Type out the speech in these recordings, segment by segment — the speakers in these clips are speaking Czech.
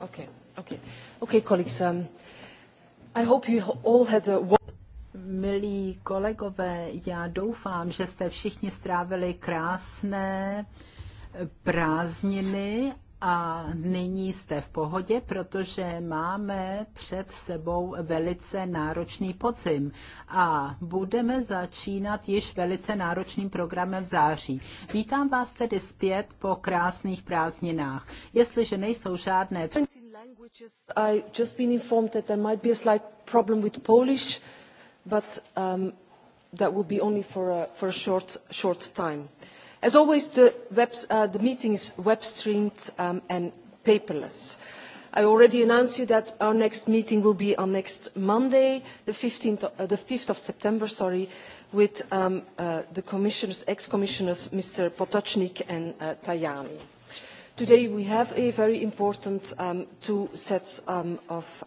Okay, okay. Okay, colleagues, um, a... Milí kolegové, já doufám, že jste všichni strávili krásné prázdniny a nyní jste v pohodě, protože máme před sebou velice náročný podzim a budeme začínat již velice náročným programem v září. Vítám vás tedy zpět po krásných prázdninách. Jestliže nejsou žádné... Um, that will be only for a, for a short, short time. As always, the, uh, meeting is web-streamed um, and paperless. I already announced you that our next meeting will be on next Monday, the, 5th uh, of September, sorry, with um, uh, the commissioners, ex-commissioners, Mr. Potocnik and Tajani. Today we have a very important um, two sets of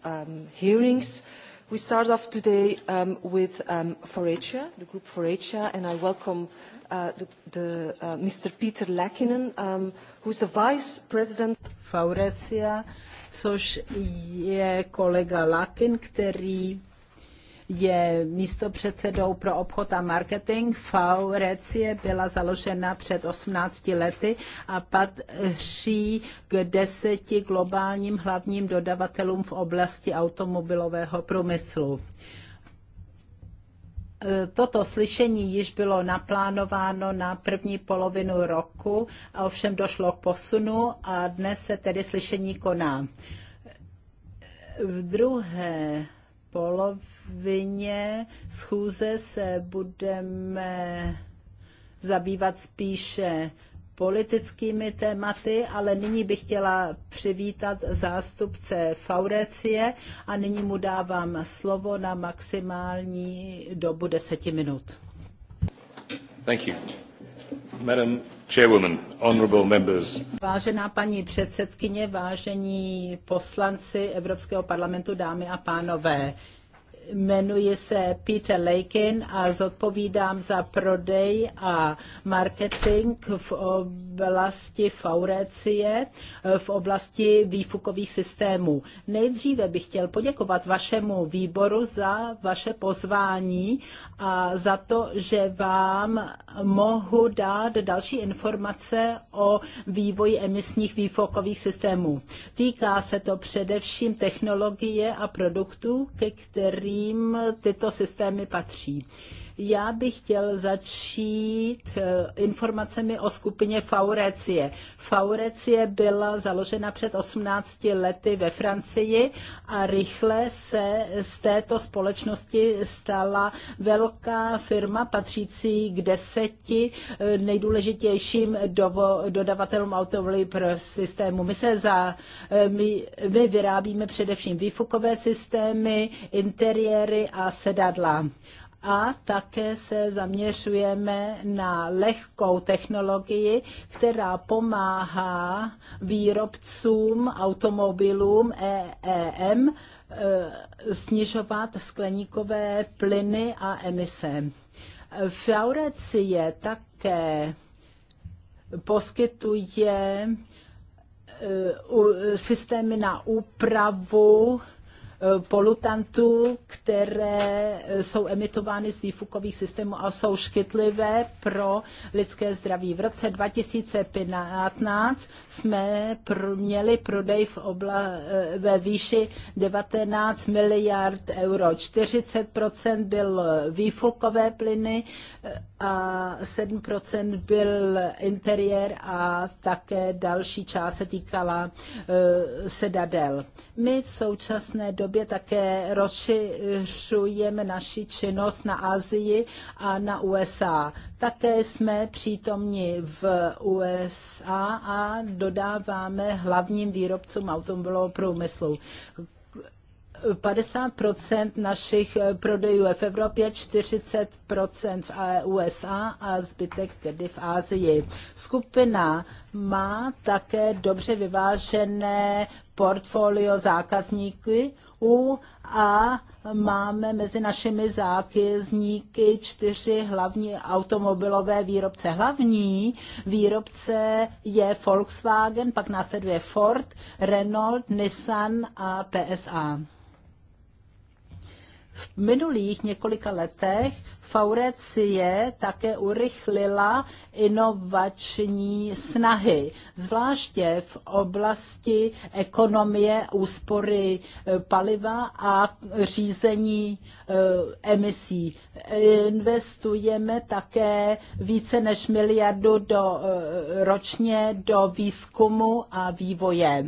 hearings. We start off today um, with um, Foratia, the group Foratia, and I welcome uh, the, the, uh, Mr. Peter Lakinen, um, who is the Vice President. Faurecia, což je kolega Lakin, který je místopředsedou pro obchod a marketing. Faurecie byla založena před 18 lety a patří k deseti globálním hlavním dodavatelům v oblasti automobilového průmyslu. Toto slyšení již bylo naplánováno na první polovinu roku, a ovšem došlo k posunu a dnes se tedy slyšení koná. V druhé polovině schůze se budeme zabývat spíše politickými tématy, ale nyní bych chtěla přivítat zástupce Faurecie a nyní mu dávám slovo na maximální dobu deseti minut. Thank you. Vážená paní předsedkyně, vážení poslanci Evropského parlamentu, dámy a pánové, jmenuji se Peter Lakin a zodpovídám za prodej a marketing v oblasti faurecie, v oblasti výfukových systémů. Nejdříve bych chtěl poděkovat vašemu výboru za vaše pozvání a za to, že vám mohu dát další informace o vývoji emisních výfukových systémů. Týká se to především technologie a produktů, ke kterým kterým tyto systémy patří. Já bych chtěl začít eh, informacemi o skupině Faurecie. Faurecie byla založena před 18 lety ve Francii a rychle se z této společnosti stala velká firma patřící k deseti eh, nejdůležitějším dodavatelům autovoly pro systému. My, se za, eh, my, my vyrábíme především výfukové systémy, interiéry a sedadla a také se zaměřujeme na lehkou technologii, která pomáhá výrobcům automobilům EEM e, snižovat skleníkové plyny a emise. V je také poskytuje e, systémy na úpravu Eh, polutantů, které eh, jsou emitovány z výfukových systémů a jsou škytlivé pro lidské zdraví. V roce 2015 jsme měli prodej v obla, eh, ve výši 19 miliard euro. 40 byl výfukové plyny a 7 byl interiér a také další část se týkala sedadel. My v současné době době také rozšiřujeme naši činnost na Asii a na USA. Také jsme přítomni v USA a dodáváme hlavním výrobcům automobilového průmyslu. 50 našich prodejů je v Evropě, 40 v USA a zbytek tedy v Ázii. Skupina má také dobře vyvážené portfolio zákazníků. U a máme mezi našimi zákazníky čtyři hlavní automobilové výrobce. Hlavní výrobce je Volkswagen, pak následuje Ford, Renault, Nissan a PSA. V minulých několika letech Faurecie také urychlila inovační snahy, zvláště v oblasti ekonomie úspory eh, paliva a řízení eh, emisí. Investujeme také více než miliardu do, eh, ročně do výzkumu a vývoje.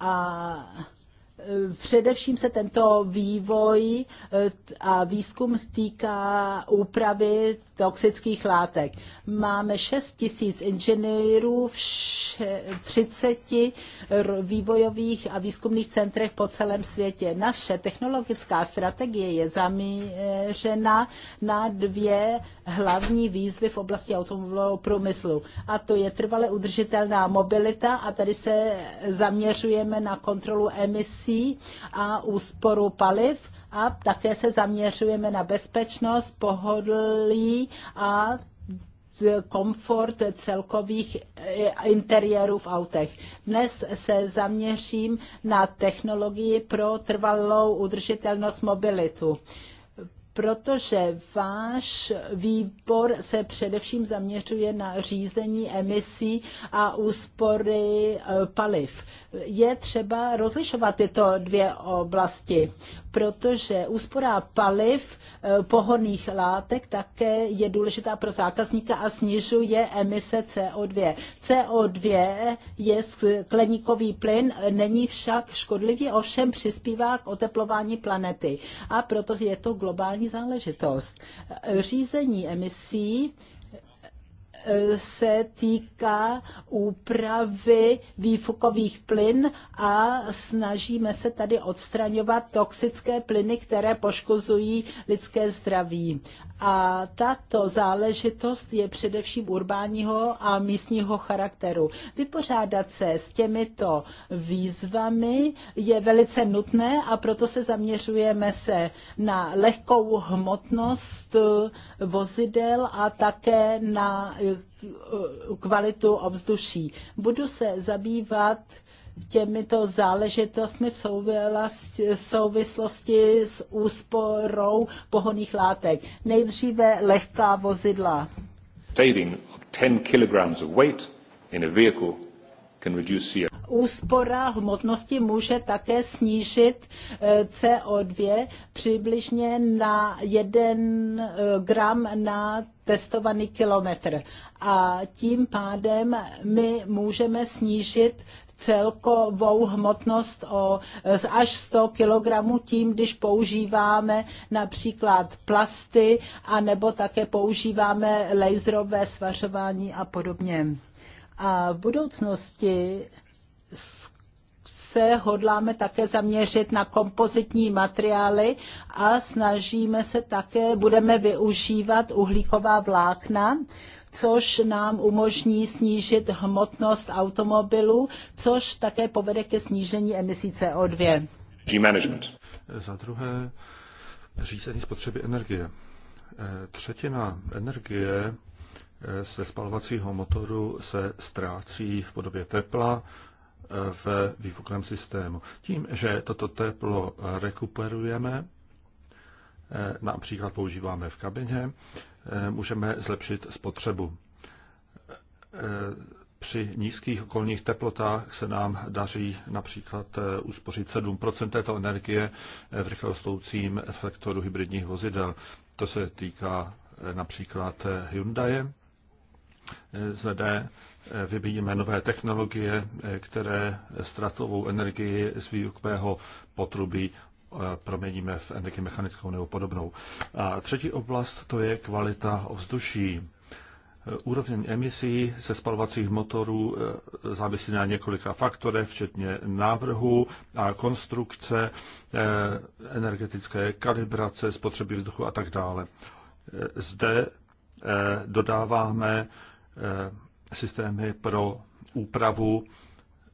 A Především se tento vývoj eh, a výzkum týká úpravy toxických látek. Máme 6 tisíc inženýrů v 30 vývojových a výzkumných centrech po celém světě. Naše technologická strategie je zaměřena na dvě hlavní výzvy v oblasti automobilového průmyslu. A to je trvale udržitelná mobilita a tady se zaměřujeme na kontrolu emisí emisí a úsporu paliv a také se zaměřujeme na bezpečnost, pohodlí a komfort celkových eh, interiérů v autech. Dnes se zaměřím na technologii pro trvalou udržitelnost mobilitu protože váš výbor se především zaměřuje na řízení emisí a úspory e, paliv. Je třeba rozlišovat tyto dvě oblasti protože úspora paliv eh, pohoných látek také je důležitá pro zákazníka a snižuje emise CO2. CO2 je skleníkový plyn, není však škodlivý, ovšem přispívá k oteplování planety a proto je to globální záležitost. Eh, řízení emisí se týká úpravy výfukových plyn a snažíme se tady odstraňovat toxické plyny, které poškozují lidské zdraví. A tato záležitost je především urbáního a místního charakteru. Vypořádat se s těmito výzvami je velice nutné a proto se zaměřujeme se na lehkou hmotnost vozidel a také na Eh, kvalitu ovzduší. Budu se zabývat těmito záležitostmi v souvislosti s úsporou pohoných látek. Nejdříve lehká vozidla. Saving 10 kilograms of weight in a vehicle Úspora hmotnosti může také snížit eh, CO2 přibližně na 1 eh, gram na testovaný kilometr. A tím pádem my můžeme snížit celkovou hmotnost o eh, až 100 kg tím, když používáme například plasty a nebo také používáme laserové svařování a podobně. A v budoucnosti se hodláme také zaměřit na kompozitní materiály a snažíme se také, budeme využívat uhlíková vlákna, což nám umožní snížit hmotnost automobilů, což také povede ke snížení emisí CO2. Management. Za druhé, řízení spotřeby energie. E, třetina energie Eh, ze spalovacího motoru se ztrácí v podobě tepla eh, v výfukovém systému. Tím, že toto teplo eh, rekuperujeme, například používáme v kabině, můžeme zlepšit spotřebu. Při nízkých okolních teplotách se nám daří například uspořit 7 této energie v rychlostoucím efektoru hybridních vozidel. To se týká například Hyundai, zde eh, vyvíjíme nové technologie, eh, které ztratovou energii z výukového potrubí eh, proměníme v energii mechanickou nebo podobnou. A třetí oblast to je kvalita ovzduší. Úroveň emisí se spalovacích motorů závisí na několika faktorech, včetně návrhu a konstrukce, energetické kalibrace, spotřeby vzduchu a tak dále. Zde dodáváme Eh, systémy pro úpravu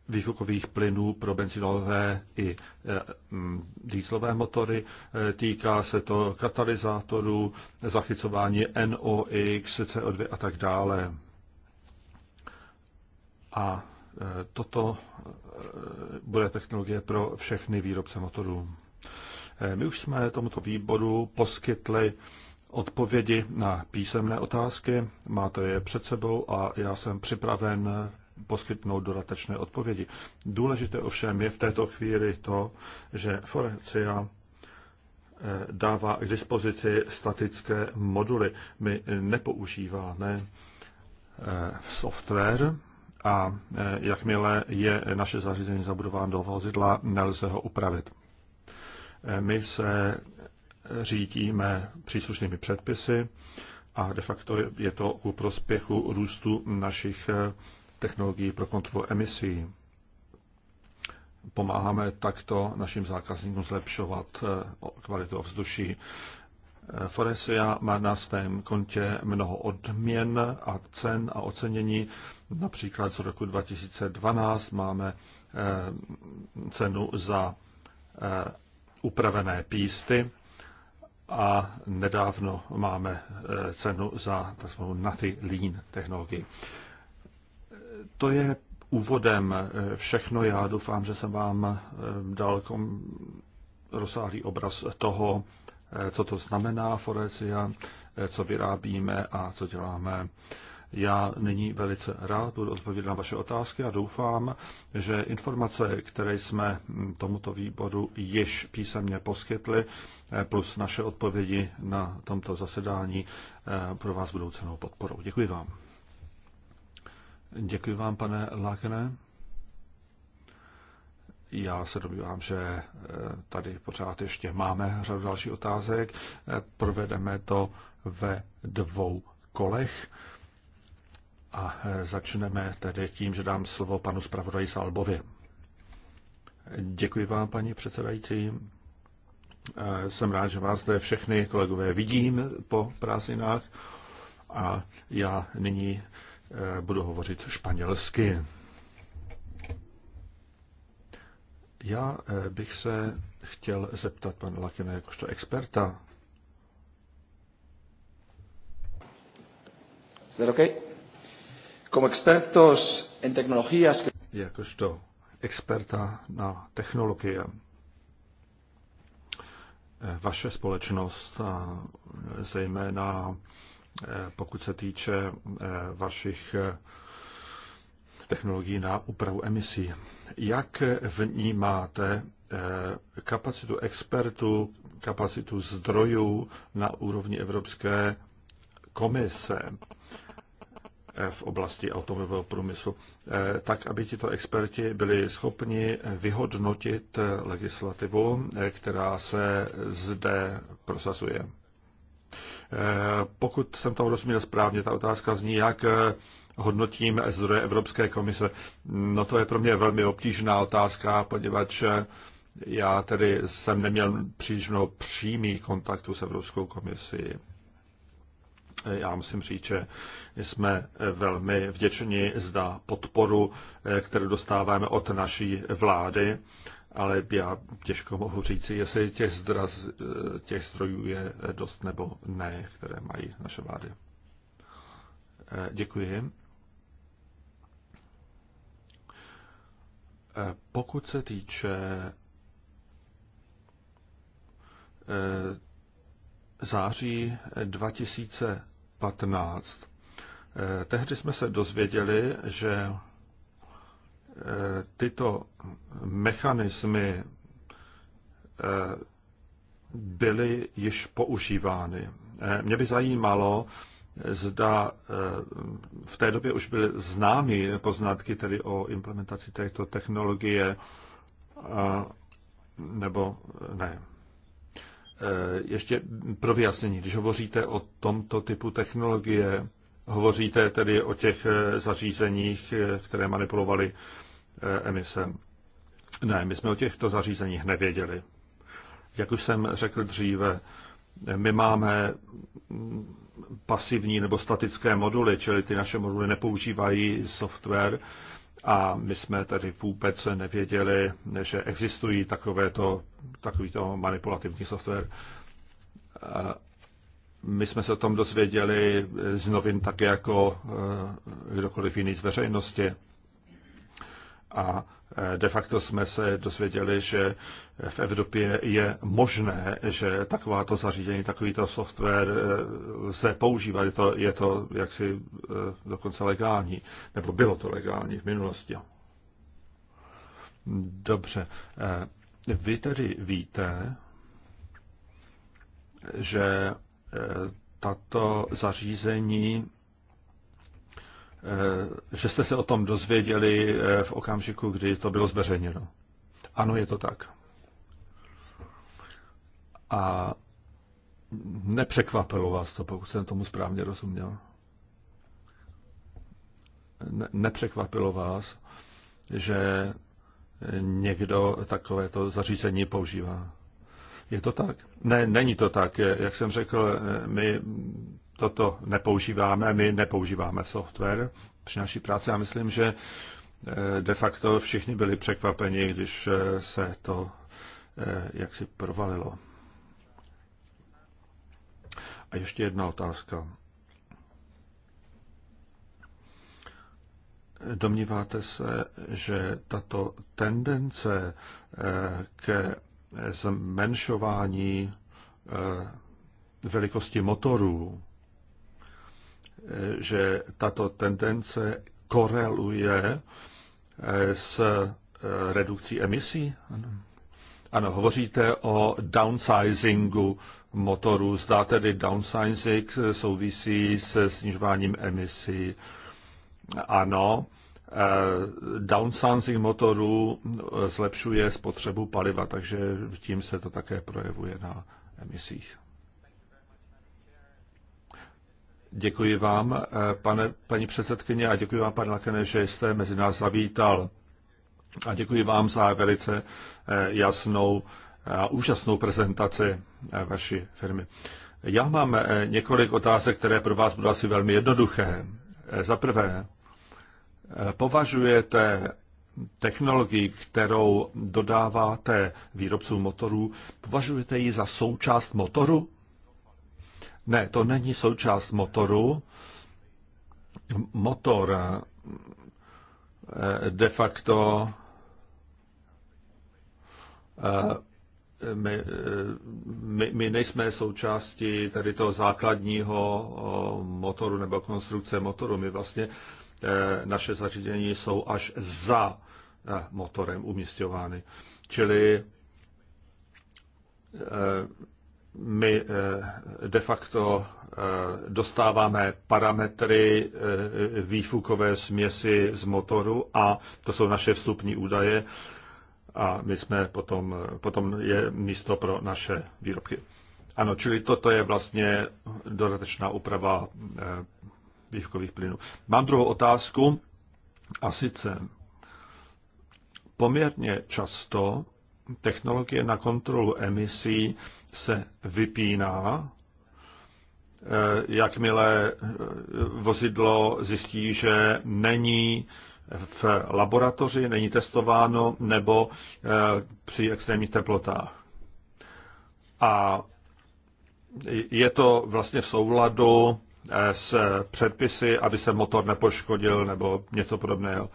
výfukových plynů pro benzinové i eh, mm, dýzlové motory. Eh, týká se to katalyzátorů, zachycování NOx, CO2 a tak dále. A toto bude technologie pro všechny výrobce motorů. My už jsme tomuto výboru poskytli odpovědi na písemné otázky. Máte je před sebou a já jsem připraven poskytnout dodatečné odpovědi. Důležité ovšem je v této chvíli to, že Forencia eh, dává k dispozici statické moduly. My nepoužíváme eh, software a eh, jakmile je naše zařízení zabudováno do vozidla, nelze ho upravit. My se řídíme příslušnými předpisy a de facto je to ku prospěchu růstu našich eh, technologií pro kontrolu emisí. Pomáháme takto našim zákazníkům zlepšovat eh, kvalitu ovzduší. Eh, Foresia má na svém kontě mnoho odměn a cen a ocenění. Například z roku 2012 máme cenu za upravené písty a nedávno máme eh, cenu za tzv. Nathy Lean technologii. To je úvodem eh, všechno. Já doufám, že jsem vám eh, dal rozsáhlý obraz toho, co to znamená Forecia, co vyrábíme a co děláme. Já nyní velice rád budu odpovědět na vaše otázky a doufám, že informace, které jsme tomuto výboru již písemně poskytli, eh, plus naše odpovědi na tomto zasedání eh, pro vás budou cenou podporou. Děkuji vám. Děkuji vám, pane Lákené. Já se domnívám, že eh, tady pořád ještě máme řadu dalších otázek. Provedeme to ve dvou kolech. A e, začneme tedy tím, že dám slovo panu zpravodaji Salbovi. Děkuji vám, paní předsedající. E, jsem rád, že vás zde všechny kolegové vidím po prázdninách a já nyní e, budu hovořit španělsky. Já bych se chtěl zeptat pana Lakina jakožto experta. Is that okay? Como expertos en tecnologías que... Jakožto experta na technologie. Vaše společnost, zejména e, pokud se týče e, vašich e, technologií na úpravu emisí. Jak vnímáte kapacitu expertů, kapacitu zdrojů na úrovni Evropské komise? v oblasti automobilového průmyslu, eh, tak aby tito experti byli schopni vyhodnotit legislativu, eh, která se zde prosazuje. Eh, pokud jsem to rozuměl správně, ta otázka zní, jak hodnotím zdroje Evropské komise. No to je pro mě velmi obtížná otázka, poněvadž já tedy jsem neměl příliš mnoho přímých kontaktů s Evropskou komisí. Já musím říct, že jsme velmi vděční za podporu, eh, kterou dostáváme od naší vlády, ale já těžko mohu říci, jestli těch, zdraz, eh, těch zdrojů je dost nebo ne, které mají naše vlády. Eh, děkuji. Pokud se týče září 2000 15. Eh, tehdy jsme se dozvěděli, že eh, tyto mechanismy eh, byly již používány. Mě by zajímalo, zda v té době už byly známy poznatky tedy o implementaci této technologie, nebo ne. Eh, ještě pro vyjasnění, když hovoříte o tomto typu technologie, hovoříte tedy o těch eh, zařízeních, eh, které manipulovaly emise. Ne, my jsme o těchto zařízeních nevěděli. Jak už jsem řekl dříve, my máme mm, pasivní nebo statické moduly, čili ty naše moduly nepoužívají software, a my jsme tedy vůbec nevěděli, že existují takovéto, takovýto manipulativní software. My jsme se o tom dozvěděli z novin tak jako eh, kdokoliv jiný z veřejnosti a e, de facto jsme se dozvěděli, že v Evropě je možné, že takováto zařízení, takovýto software e, se používá. Je to, je to jaksi e, dokonce legální, nebo bylo to legální v minulosti. Dobře. Vy tedy víte, že tato zařízení Eh, že jste se o tom dozvěděli eh, v okamžiku, kdy to bylo zveřejněno. Ano, je to tak. A nepřekvapilo vás to, pokud jsem tomu správně rozuměl. Ne- nepřekvapilo vás, že někdo takovéto zařízení používá. Je to tak? Ne, není to tak. Jak jsem řekl, eh, my toto nepoužíváme, my nepoužíváme software při naší práci. Já myslím, že eh, de facto všichni byli překvapeni, když eh, se to eh, jaksi provalilo. A ještě jedna otázka. Domníváte se, že tato tendence ke zmenšování velikosti motorů že tato tendence koreluje eh, s eh, redukcí emisí? Ano, hovoříte o downsizingu motorů. Zdá tedy downsizing souvisí se snižováním emisí. Ano, eh, downsizing motorů zlepšuje spotřebu paliva, takže tím se to také projevuje na emisích. Děkuji vám, eh, pane, paní předsedkyně, a děkuji vám, pane Lakene, že jste mezi nás zavítal. A děkuji vám za velice eh, jasnou a úžasnou prezentaci eh, vaší firmy. Já mám několik otázek, které pro vás budou asi velmi jednoduché. Za prvé, považujete technologii, kterou dodáváte výrobcům motorů, považujete ji za součást motoru? Ne, to není součást motoru. Motor eh, de facto eh, my, eh, my, my nejsme součástí tady toho základního motoru nebo konstrukce motoru. My vlastně naše zařízení jsou až za motorem umístěvány. Čili my eh, de facto eh, dostáváme parametry eh, výfukové směsi z motoru a to jsou naše vstupní údaje a my jsme potom, potom je místo pro naše výrobky. Ano, čili toto je vlastně dodatečná úprava výfukových plynů. Mám druhou otázku a sice poměrně často technologie na kontrolu emisí se vypíná, eh, jakmile eh, vozidlo zjistí, že není v laboratoři, není testováno nebo eh, při extrémních teplotách. A je to vlastně v souladu s předpisy, aby se motor nepoškodil nebo něco podobného.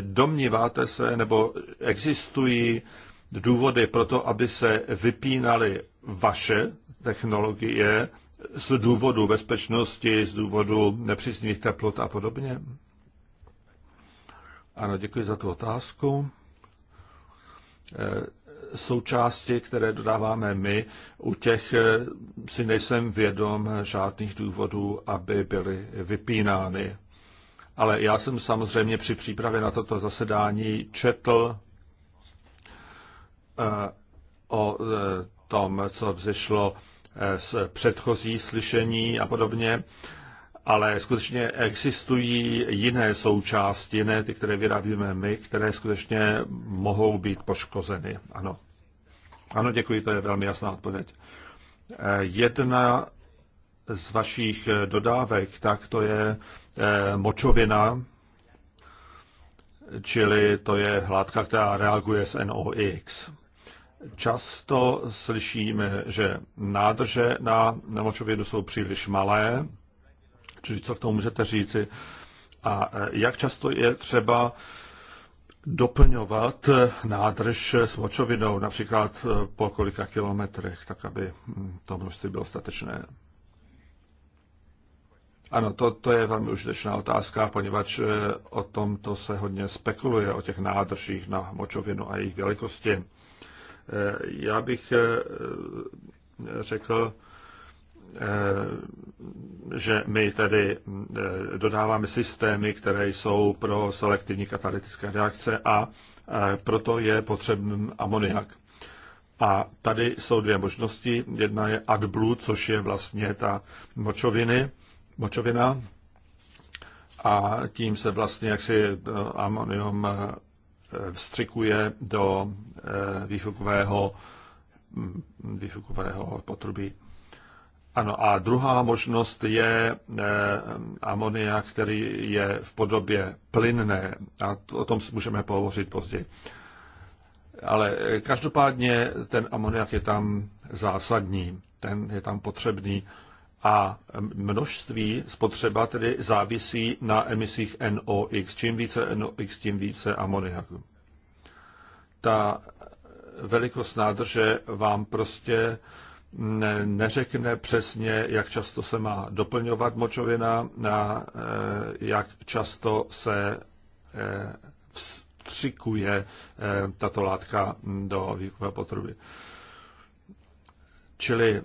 Domníváte se, nebo existují důvody pro to, aby se vypínaly vaše technologie z důvodu bezpečnosti, z důvodu nepřízných teplot a podobně? Ano, děkuji za tu otázku. Eh, součásti, které dodáváme my, u těch eh, si nejsem vědom žádných důvodů, aby byly vypínány. Ale já jsem samozřejmě při přípravě na toto zasedání četl Eh, o eh, tom, co vzešlo eh, z předchozí slyšení a podobně, ale skutečně existují jiné součásti, ne ty, které vyrábíme my, které skutečně mohou být poškozeny. Ano. Ano, děkuji, to je velmi jasná odpověď. Jedna z vašich dodávek, tak to je močovina, čili to je hladka, která reaguje s NOx. Často slyšíme, že nádrže na močovědu jsou příliš malé, čili co k tomu můžete říci. A e, jak často je třeba doplňovat nádrž s močovinou, například e, po kolika kilometrech, tak aby hm, to množství bylo statečné. Ano, to, to je velmi užitečná otázka, poněvadž e, o tomto se hodně spekuluje, o těch nádržích na močovinu a jejich velikosti. Já bych eh, řekl, eh, že my tady eh, dodáváme systémy, které jsou pro selektivní katalytické reakce a proto je potřebný amoniak. A tady jsou dvě možnosti. Jedna je AdBlue, což je vlastně ta močoviny, močovina. A tím se vlastně jaksi amonium vstřikuje do eh, výfukového, mm, výfukového potrubí. Ano, a druhá možnost je eh, amonia, který je v podobě plynné. A o tom můžeme pohovořit později. Ale každopádně ten amoniak je tam zásadní, ten je tam potřebný a množství spotřeba tedy závisí na emisích NOx. Čím více NOx, tím více amoniaku. Ta velikost nádrže vám prostě neřekne přesně, jak často se má doplňovat močovina, a e, jak často se e, vstřikuje e, tato látka do výkupové potruby. Čili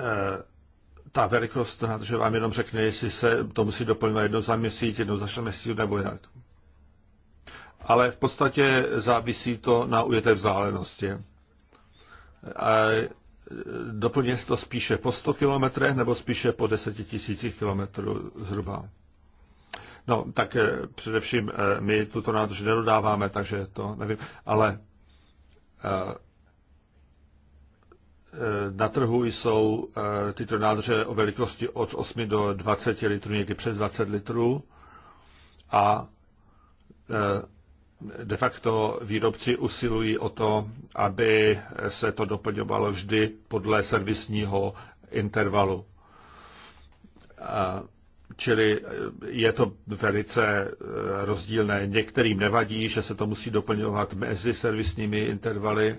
Eh, ta velikost, že vám jenom řekne, jestli se to musí doplňovat jedno za měsíc, jedno za šest měsíců nebo jak. Ale v podstatě závisí to na ujeté vzdálenosti. A doplně se to spíše po 100 kilometrech nebo spíše po 10 tisících kilometrů zhruba. No, tak eh, především eh, my tuto nádrž nedodáváme, takže to nevím, ale Eh, na trhu jsou eh, tyto nádrže o velikosti od 8 do 20 litrů, někdy přes 20 litrů a eh, de facto výrobci usilují o to, aby se to doplňovalo vždy podle servisního intervalu. Čili je to velice rozdílné. Některým nevadí, že se to musí doplňovat mezi servisními intervaly,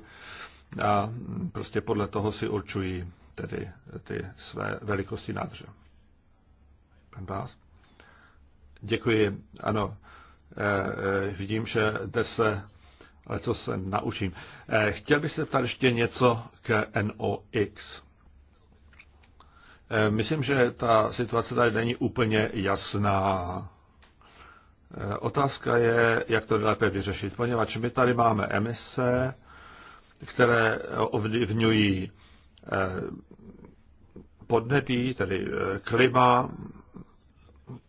a prostě podle toho si určují tedy ty své velikosti nádrže. Pan Bás? Děkuji, ano. E, e, vidím, že jde se, ale co se naučím. E, chtěl bych se ptát ještě něco k NOx. E, myslím, že ta situace tady není úplně jasná. E, otázka je, jak to lépe vyřešit, poněvadž my tady máme emise, které ovlivňují eh, podnebí, tedy eh, klima,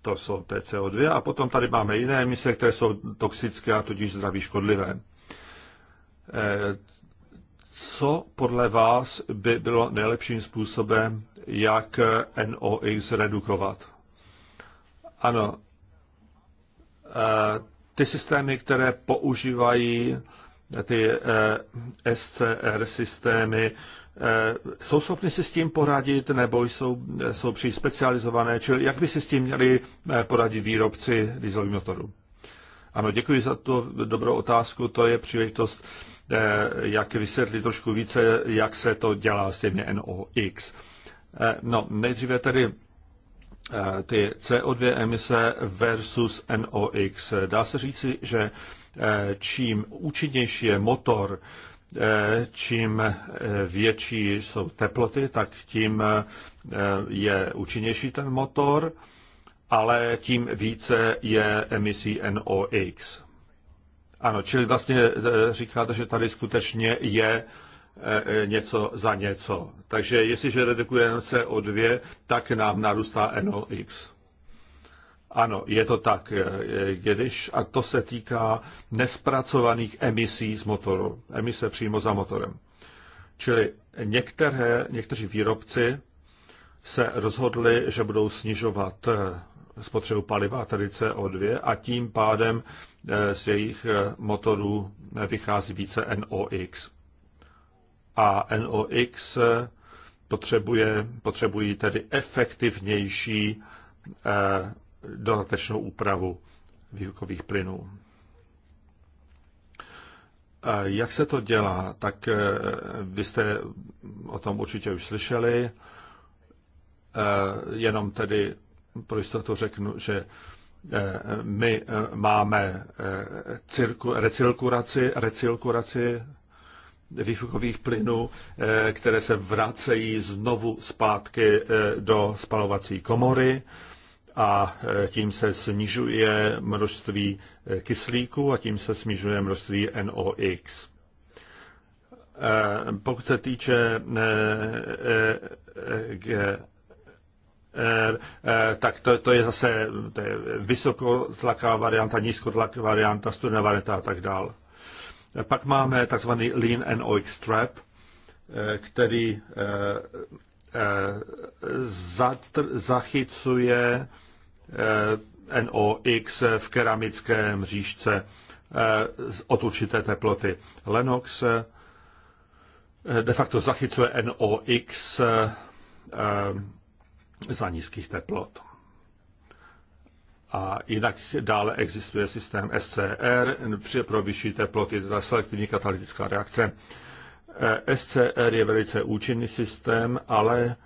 to jsou TCO2, a potom tady máme jiné emise, které jsou toxické a tudíž zdraví škodlivé. Eh, co podle vás by bylo nejlepším způsobem, jak NOx redukovat? Ano, ty systémy, které používají ty eh, SCR systémy eh, jsou schopny si s tím poradit, nebo jsou, eh, jsou při specializované, čili jak by si s tím měli poradit výrobci dieselových motorů? Ano, děkuji za tu dobrou otázku, to je příležitost, jak vysvětlit trošku více, jak se to dělá s těmi NOx. No, nejdříve tedy ty CO2 emise versus NOx. Dá se říci, že Eh, čím účinnější je motor, eh, čím eh, větší jsou teploty, tak tím je účinnější ten motor, ale tím více je emisí NOx. Ano, čili vlastně říkáte, že tady skutečně je něco za něco. Takže jestliže redukujeme CO2, tak nám narůstá NOx. Ano, je to tak, když, a to se týká nespracovaných emisí z motoru, emise přímo za motorem. Čili některé, někteří výrobci se rozhodli, že budou snižovat eh, spotřebu paliva, tedy CO2, a tím pádem eh, z jejich eh, motorů vychází více NOx. A NOx potřebuje, potřebují tedy efektivnější dodatečnou úpravu výukových plynů. Jak se to dělá? Tak eh, vy jste o tom určitě už slyšeli. Eh, jenom tedy pro jistotu řeknu, že eh, my máme cirku, recirkulaci, výfukových plynů, které se vracejí znovu zpátky do spalovací komory a e, tím se snižuje množství e, kyslíku a tím se snižuje množství NOx. E, pokud se týče tak to, to je zase to je vysokotlaká varianta, nízkotlaká varianta, studená varianta a tak dál. Pak máme takzvaný Lean NOx Trap, který zatr, zachycuje eh, NOx v keramické mřížce eh, od určité teploty. Lenox eh, de facto zachycuje NOx za nízkých teplot. A jinak dále existuje systém SCR pro vyšší teploty, teda selektivní katalytická reakce. Eh, SCR je velice účinný systém, ale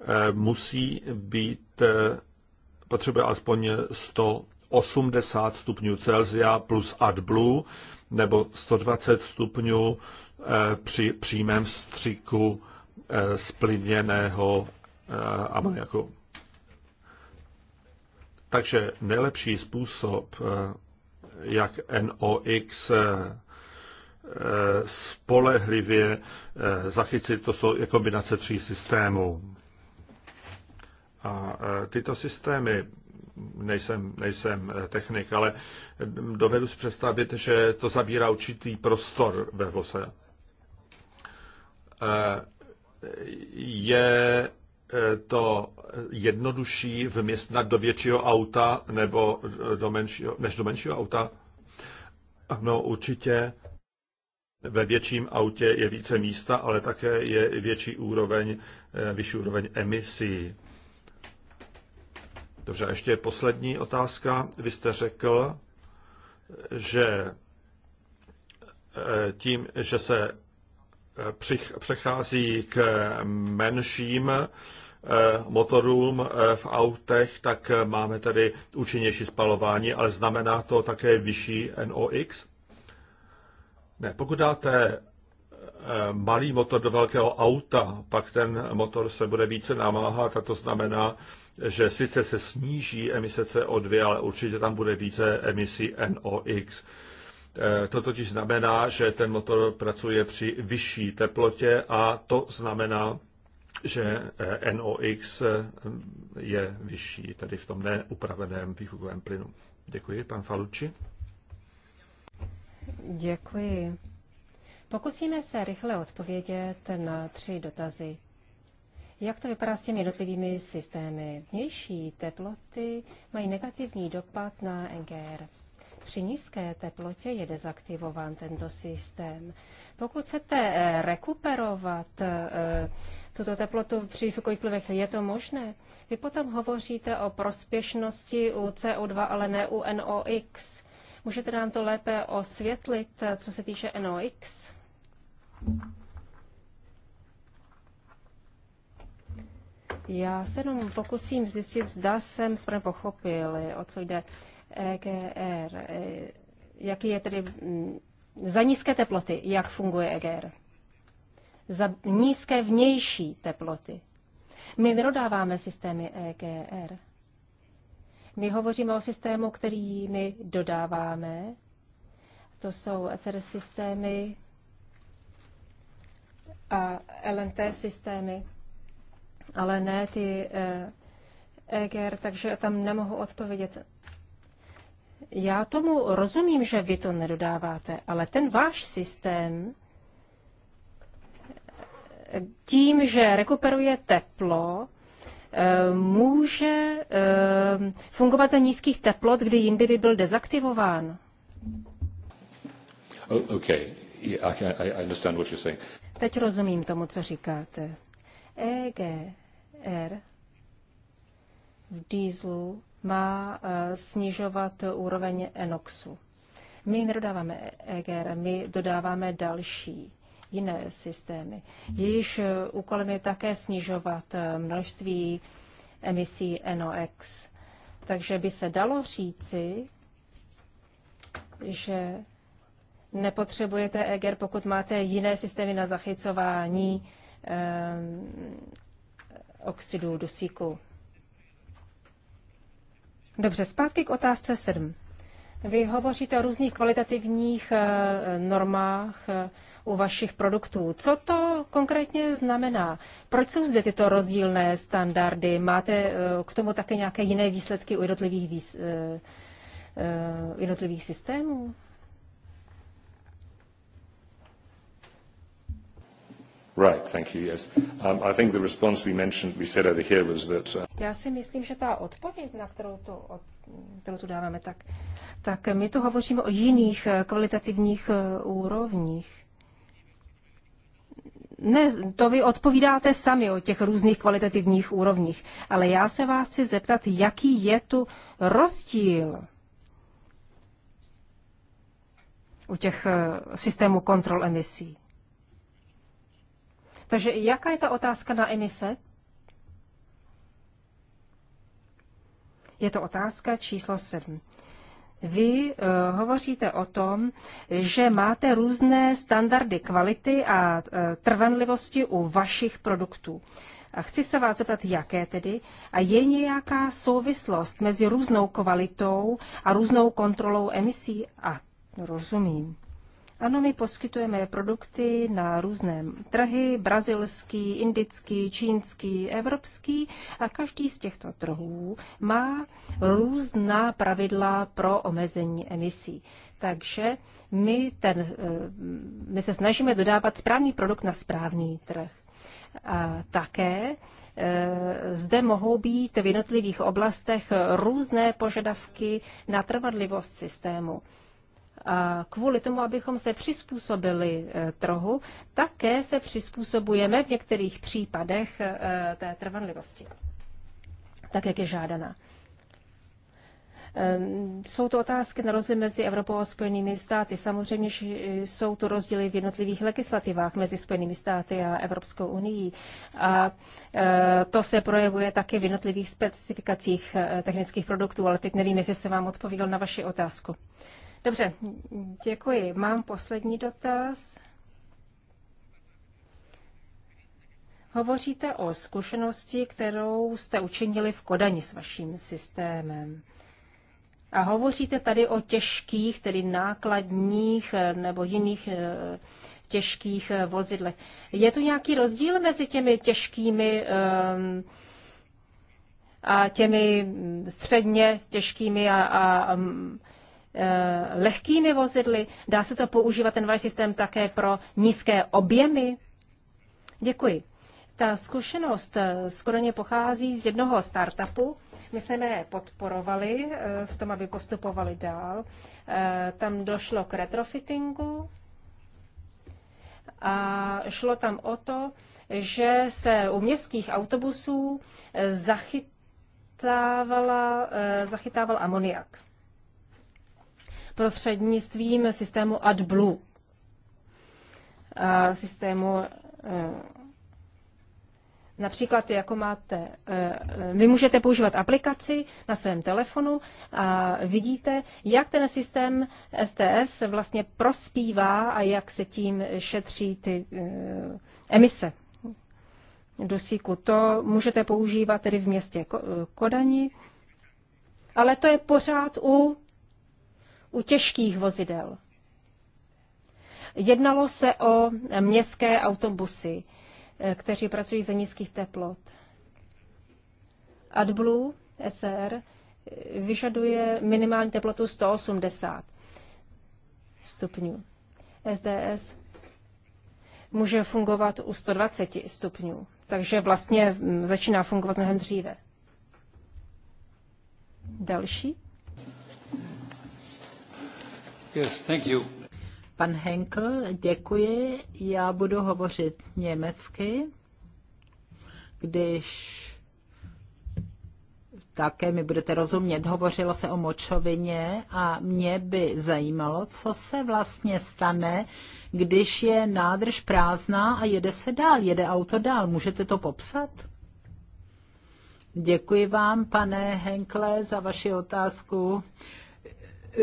eh, musí být eh, potřebuje aspoň 180 stupňů Celsia plus AdBlue nebo 120 stupňů při přímém stříku spliněného amoniaku. Takže nejlepší způsob, jak NOx Eh, spolehlivě eh, zachycit. To jsou kombinace tří systémů. A eh, tyto systémy, nejsem, nejsem technik, ale dovedu si představit, že to zabírá určitý prostor ve vose. Je to jednodušší vměstnat do většího auta nebo do menšího, než do menšího auta? No, určitě ve větším autě je více místa, ale také je větší úroveň, eh, vyšší úroveň emisí. Dobře, a ještě poslední otázka. Vy jste řekl, že eh, tím, že se eh, přechází k menším motorům v autech, tak máme tady účinnější spalování, ale znamená to také vyšší NOx? Ne, pokud dáte eh, malý motor do velkého auta, pak ten motor se bude více namáhat a to znamená, že sice se sníží emise CO2, ale určitě tam bude více emisí NOx. Eh, to totiž znamená, že ten motor pracuje při vyšší teplotě a to znamená, že eh, NOx je vyšší, tedy v tom neupraveném výfukovém plynu. Děkuji, pan Falucci. Děkuji. Pokusíme se rychle odpovědět na tři dotazy. Jak to vypadá s těmi jednotlivými systémy? Vnější teploty mají negativní dopad na NGR. Při nízké teplotě je dezaktivován tento systém. Pokud chcete eh, rekuperovat eh, tuto teplotu při fukových plivech, je to možné? Vy potom hovoříte o prospěšnosti u CO2, ale ne u NOx. Můžete nám to lépe osvětlit, co se týče NOx? Já se jenom pokusím zjistit, zda jsem správně pochopil, o co jde EGR. E, jaký je tedy mm, za nízké teploty, jak funguje EGR? Za nízké vnější teploty. My nedodáváme systémy EGR. My hovoříme o systému, který my dodáváme. To jsou ECR systémy a LNT systémy, ale ne ty EGR, eh, e takže tam nemohu odpovědět. Já tomu rozumím, že vy to nedodáváte, ale ten váš systém eh, tím, že rekuperuje teplo, Eh, může eh, fungovat za nízkých teplot, kdy jindy by byl dezaktivován. Oh, okay. yeah, I, I understand what you're saying. Teď rozumím tomu, co říkáte. EGR v dýzlu má eh, snižovat úroveň NOXu. My nedodáváme EGR, my dodáváme další jiné systémy. Jejíž eh, úkolem je také snižovat eh, množství emisí NOx. Takže by se dalo říci, že nepotřebujete EGER, pokud máte jiné systémy na zachycování eh, oxidu dusíku. Dobře, zpátky k otázce 7. Vy hovoříte o různých kvalitativních eh, normách eh, u vašich produktů. Co to konkrétně znamená? Proč jsou zde tyto rozdílné standardy? Máte eh, k tomu také nějaké jiné výsledky u jednotlivých, výs, jednotlivých systémů? Right, thank you. Yes. Um, I think the response we mentioned, we said over here was that. Uh, Já si myslím, že ta odpověď, na kterou to od kterou tu dáváme, tak, tak my tu hovoříme o jiných eh, kvalitativních eh, úrovních. Ne, to vy odpovídáte sami o těch různých kvalitativních úrovních, ale já se vás chci zeptat, jaký je tu rozdíl u těch eh, systémů kontrol emisí. Takže jaká je ta otázka na emise? Je to otázka číslo 7. Vy uh, hovoříte o tom, že máte různé standardy kvality a uh, trvanlivosti u vašich produktů. A chci se vás zeptat, jaké tedy? A je nějaká souvislost mezi různou kvalitou a různou kontrolou emisí? A rozumím. Ano, my poskytujeme produkty na různém trhy, brazilský, indický, čínský, evropský a každý z těchto trhů má různá pravidla pro omezení emisí. Takže my, ten, eh, my se snažíme dodávat správný produkt na správný trh. A také eh, zde mohou být v jednotlivých oblastech různé požadavky na trvadlivost systému kvůli tomu, abychom se přizpůsobili eh, trhu, také se přizpůsobujeme v některých případech eh, té trvanlivosti, tak jak je žádaná. Ehm, jsou to otázky na rozdíl mezi Evropou a Spojenými státy. Samozřejmě eh, jsou to rozdíly v jednotlivých legislativách mezi Spojenými státy a Evropskou unii. A to se projevuje také v jednotlivých specifikacích technických produktů, ale teď nevím, jestli jsem vám odpověděl na vaši otázku. Dobře, děkuji. Mám poslední dotaz. Hovoříte o zkušenosti, kterou jste učinili v Kodani s vaším systémem. A hovoříte tady o těžkých, tedy nákladních eh, nebo jiných eh, těžkých eh, vozidlech. Je tu nějaký rozdíl mezi těmi těžkými a těmi mm, středně těžkými a, a, mm, Eh, lehkými vozidly? Dá se to používat ten váš systém také pro nízké objemy? Děkuji. Ta zkušenost eh, skoro Kodaně pochází z jednoho startupu. My jsme je podporovali eh, v tom, aby postupovali dál. Tam došlo k retrofittingu a šlo tam o to, že se u městských autobusů zachytával amoniak prostřednictvím systému AdBlue, a systému eh, Například, jako máte, eh, vy můžete používat aplikaci na svém telefonu a vidíte, jak ten systém STS vlastně prospívá a jak se tím šetří ty eh, emise dusíku. To můžete používat tedy v městě Kodani, ale to je pořád u u těžkých vozidel. Jednalo se o městské autobusy, eh, kteří pracují za nízkých teplot. AdBlue SR eh, vyžaduje minimální teplotu 180 stupňů. SDS může fungovat u 120 stupňů, takže vlastně mm, začíná fungovat mnohem dříve. Další. Yes, thank you. Pan Henkel, děkuji. Já budu hovořit německy, když také mi budete rozumět. Hovořilo se o močovině a mě by zajímalo, co se vlastně stane, když je nádrž prázdná a jede se dál, jede auto dál. Můžete to popsat? Děkuji vám, pane Henkle, za vaši otázku.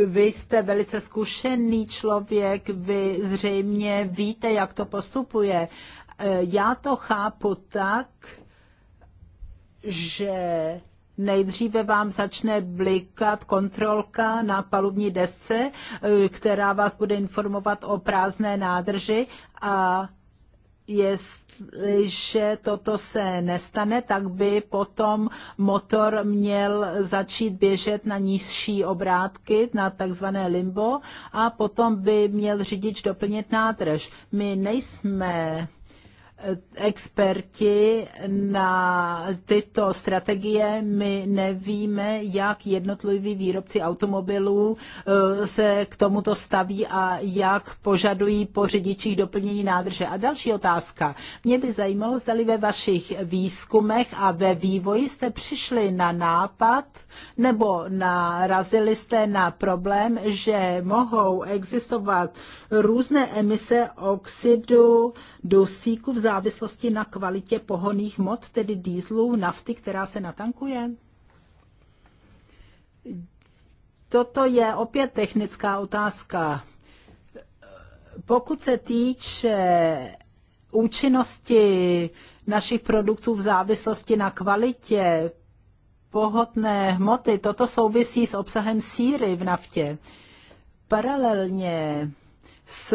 Vy jste velice zkušený člověk, vy zřejmě víte, jak to postupuje. Eh, já to chápu tak, že Nejdříve vám začne blikat kontrolka na palubní desce, eh, která vás bude informovat o prázdné nádrži a jestliže toto se nestane, tak by potom motor měl začít běžet na nižší obrátky, na takzvané limbo, a potom by měl řidič doplnit nádrž. My nejsme experti na tyto strategie. My nevíme, jak jednotliví výrobci automobilů eh, se k tomuto staví a jak požadují po řidičích doplnění nádrže. A další otázka. Mě by zajímalo, zda ve vašich výzkumech a ve vývoji jste přišli na nápad nebo narazili jste na problém, že mohou existovat různé emise oxidu dusíku v zá závislosti na kvalitě pohoných hmot, tedy dýzlu, nafty, která se natankuje? Toto je opět technická otázka. Pokud se týče účinnosti našich produktů v závislosti na kvalitě pohodné hmoty, toto souvisí s obsahem síry v naftě. Paralelně s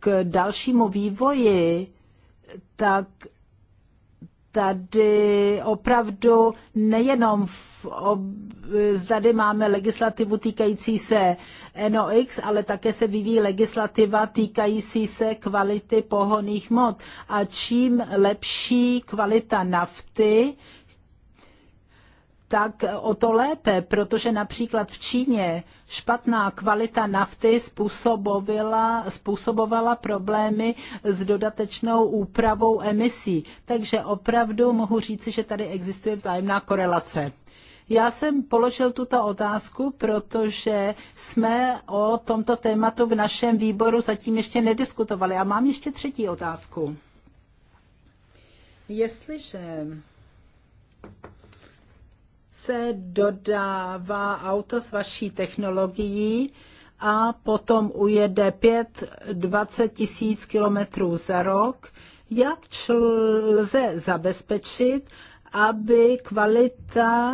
k dalšímu vývoji, tak tady opravdu nejenom v ob, tady máme legislativu týkající se NOx, ale také se vyvíjí legislativa týkající se kvality pohoných mod. A čím lepší kvalita nafty, tak o to lépe, protože například v Číně špatná kvalita nafty způsobovala, způsobovala problémy s dodatečnou úpravou emisí. Takže opravdu mohu říci, že tady existuje vzájemná korelace. Já jsem položil tuto otázku, protože jsme o tomto tématu v našem výboru zatím ještě nediskutovali. A mám ještě třetí otázku. Jestliže se dodává auto s vaší technologií a potom ujede 5 20 tisíc kilometrů za rok, jak lze zabezpečit, aby kvalita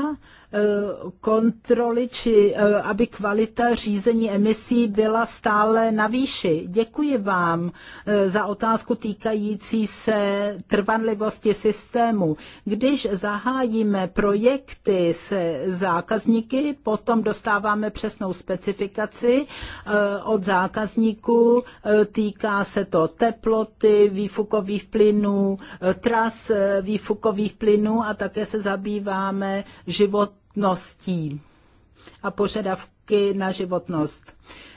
Eh, kontroly, či eh, aby kvalita řízení emisí byla stále na výši. Děkuji vám eh, za otázku týkající se trvanlivosti systému. Když zahájíme projekty se zákazníky, potom dostáváme přesnou specifikaci od zákazníků. Týká se to teploty, výfukových plynů, tras výfukových plynů a také se zabýváme život životností a požadavky na životnost.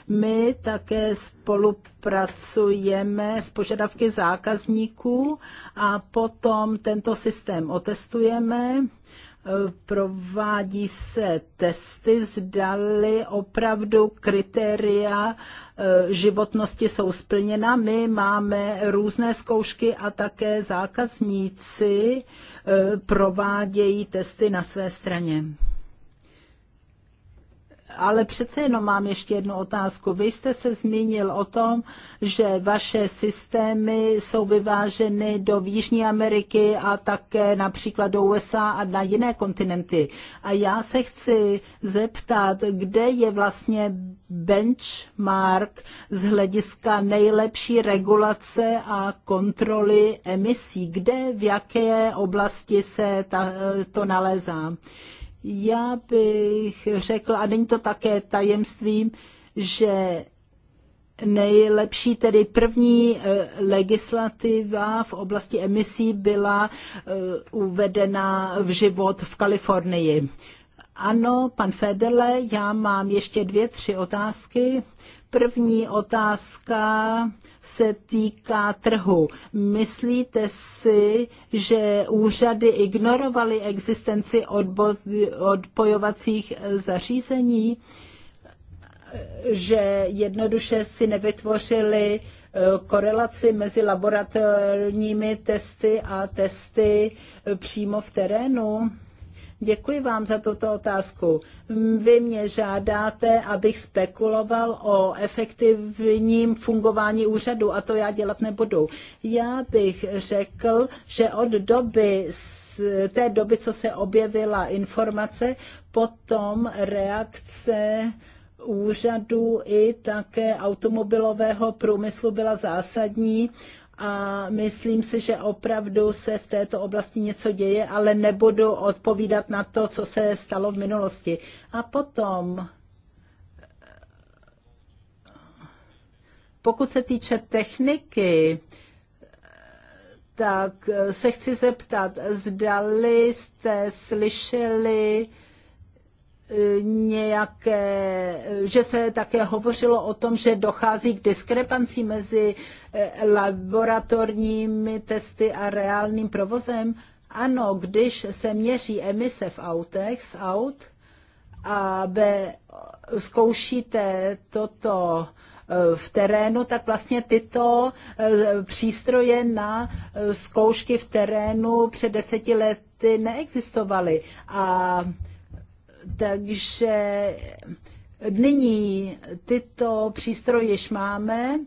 My také spolupracujeme s požadavky zákazníků a potom tento systém otestujeme provádí se testy, zdali opravdu kritéria e, životnosti jsou splněna. My máme různé zkoušky a také zákazníci e, provádějí testy na své straně ale přece jenom mám ještě jednu otázku. Vy jste se zmínil o tom, že vaše systémy jsou vyváženy do Jižní Ameriky a také například do USA a na jiné kontinenty. A já se chci zeptat, kde je vlastně benchmark z hlediska nejlepší regulace a kontroly emisí. Kde, v jaké oblasti se ta, to nalézá? Já bych řekl, a není to také tajemstvím, že nejlepší tedy první eh, legislativa v oblasti emisí byla eh, uvedena v život v Kalifornii. Ano, pan Federle, já mám ještě dvě, tři otázky. První otázka se týká trhu. Myslíte si, že úřady ignorovaly existenci odbo- odpojovacích zařízení? Že jednoduše si nevytvořili eh, korelaci mezi laboratorními testy a testy eh, přímo v terénu? Děkuji vám za tuto otázku. Vy mě žádáte, abych spekuloval o efektivním fungování úřadu a to já dělat nebudu. Já bych řekl, že od doby té doby, co se objevila informace, potom reakce úřadu i také automobilového průmyslu byla zásadní a myslím si, že opravdu se v této oblasti něco děje, ale nebudu odpovídat na to, co se stalo v minulosti. A potom, pokud se týče techniky, tak se chci zeptat, zdali jste slyšeli, uh, nějaké, že se také hovořilo o tom, že dochází k diskrepanci mezi eh, laboratorními testy a reálným provozem. Ano, když se měří emise v autech z aut a be, zkoušíte toto eh, v terénu, tak vlastně tyto eh, přístroje na zkoušky v terénu před deseti lety neexistovaly. A takže nyní tyto přístroje již máme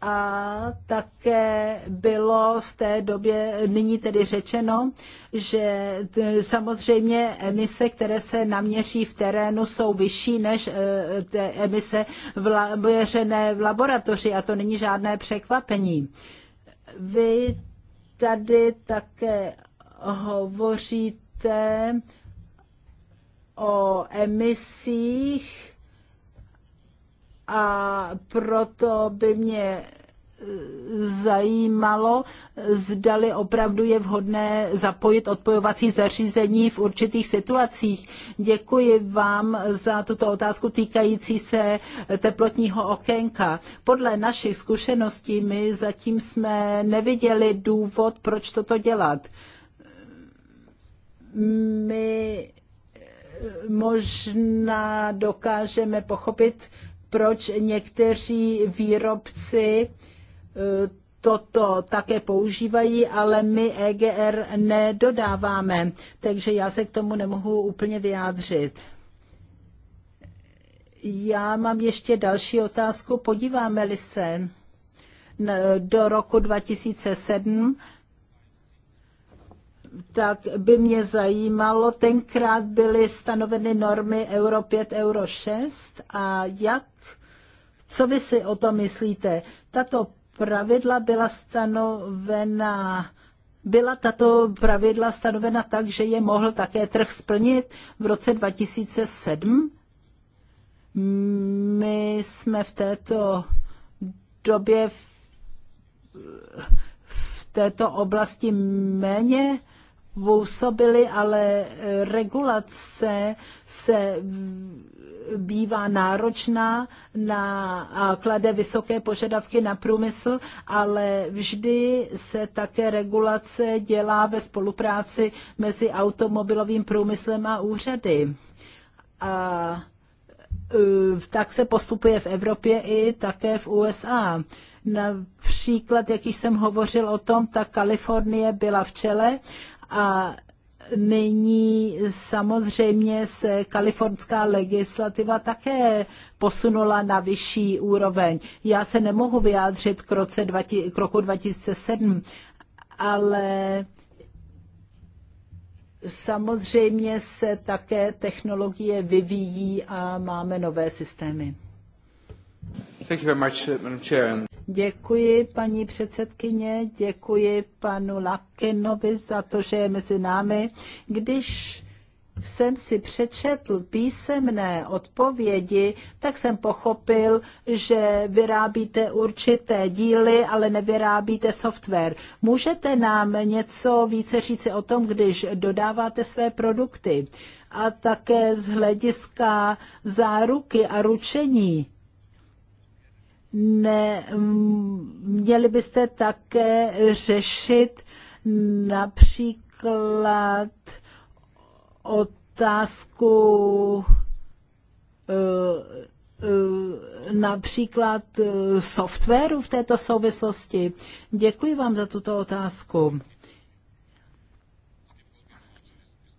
a také bylo v té době, nyní tedy řečeno, že samozřejmě emise, které se naměří v terénu, jsou vyšší než e, emise měřené v laboratoři a to není žádné překvapení. Vy tady také hovoříte o emisích a proto by mě eh, zajímalo, zdali opravdu je vhodné zapojit odpojovací zařízení v určitých situacích. Děkuji vám za tuto otázku týkající se teplotního okénka. Podle našich zkušeností my zatím jsme neviděli důvod, proč toto dělat. My možná dokážeme pochopit, proč někteří výrobci eh, toto také používají, ale my EGR nedodáváme, takže já se k tomu nemohu úplně vyjádřit. Já mám ještě další otázku. Podíváme-li se do roku 2007, tak by mě zajímalo, tenkrát byly stanoveny normy Euro 5, Euro 6 a jak, co vy si o to myslíte? Tato pravidla byla stanovena byla tato pravidla stanovena tak, že je mohl také trh splnit v roce 2007. My jsme v této době v této oblasti méně působili, ale eh, regulace se bývá náročná na, a klade vysoké požadavky na průmysl, ale vždy se také regulace dělá ve spolupráci mezi automobilovým průmyslem a úřady. A eh, tak se postupuje v Evropě i také v USA. Například, jak již jsem hovořil o tom, tak Kalifornie byla v čele a nyní samozřejmě se kalifornská legislativa také posunula na vyšší úroveň. Já se nemohu vyjádřit k, roce 20, k roku 2007, ale samozřejmě se také technologie vyvíjí a máme nové systémy. Thank you very much, uh, Madam Chair. Děkuji paní předsedkyně, děkuji panu Lakinovi za to, že je mezi námi. Když jsem si přečetl písemné odpovědi, tak jsem pochopil, že vyrábíte určité díly, ale nevyrábíte software. Můžete nám něco více říci o tom, když dodáváte své produkty a také z hlediska záruky a ručení? ne, měli byste také řešit například otázku eh, eh, například eh, softwaru v této souvislosti? Děkuji vám za tuto otázku.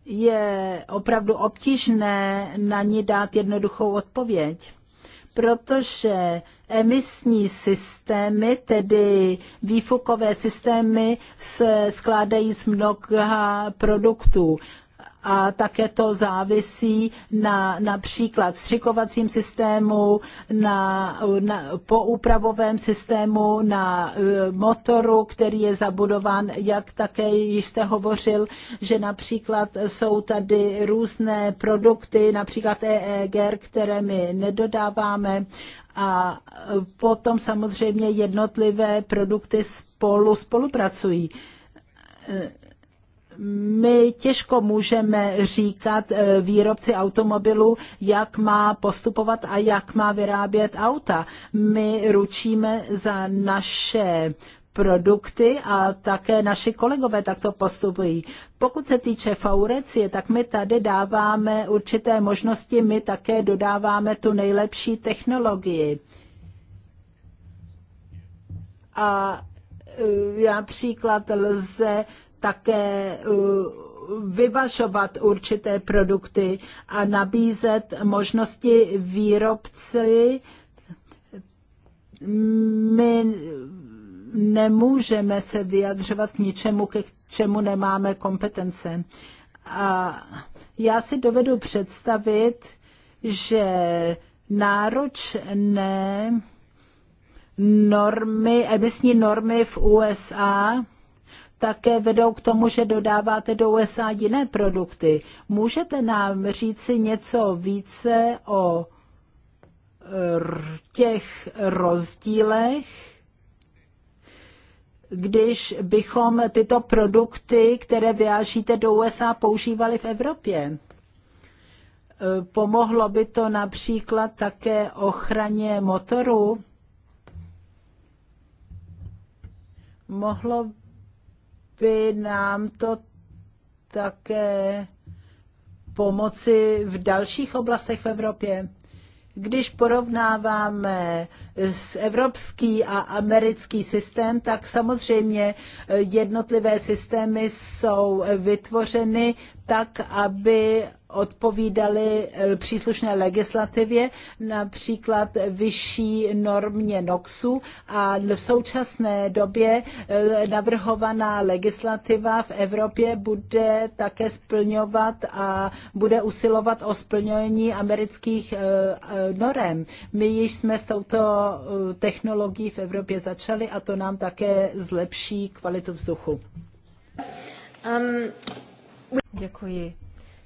Je opravdu obtížné na ní dát jednoduchou odpověď, protože emisní systémy, tedy výfukové systémy, se skládají z mnoha produktů a také to závisí na například vstřikovacím systému, na, na poupravovém systému, na e, motoru, který je zabudován, jak také jste hovořil, že například jsou tady různé produkty, například EEG, které my nedodáváme a e, potom samozřejmě jednotlivé produkty spolu spolupracují e, my těžko můžeme říkat eh, výrobci automobilů, jak má postupovat a jak má vyrábět auta. My ručíme za naše produkty a také naši kolegové takto postupují. Pokud se týče faurecie, tak my tady dáváme určité možnosti, my také dodáváme tu nejlepší technologii. A například eh, lze také eh, vyvažovat určité produkty a nabízet možnosti výrobci. My nemůžeme se vyjadřovat k ničemu, k čemu nemáme kompetence. A já si dovedu představit, že náročné normy, emisní normy v USA také vedou k tomu, že dodáváte do USA jiné produkty. Můžete nám říci něco více o eh, těch rozdílech, když bychom tyto produkty, které vyážíte do USA, používali v Evropě? Eh, pomohlo by to například také ochraně motoru? Mohlo by nám to také pomoci v dalších oblastech v Evropě. Když porovnáváme s evropský a americký systém, tak samozřejmě jednotlivé systémy jsou vytvořeny tak, aby odpovídaly eh, příslušné legislativě, například vyšší normě NOXu a v současné době eh, navrhovaná legislativa v Evropě bude také splňovat a bude usilovat o splňování amerických eh, norem. My již jsme s touto technologií v Evropě začali a to nám také zlepší kvalitu vzduchu. Um, Děkuji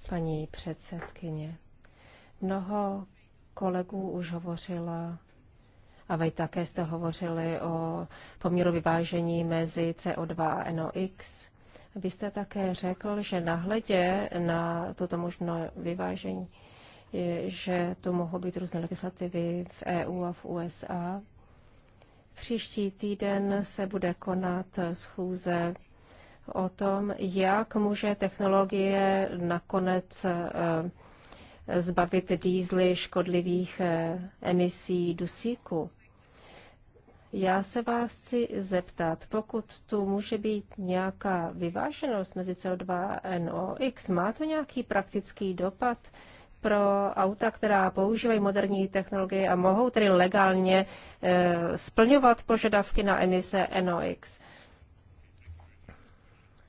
paní předsedkyně. Mnoho kolegů už hovořila a vy také jste hovořili o poměru vyvážení mezi CO2 a NOx. Vy jste také řekl, že nahledě na toto možné vyvážení, je, že tu mohou být různé legislativy v EU a v USA. Příští týden se bude konat schůze o tom, jak může technologie nakonec eh, zbavit dýzly škodlivých eh, emisí dusíku. Já se vás chci zeptat, pokud tu může být nějaká vyváženost mezi CO2 a NOx, má to nějaký praktický dopad pro auta, která používají moderní technologie a mohou tedy legálně e, splňovat požadavky na emise NOx?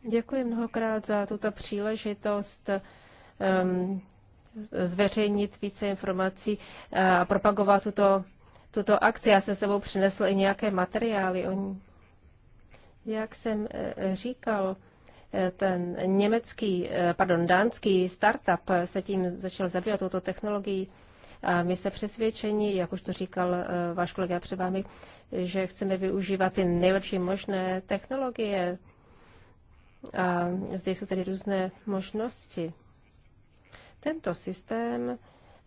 Děkuji mnohokrát za tuto příležitost um, zveřejnit více informací a propagovat tuto, tuto akci. Já jsem sebou přinesl i nějaké materiály. Oni, jak jsem e, říkal, e, ten německý, e, pardon, dánský startup se tím začal zabývat touto technologií. A my se přesvědčení, jak už to říkal váš kolega před vámi, že chceme využívat ty nejlepší možné technologie, a zde jsou tedy různé možnosti. Tento systém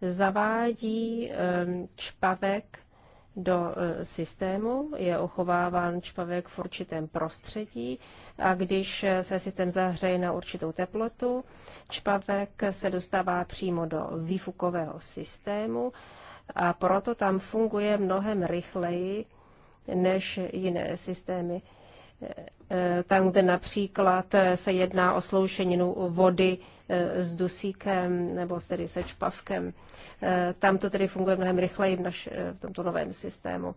zavádí čpavek do e, systému, je ochováván čpavek v určitém prostředí a když se systém zahřeje na určitou teplotu, čpavek se dostává přímo do výfukového systému a proto tam funguje mnohem rychleji než jiné systémy tam, kde například se jedná o sloušeninu vody eh, s dusíkem nebo tedy se čpavkem. Eh, tam to tedy funguje mnohem rychleji v, naš, eh, v tomto novém systému.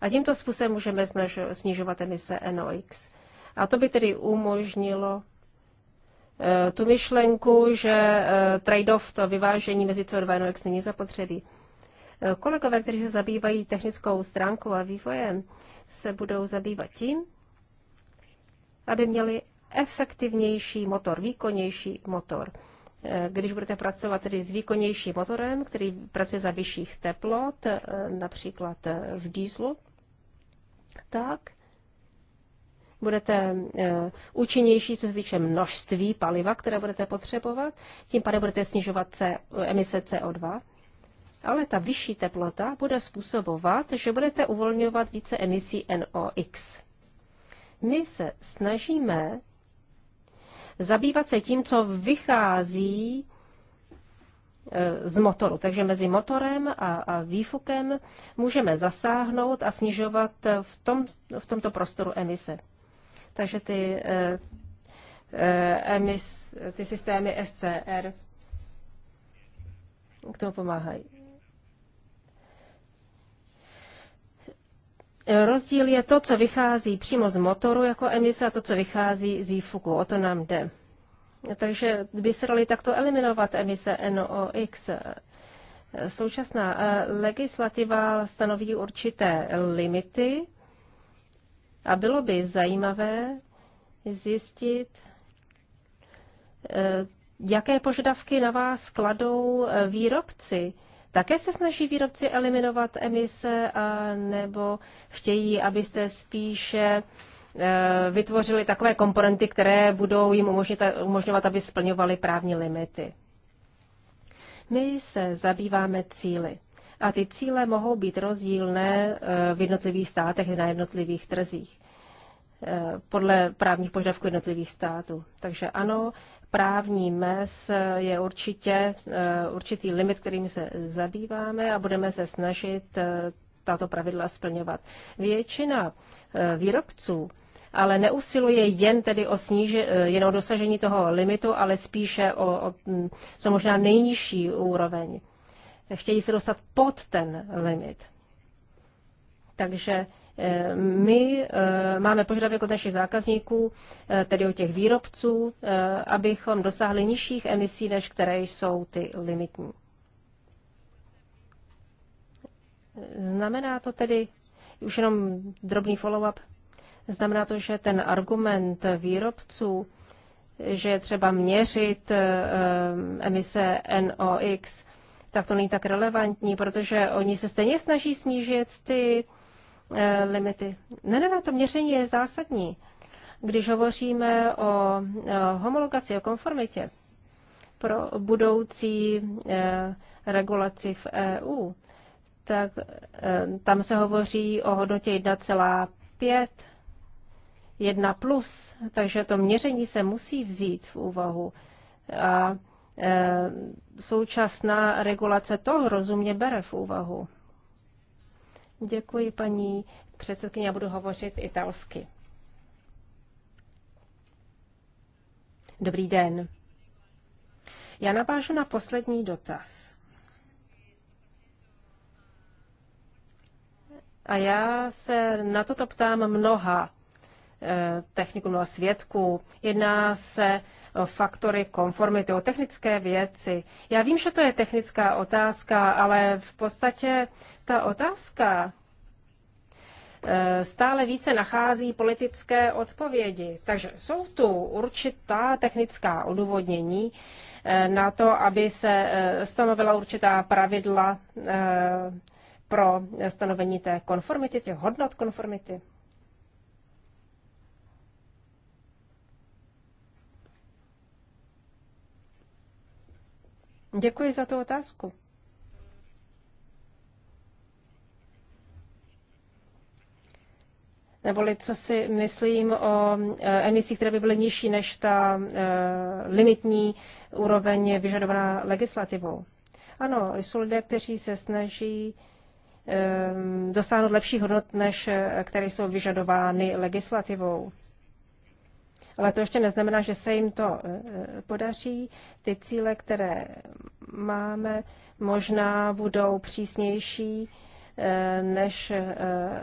A tímto způsobem můžeme snižovat emise NOx. A to by tedy umožnilo tu myšlenku, že trade-off, to vyvážení mezi CO2 a NOx není zapotřebí. Kolegové, kteří se zabývají technickou stránkou a vývojem, se budou zabývat tím, aby měli efektivnější motor, výkonnější motor. Eh, když budete pracovat tedy s výkonnějším motorem, který pracuje za vyšších teplot, eh, například eh, v dýzlu, tak budete účinnější, co se týče množství paliva, které budete potřebovat, tím pádem budete snižovat emise CO2 ale ta vyšší teplota bude způsobovat, že budete uvolňovat více emisí NOx. My se snažíme zabývat se tím, co vychází e, z motoru. Takže mezi motorem a, a výfukem můžeme zasáhnout a snižovat v, tom, v tomto prostoru emise. Takže ty, eh, emis, ty systémy SCR k tomu pomáhají. Rozdíl je to, co vychází přímo z motoru jako emise a to, co vychází z výfuku. O to nám jde. Takže by se daly takto eliminovat emise NOx. Současná eh, legislativa stanoví určité limity a bylo by zajímavé zjistit, eh, jaké požadavky na vás kladou eh, výrobci také se snaží výrobci eliminovat emise a nebo chtějí, abyste spíše e, vytvořili takové komponenty, které budou jim umožňovat, aby splňovali právní limity. My se zabýváme cíly. A ty cíle mohou být rozdílné e, v jednotlivých státech i na jednotlivých trzích e, podle právních požadavků jednotlivých států. Takže ano, právní mes je určitě eh, určitý limit, kterým se zabýváme a budeme se snažit eh, tato pravidla splňovat. Většina eh, výrobců ale neusiluje jen tedy o, sníži, jen o dosažení toho limitu, ale spíše o, o mm, co možná nejnižší úroveň. Chtějí se dostat pod ten limit. Takže Eh, my eh, máme požadavek od našich zákazníků, eh, tedy od těch výrobců, abychom dosáhli nižších emisí, než které jsou ty limitní. Znamená to tedy, už jenom drobný follow-up, znamená to, že ten argument výrobců, že je třeba měřit emise NOx, tak to není tak relevantní, protože oni se stejně snaží snížit ty Eh, limity. Ne, ne, to měření je zásadní. Když hovoříme o eh, homologaci, o konformitě pro budoucí eh, regulaci v EU, tak tam se hovoří o hodnotě 1,5, 1 plus, takže to měření se musí vzít v úvahu. A současná regulace to rozumně bere v úvahu. Děkuji, paní předsedkyně, já budu hovořit italsky. Dobrý den. Já navážu na poslední dotaz. A já se na toto ptám mnoha eh, techniků, mnoha svědků. Jedná se faktory konformity, o technické věci. Já vím, že to je technická otázka, ale v podstatě ta otázka eh, stále více nachází politické odpovědi. Takže jsou tu určitá technická odůvodnění eh, na to, aby se eh, stanovila určitá pravidla pro stanovení té konformity, těch hodnot konformity. Děkuji za tu otázku. Neboli co si myslím o e, emisích, které by byly nižší než ta e, limitní úroveň vyžadovaná legislativou. Ano, jsou lidé, kteří se snaží e, dosáhnout lepší hodnot, než které jsou vyžadovány legislativou ale to ještě neznamená, že se jim to eh, eh, podaří. Ty cíle, které máme, možná budou přísnější eh, než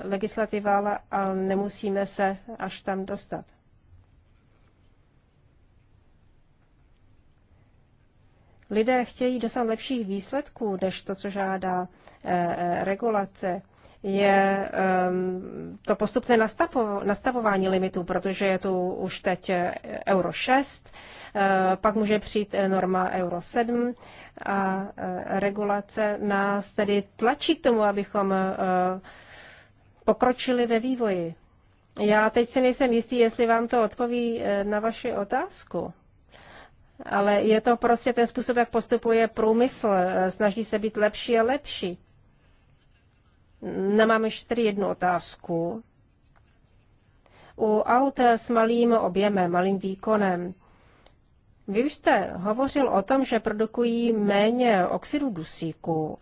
legislativa, ale nemusíme se až tam dostat. Lidé chtějí dosáhnout lepších výsledků než to, co žádá regulace je ehm, to postupné nastavování limitů, protože je tu už teď eh, euro 6, eh, pak může přijít eh, norma euro 7 a regulace nás tedy tlačí k tomu, abychom pokročili ve vývoji. Já teď si nejsem jistý, jestli vám to odpoví na vaši otázku. Ale je to prostě ten způsob, jak postupuje průmysl. Snaží se být lepší a lepší. Mám ještě tady jednu otázku. U aut s malým objemem, malým výkonem, vy už jste hovořil o tom, že produkují méně oxidu dusíku.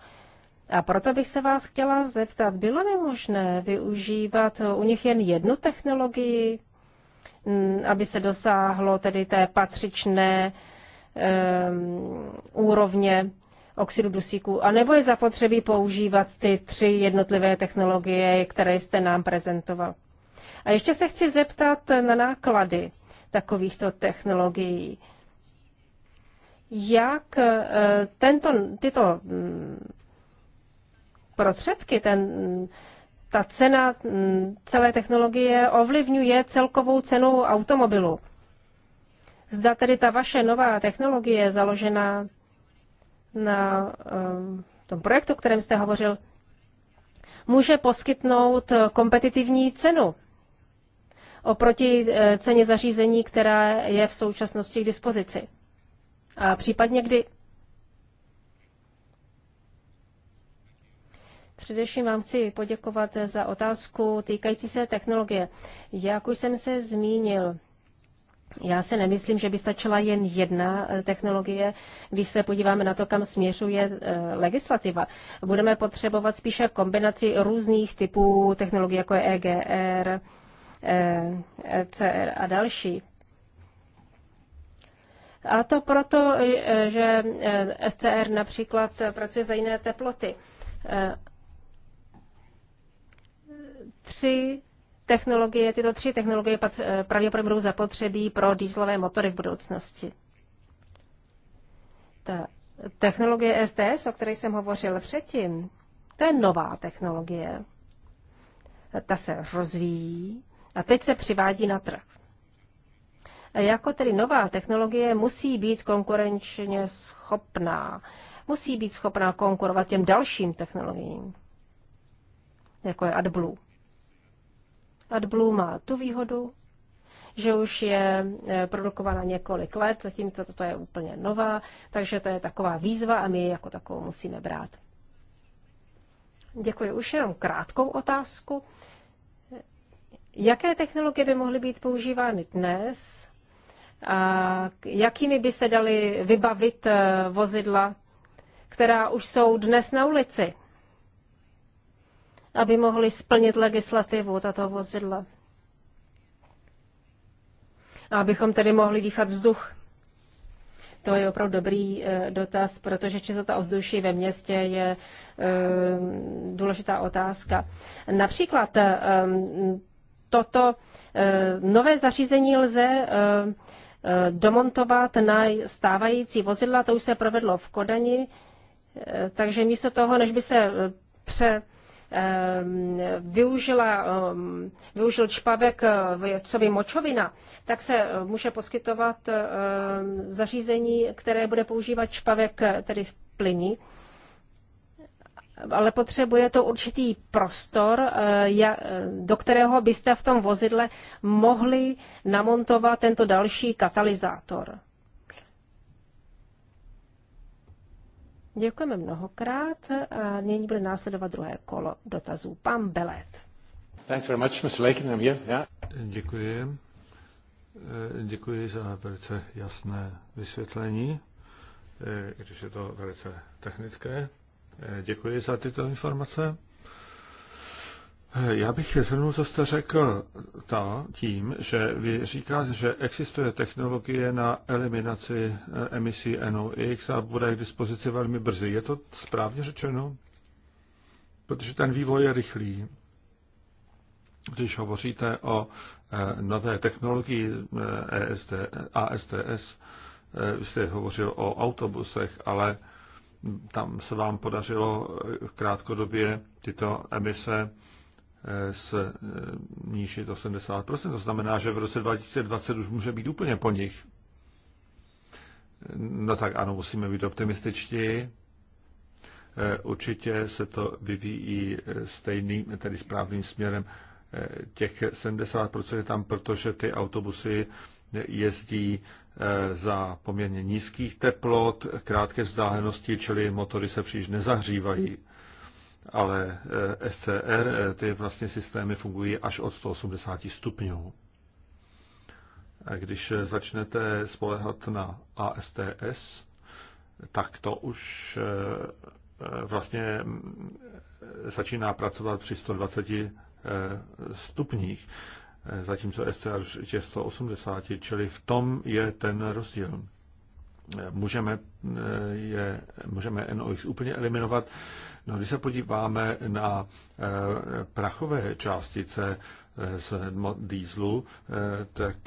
A proto bych se vás chtěla zeptat, bylo by možné využívat u nich jen jednu technologii, mm, aby se dosáhlo tedy té patřičné um, úrovně oxidu dusíku, anebo je zapotřebí používat ty tři jednotlivé technologie, které jste nám prezentoval. A ještě se chci zeptat na náklady takovýchto technologií. Jak eh, tento, tyto mm, prostředky, ten, ta cena mm, celé technologie ovlivňuje celkovou cenu automobilu. Zda tedy ta vaše nová technologie založená na eh, tom projektu, o kterém jste hovořil, může poskytnout eh, kompetitivní cenu oproti eh, ceně zařízení, která je v současnosti k dispozici. A případně kdy? Především vám chci poděkovat za otázku týkající se technologie. Jak už jsem se zmínil, já se nemyslím, že by stačila jen jedna eh, technologie, když se podíváme na to, kam směřuje eh, legislativa. Budeme potřebovat spíše kombinaci různých typů technologií, jako je EGR, eh, e CR a další. A to proto, že SCR například pracuje za jiné teploty. Tři technologie, tyto tři technologie eh, pravděpodobně budou zapotřebí pro dýzlové motory v budoucnosti. Ta technologie STS, o které jsem hovořil předtím, to je nová technologie. Ta se rozvíjí a teď se přivádí na trh. A jako tedy nová technologie musí být konkurenčně schopná. Musí být schopná konkurovat těm dalším technologiím, jako je AdBlue. AdBlue má tu výhodu, že už je eh, produkována několik let, zatímco toto je úplně nová, takže to je taková výzva a my ji jako takovou musíme brát. Děkuji. Už jenom krátkou otázku. Jaké technologie by mohly být používány dnes? A jakými by se daly vybavit eh, vozidla, která už jsou dnes na ulici? aby mohli splnit legislativu tato vozidla. A abychom tedy mohli dýchat vzduch. To je opravdu dobrý eh, dotaz, protože čistota ovzduší ve městě je eh, důležitá otázka. Například eh, mm, toto nové zařízení lze domontovat na stávající vozidla, to už se provedlo v Kodani, takže místo toho, než by se pře, Ehm, využila, ehm, využil čpavek eh, vědcovi močovina, tak se eh, může poskytovat ehm, zařízení, které bude používat čpavek eh, tedy v plyni, ale potřebuje to určitý prostor, do kterého byste v tom vozidle mohli namontovat tento další katalyzátor. Děkujeme mnohokrát a nyní bude následovat druhé kolo dotazů. Pan Belet. Thanks very much, Mr. Lakin. I'm here. Yeah. Děkuji. Eh, děkuji za velice jasné vysvětlení, eh, když je to velice technické. Eh, děkuji za tyto informace. Já bych zhrnul, co jste řekl ta, tím, že vy říkáte, že existuje technologie na eliminaci eh, emisí NOx a bude k dispozici velmi brzy. Je to správně řečeno? Protože ten vývoj je rychlý. Když hovoříte o eh, nové technologii EST, eh, e ASTS, jste hovořil o autobusech, ale tam se vám podařilo v krátkodobě tyto emise snížit eh, 80%. To znamená, že v roce 2020 už může být úplně po nich. No tak ano, musíme být optimističtí. Eh, určitě se to vyvíjí eh, stejným, tedy správným směrem. Těch 70% je tam, protože ty autobusy jezdí za poměrně nízkých teplot, krátké vzdálenosti, čili motory se příliš nezahřívají ale eh, SCR, eh, ty vlastně systémy fungují až od 180 stupňů. A když eh, začnete spolehat na ASTS, tak to už vlastně mm, začíná pracovat při 120 stupních, zatímco SCR je 180, čili v tom je ten rozdíl můžeme, eh, je, můžeme NOx úplně eliminovat. No, když se podíváme na eh, prachové částice eh, z dýzlu, tak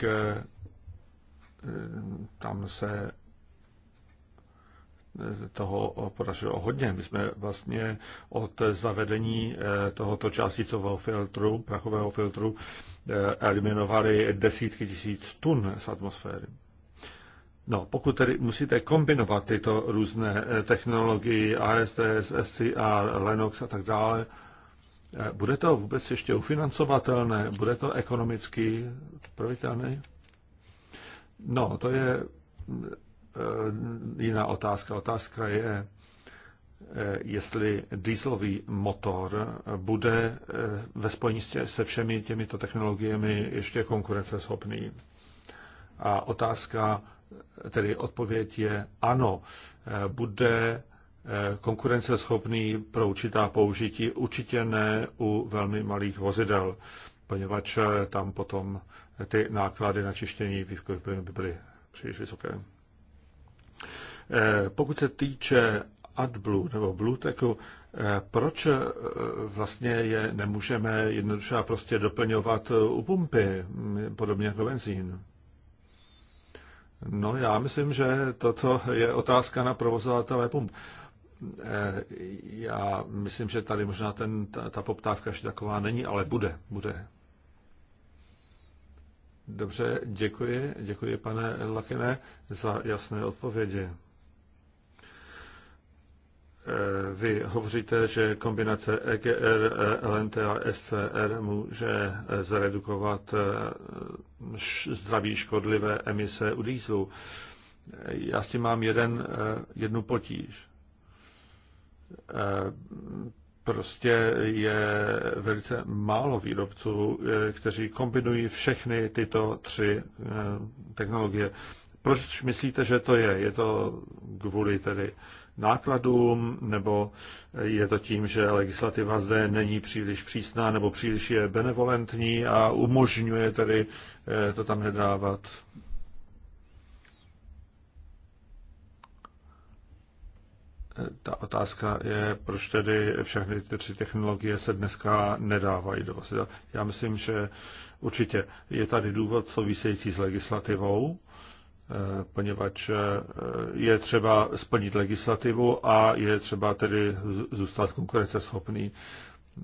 tam se toho podařilo hodně. My jsme vlastně od zavedení tohoto částicového filtru, prachového filtru, eliminovali desítky tisíc tun z atmosféry. No, pokud tedy musíte kombinovat tyto různé eh, technologie, ASTS, SCR, Linux a tak dále, eh, bude to vůbec ještě ufinancovatelné? Bude to ekonomicky provitelné? No, to je eh, jiná otázka. Otázka je, jestli dieselový motor bude ve spojení se všemi těmito technologiemi ještě konkurenceschopný. A otázka, tedy odpověď je ano, bude eh, konkurenceschopný pro určitá použití, určitě ne u velmi malých vozidel, poněvadž eh, tam potom eh, ty náklady na čištění výfukových plynů by byly příliš vysoké. Pokud se týče AdBlue nebo BlueTechu, proč vlastně je nemůžeme jednoduše prostě doplňovat u pumpy, podobně jako benzín? No, já myslím, že toto je otázka na provozovatele pump. Eh, já myslím, že tady možná ten, ta, ta poptávka ještě taková není, ale bude, bude. Dobře, děkuji, děkuji pane Lakene za jasné odpovědi. Vy hovoříte, že kombinace EGR, LNT a SCR může zredukovat eh, zdraví škodlivé emise u dýzlu. Já s tím mám jeden, eh, jednu potíž. Eh, prostě je velice málo výrobců, kteří kombinují všechny tyto tři technologie. Proč myslíte, že to je? Je to kvůli tedy nákladům, nebo je to tím, že legislativa zde není příliš přísná nebo příliš je benevolentní a umožňuje tedy eh, to tam nedávat? Eh, ta otázka je, proč tedy všechny ty tři technologie se dneska nedávají do vozidel. Já myslím, že určitě je tady důvod související s legislativou, Eh, poněvadž eh, je třeba splnit legislativu a je třeba tedy zůstat konkurenceschopný.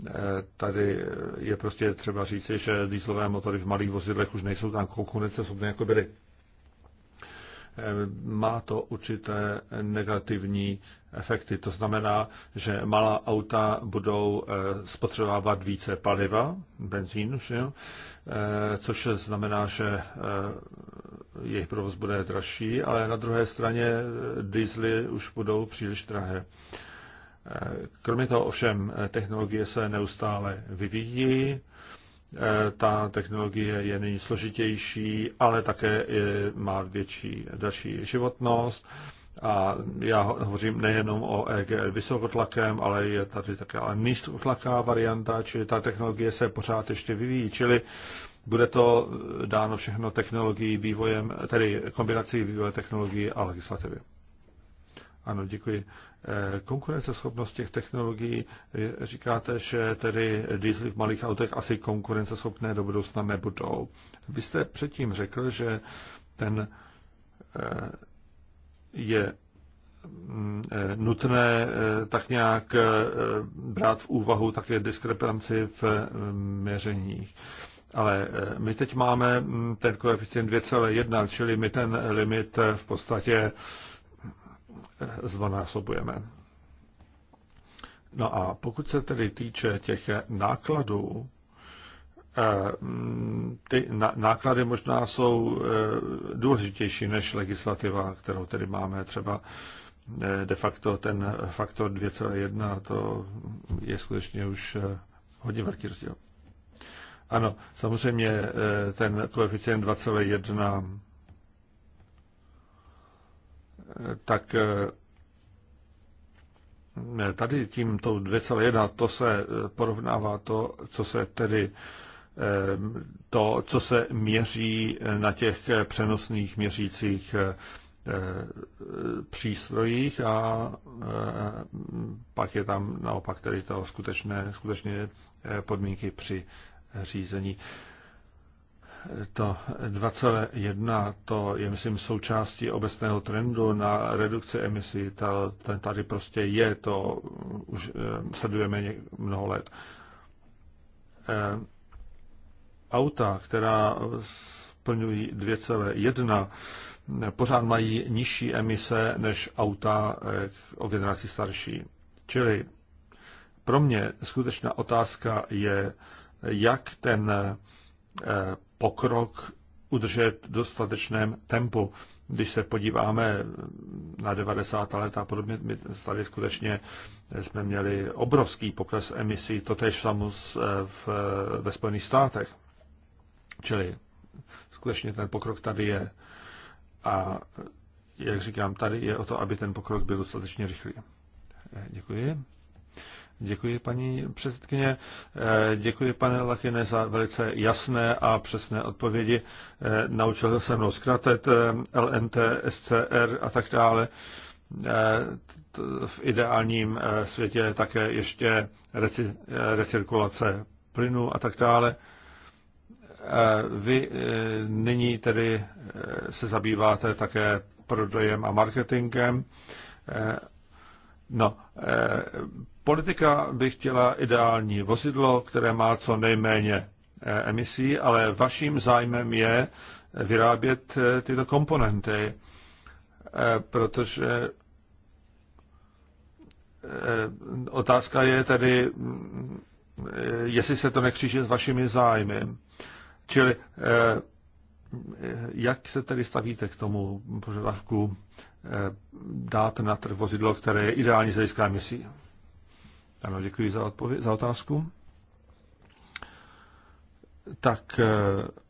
Eh, tady je prostě třeba říci, že dýzlové motory v malých vozidlech už nejsou tak konkurenceschopné, jako byly. Má to určité negativní efekty. To znamená, že malá auta budou spotřebovávat více paliva, benzínu, což znamená, že jejich provoz bude dražší, ale na druhé straně diesely už budou příliš drahé. Kromě toho ovšem technologie se neustále vyvíjí, ta technologie je nyní složitější, ale také má větší, další životnost. A já hovořím nejenom o EGL vysokotlakem, ale je tady také nízkotlaká varianta, čili ta technologie se pořád ještě vyvíjí. Čili bude to dáno všechno technologií, vývojem, tedy kombinací vývoje technologií a legislativy. Ano, děkuji. Eh, konkurenceschopnost těch technologií, eh, říkáte, že tedy diesely v malých autech asi konkurenceschopné do budoucna nebudou. Vy jste předtím řekl, že ten eh, je mm, nutné tak nějak brát v úvahu také diskrepanci v měřeních. Ale eh, my teď máme mm, ten koeficient 2,1, čili my ten limit eh, v podstatě eh, zdvonásobujeme. No a pokud se tedy týče těch nákladů, mm, ty náklady možná jsou důležitější než legislativa, kterou tedy máme třeba de facto ten faktor 2,1, to je skutečně už hodně velký rozdíl. Ano, samozřejmě eh, ten koeficient 2,1 eh, tak eh, tady tím tou 2,1 to se porovnává to, co se tedy to, co se měří na těch přenosných měřících přístrojích a pak je tam naopak tedy to skutečné, skutečně podmínky při řízení. To 2,1 to je, myslím, součástí obecného trendu na redukci emisí. Ta, ten tady prostě je, to už eh, sledujeme mnoho let. Eh, auta, která splňují 2,1, pořád mají nižší emise než auta eh, o generaci starší. Čili pro mě skutečná otázka je, jak ten eh, pokrok udržet v dostatečném tempu. Když se podíváme na 90. let a podobně, my tady skutečně jsme měli obrovský pokles emisí, totež samus eh, v, ve Spojených státech. Čili skutečně ten pokrok tady je. A jak říkám, tady je o to, aby ten pokrok byl dostatečně rychlý. Eh, děkuji. Děkuji, paní předsedkyně. Eh, děkuji, pane Lachine, za velice jasné a přesné odpovědi. Eh, naučil se mnou zkratet eh, LNT, SCR a tak dále. V ideálním světě také ještě recirkulace plynu a tak dále. Vy nyní tedy se zabýváte také prodejem a marketingem No, eh, politika by chtěla ideální vozidlo, které má co nejméně eh, emisí, ale vaším zájmem je vyrábět eh, tyto komponenty, eh, protože eh, otázka je tedy, mm, eh, jestli se to nekříží s vašimi zájmy. Čili eh, jak se tedy stavíte k tomu požadavku Eh, dát na trh vozidlo, které je ideální z hlediska emisí? Ano, děkuji za, odpověd, za otázku. Tak eh,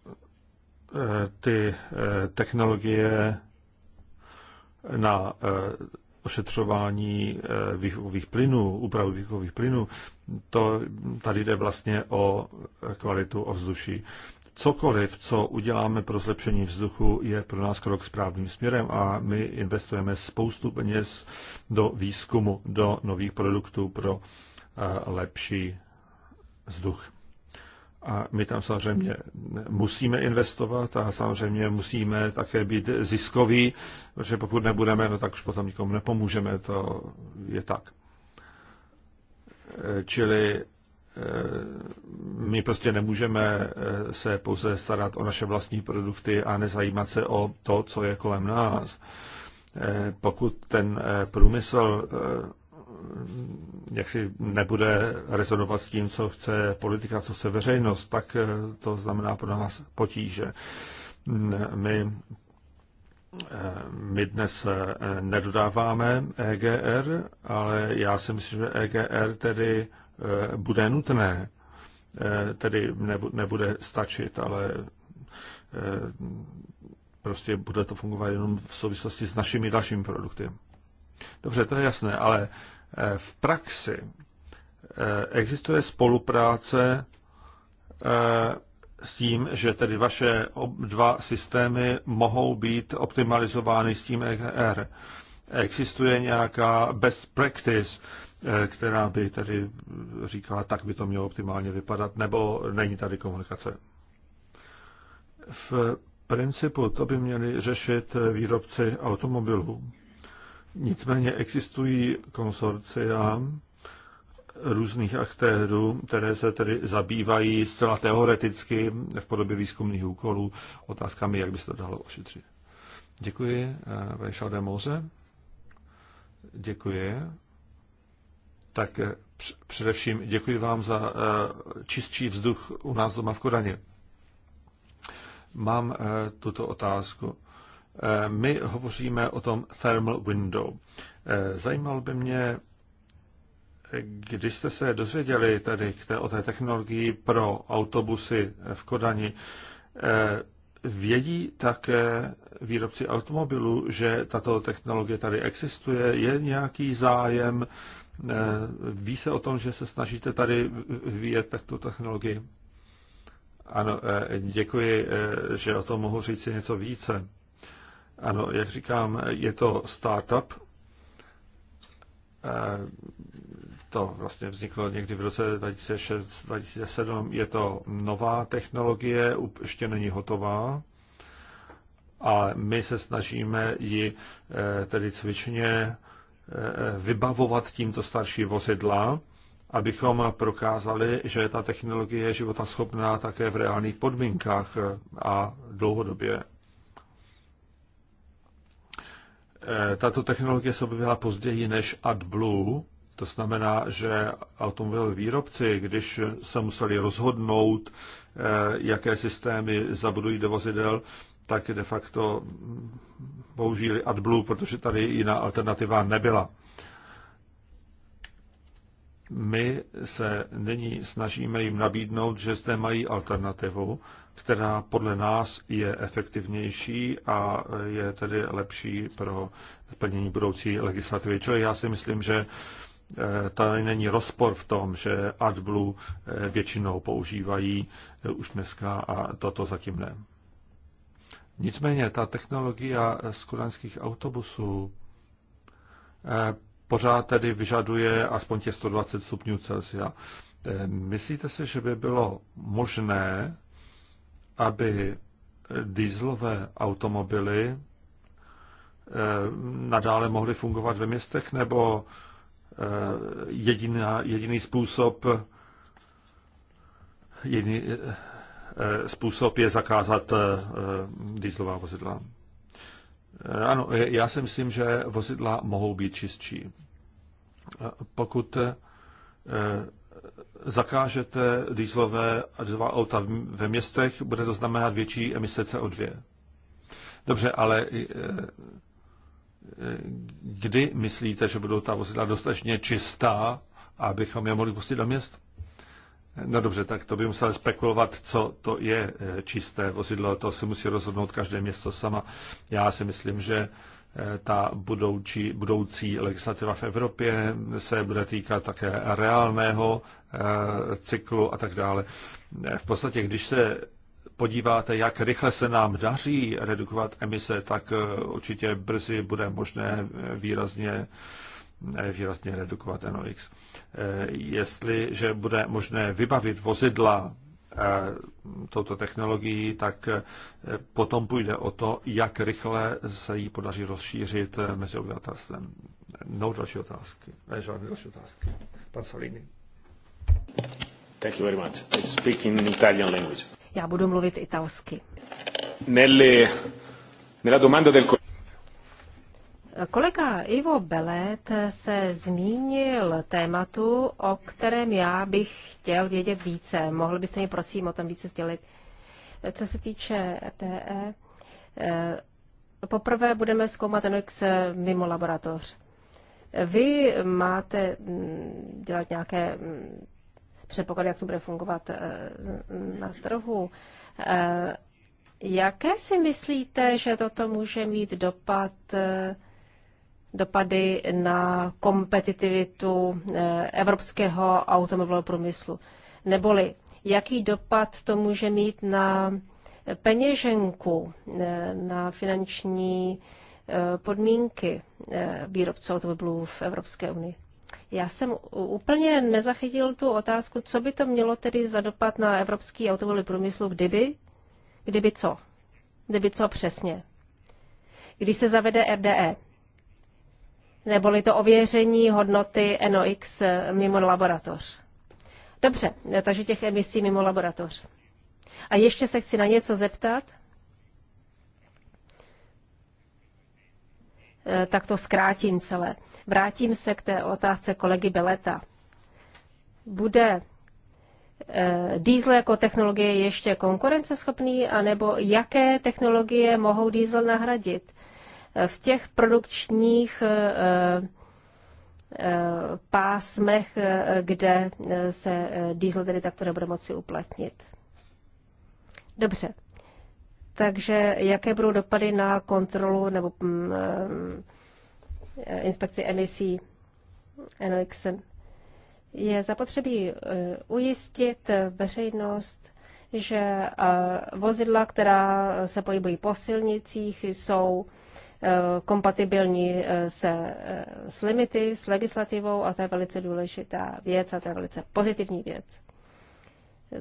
eh, ty technologie na ošetřování výfukových plynů, úpravu výfukových plynů, to tady jde vlastně o kvalitu ovzduší cokoliv, co uděláme pro zlepšení vzduchu, je pro nás krok správným směrem a my investujeme spoustu peněz do výzkumu, do nových produktů pro eh, lepší vzduch. A my tam samozřejmě musíme investovat a samozřejmě musíme také být ziskoví, protože pokud nebudeme, no tak už potom nikomu nepomůžeme, to je tak. Eh, čili Eh, my prostě nemůžeme eh, se pouze starat o naše vlastní produkty a nezajímat se o to, co je kolem nás. Eh, pokud ten průmysl jak si nebude rezonovat s tím, co chce politika, co chce veřejnost, tak to znamená pro nás potíže. Mm, my, my dnes nedodáváme EGR, ale já si myslím, že EGR tedy Eh, bude nutné, eh, tedy nebude stačit, ale eh, prostě bude to fungovat jenom v souvislosti s našimi dalšími produkty. Dobře, to je jasné, ale v praxi existuje spolupráce s tím, že tedy vaše dva systémy mohou být optimalizovány s tím ER. Existuje nějaká best practice, Eh, která by tady říkala, tak by to mělo optimálně vypadat, nebo není tady komunikace. V principu to by měli řešit výrobci automobilů. Nicméně existují konsorcia různých aktérů, které se tedy zabývají zcela teoreticky v podobě výzkumných úkolů otázkami, jak by se to dalo ošetřit. Děkuji, Vejšalde eh, Demoze. Děkuji tak eh, především děkuji vám za eh, čistší vzduch u nás doma v Kodaně. Mám eh, tuto otázku. My hovoříme o tom thermal window. Zajímalo by mě, když jste se dozvěděli tady k té, o té technologii pro autobusy v Kodani, vědí také výrobci automobilů, že tato technologie tady existuje? Je nějaký zájem Eh, ví se o tom, že se snažíte tady vyvíjet takto technologii? Ano, eh, děkuji, eh, že o tom mohu říct si něco více. Ano, jak říkám, je to startup. To vlastně vzniklo někdy v roce 2006-2007. Je to nová technologie, ještě není hotová. A my se snažíme ji tedy cvičně vybavovat tímto starší vozidla, abychom prokázali, že ta technologie je životaschopná také v reálných podmínkách a dlouhodobě. Eh, tato technologie se objevila později než AdBlue, to znamená, že automobilové výrobci, když se museli rozhodnout, eh, jaké systémy zabudují do vozidel, tak de facto použili AdBlue, protože tady jiná alternativa nebyla. My se nyní snažíme jim nabídnout, že zde mají alternativu, která podle nás je efektivnější a je tedy lepší pro plnění budoucí legislativy. Čili já si myslím, že eh, tady není rozpor v tom, že AdBlue eh, většinou používají eh, už dneska a toto zatím ne. Nicméně ta technologie kuranských autobusů eh, pořád tedy vyžaduje aspoň těch 120 stupňů Celsia. Eh, myslíte si, že by bylo možné, aby eh, dýzlové automobily nadále mohly fungovat ve městech, nebo jediná, jediný způsob jediný, Eh, způsob je zakázat eh, eh, dýzlová vozidla. Ano, já si myslím, že vozidla mohou být čistší. Pokud zakážete dýzlové auta ve městech, bude to znamenat větší emise CO2. Dobře, ale kdy myslíte, že budou ta vozidla dostatečně čistá, abychom je mohli pustit do měst? No dobře, tak to by musel spekulovat, co to je eh, čisté vozidlo, to se musí rozhodnout každé město sama. Já si myslím, že eh, ta budoucí, budoucí legislativa v Evropě se bude týkat také reálného eh, cyklu a tak dále. V podstatě, když se podíváte, jak rychle se nám daří redukovat emise, tak určitě brzy bude možné výrazně, výrazně redukovat NOx. Eh, jestliže bude možné vybavit vozidla eh, touto technologií, tak eh, potom půjde o to, jak rychle se jí podaří rozšířit mezi obyvatelstvem. No další otázky. Ne, žádné další otázky. Pan Salini. Thank you very much. Speaking in Italian language. Já budu mluvit italsky. Nelle, nella domanda del... Kolega Ivo Belet se zmínil tématu, o kterém já bych chtěl vědět více. Mohl byste mi prosím o tom více sdělit? Co se týče RTE, eh, poprvé budeme zkoumat NX mimo laboratoř. Vy máte mm, dělat nějaké mm, předpoklady, jak to bude fungovat eh, na trhu. Eh, jaké si myslíte, že toto může mít dopad dopady na kompetitivitu eh, evropského automobilového průmyslu. Neboli, jaký dopad to může mít na peněženku, eh, na finanční eh, podmínky výrobců automobilů v Evropské unii. Já jsem úplně nezachytil tu otázku, co by to mělo tedy za dopad na evropský automobilový průmysl, kdyby, kdyby co? Kdyby co přesně? Když se zavede RDE, neboli to ověření hodnoty NOx mimo laboratoř. Dobře, takže těch emisí mimo laboratoř. A ještě se chci na něco zeptat. Eh, tak to zkrátím celé. Vrátím se k té otázce kolegy Beleta. Bude eh, diesel jako technologie ještě konkurenceschopný, anebo jaké technologie mohou diesel nahradit? v těch produkčních eh, eh, pásmech, eh, kde se diesel tedy takto nebude moci uplatnit. Dobře. Takže jaké budou dopady na kontrolu nebo mm, inspekci emisí NOx? Je zapotřebí ujistit veřejnost, že vozidla, která se pohybují po silnicích, jsou Eh, kompatibilní eh, se, eh, s limity, s legislativou a to je velice důležitá věc a to je velice pozitivní věc.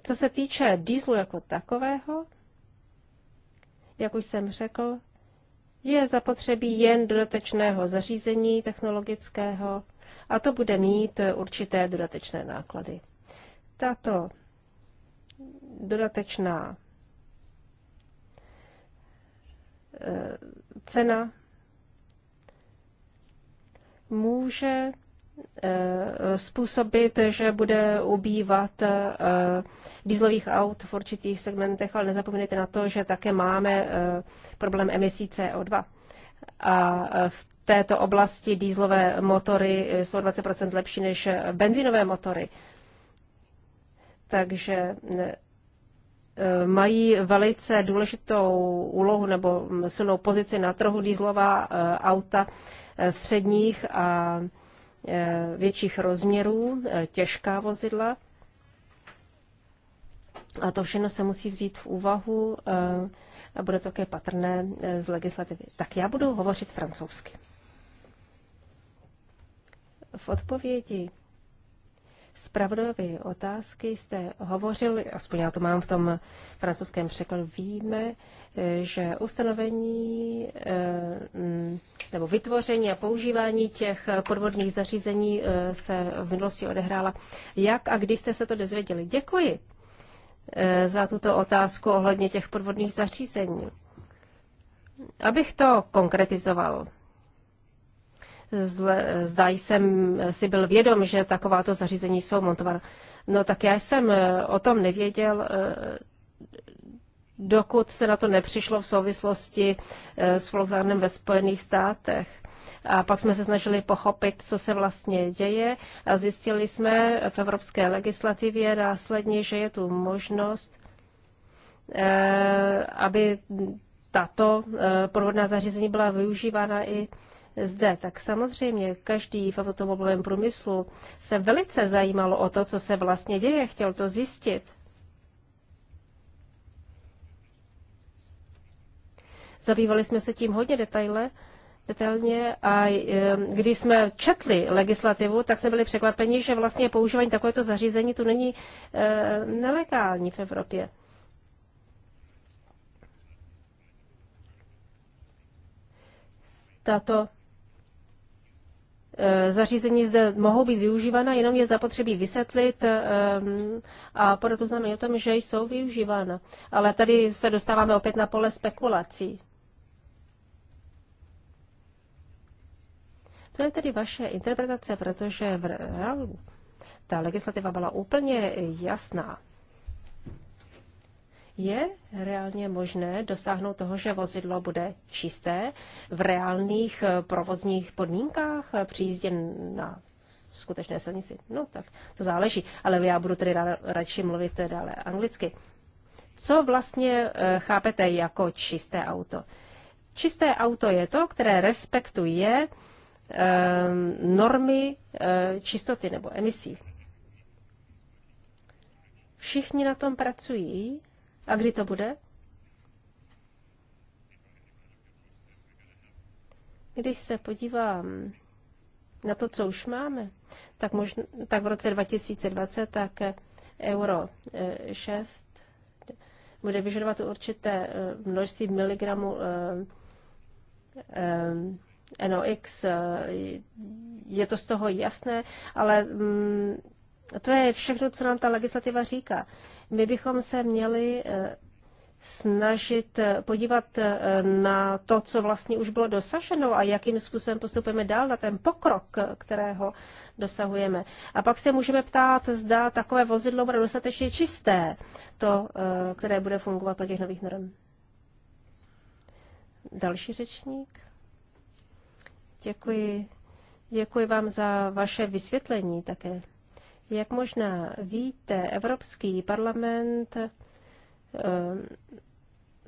Co se týče dýzlu jako takového, jak už jsem řekl, je zapotřebí jen dodatečného zařízení technologického a to bude mít určité dodatečné náklady. Tato dodatečná cena může eh, způsobit, že bude ubývat eh, dýzlových aut v určitých segmentech, ale nezapomeňte na to, že také máme eh, problém emisí CO2. A v této oblasti dýzlové motory jsou 20 lepší než benzinové motory. Takže E, mají velice důležitou úlohu nebo silnou pozici na trhu dýzlová e, auta e, středních a větších rozměrů, těžká vozidla. A to všechno se musí vzít v úvahu a bude to také patrné z legislativy. Tak já budu hovořit francouzsky. V odpovědi Spravodajové otázky jste hovořil, aspoň já to mám v tom francouzském překladu, víme, že ustanovení eh, mm, nebo vytvoření a používání těch podvodných zařízení eh, se v minulosti odehrála. Jak a kdy jste se to dozvěděli? Děkuji eh, za tuto otázku ohledně těch podvodných zařízení. Abych to konkretizoval zda jsem si byl vědom, že takováto zařízení jsou montovaná. No tak já jsem eh, o tom nevěděl, eh, dokud se na to nepřišlo v souvislosti eh, s Volkswagenem ve Spojených státech. A pak jsme se snažili pochopit, co se vlastně děje a zjistili jsme v evropské legislativě následně, že je tu možnost, aby tato provodná zařízení byla využívána i zde, tak samozřejmě každý v automobilovém průmyslu se velice zajímalo o to, co se vlastně děje, chtěl to zjistit. Zabývali jsme se tím hodně detaile, detailně a e, když jsme četli legislativu, tak jsme byli překvapeni, že vlastně používání takovéto zařízení tu není e, nelegální v Evropě. Tato Eh, zařízení zde mohou být využívána, jenom je zapotřebí vysvětlit ehm, a proto to znamená o tom, že jsou využívána. Ale tady se dostáváme opět na pole spekulací. To je tedy vaše interpretace, protože v reálu ta legislativa byla úplně jasná. Je reálně možné dosáhnout toho, že vozidlo bude čisté v reálných eh, provozních podmínkách eh, při jízdě na skutečné silnici? No tak to záleží, ale já budu tedy radši mluvit eh, dále anglicky. Co vlastně chápete jako čisté auto? Čisté auto je to, které respektuje normy čistoty nebo emisí. Všichni na tom pracují, a kdy to bude? Když se podívám na to, co už máme, tak, možná, tak v roce 2020 tak eh, euro 6 eh, bude vyžadovat určité eh, množství miligramů NOx. Je to z toho jasné, ale mm, to je všechno, co nám ta legislativa říká. My bychom se měli eh, snažit eh, podívat eh, na to, co vlastně už bylo dosaženo a jakým způsobem postupujeme dál na ten pokrok, kterého dosahujeme. A pak se můžeme ptát, zda takové vozidlo bude dostatečně čisté, to, které bude fungovat pro těch nových norm. Další řečník. Děkuji. Děkuji vám za vaše vysvětlení také. Jak možná víte, Evropský parlament eh,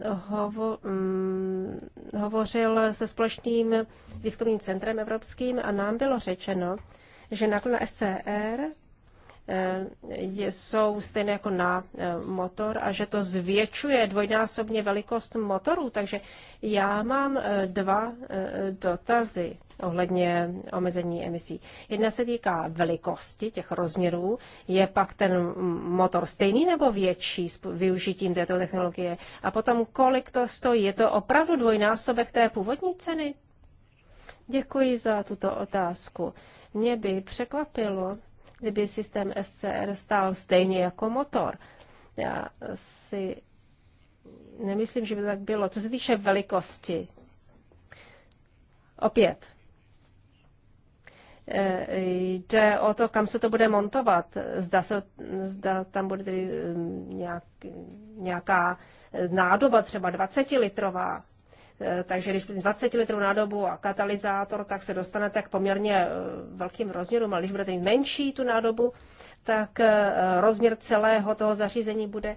hovo, mm, hovořil se společným výzkumným centrem evropským a nám bylo řečeno, že náklady na SCR eh, jsou stejné jako na eh, motor a že to zvětšuje dvojnásobně velikost motorů. Takže já mám dva dotazy ohledně omezení emisí. Jedna se týká velikosti těch rozměrů. Je pak ten motor stejný nebo větší s využitím této technologie? A potom, kolik to stojí? Je to opravdu dvojnásobek té původní ceny? Děkuji za tuto otázku. Mě by překvapilo, kdyby systém SCR stál stejně jako motor. Já si nemyslím, že by to tak bylo. Co se týče velikosti, opět, Eh, jde o to, kam se to bude montovat. Zda, se, zda tam bude tedy eh, nějak, nějaká eh, nádoba, třeba 20 litrová. Takže když 20 litrů nádobu a katalyzátor, tak se dostanete k poměrně velkým rozměrům, ale když budete mít menší tu nádobu, tak rozměr celého toho zařízení bude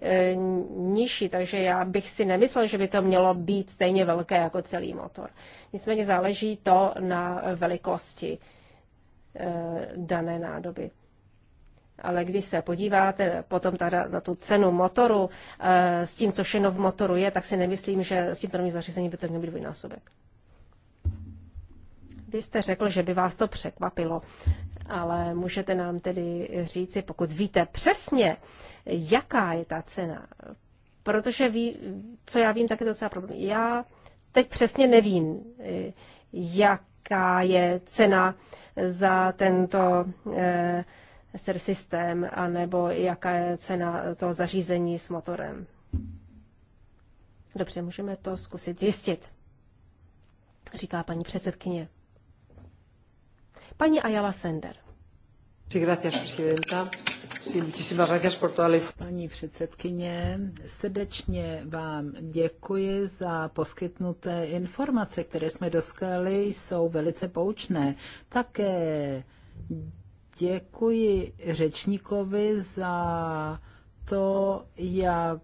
E, nižší, takže já bych si nemyslel, že by to mělo být stejně velké jako celý motor. Nicméně záleží to na velikosti e, dané nádoby. Ale když se podíváte potom teda na tu cenu motoru, e, s tím, co všechno v motoru je, tak si nemyslím, že s tímto novým zařízením by to měl být dvojnásobek. Vy jste řekl, že by vás to překvapilo, ale můžete nám tedy říci, pokud víte přesně, jaká je ta cena, protože ví, co já vím, tak je docela problém. Já teď přesně nevím, jaká je cena za tento eh, SR systém, anebo jaká je cena toho zařízení s motorem. Dobře, můžeme to zkusit zjistit, říká paní předsedkyně. Paní Ayala Sender. Paní předsedkyně, srdečně vám děkuji za poskytnuté informace, které jsme dostali, jsou velice poučné. Také děkuji řečníkovi za to, jak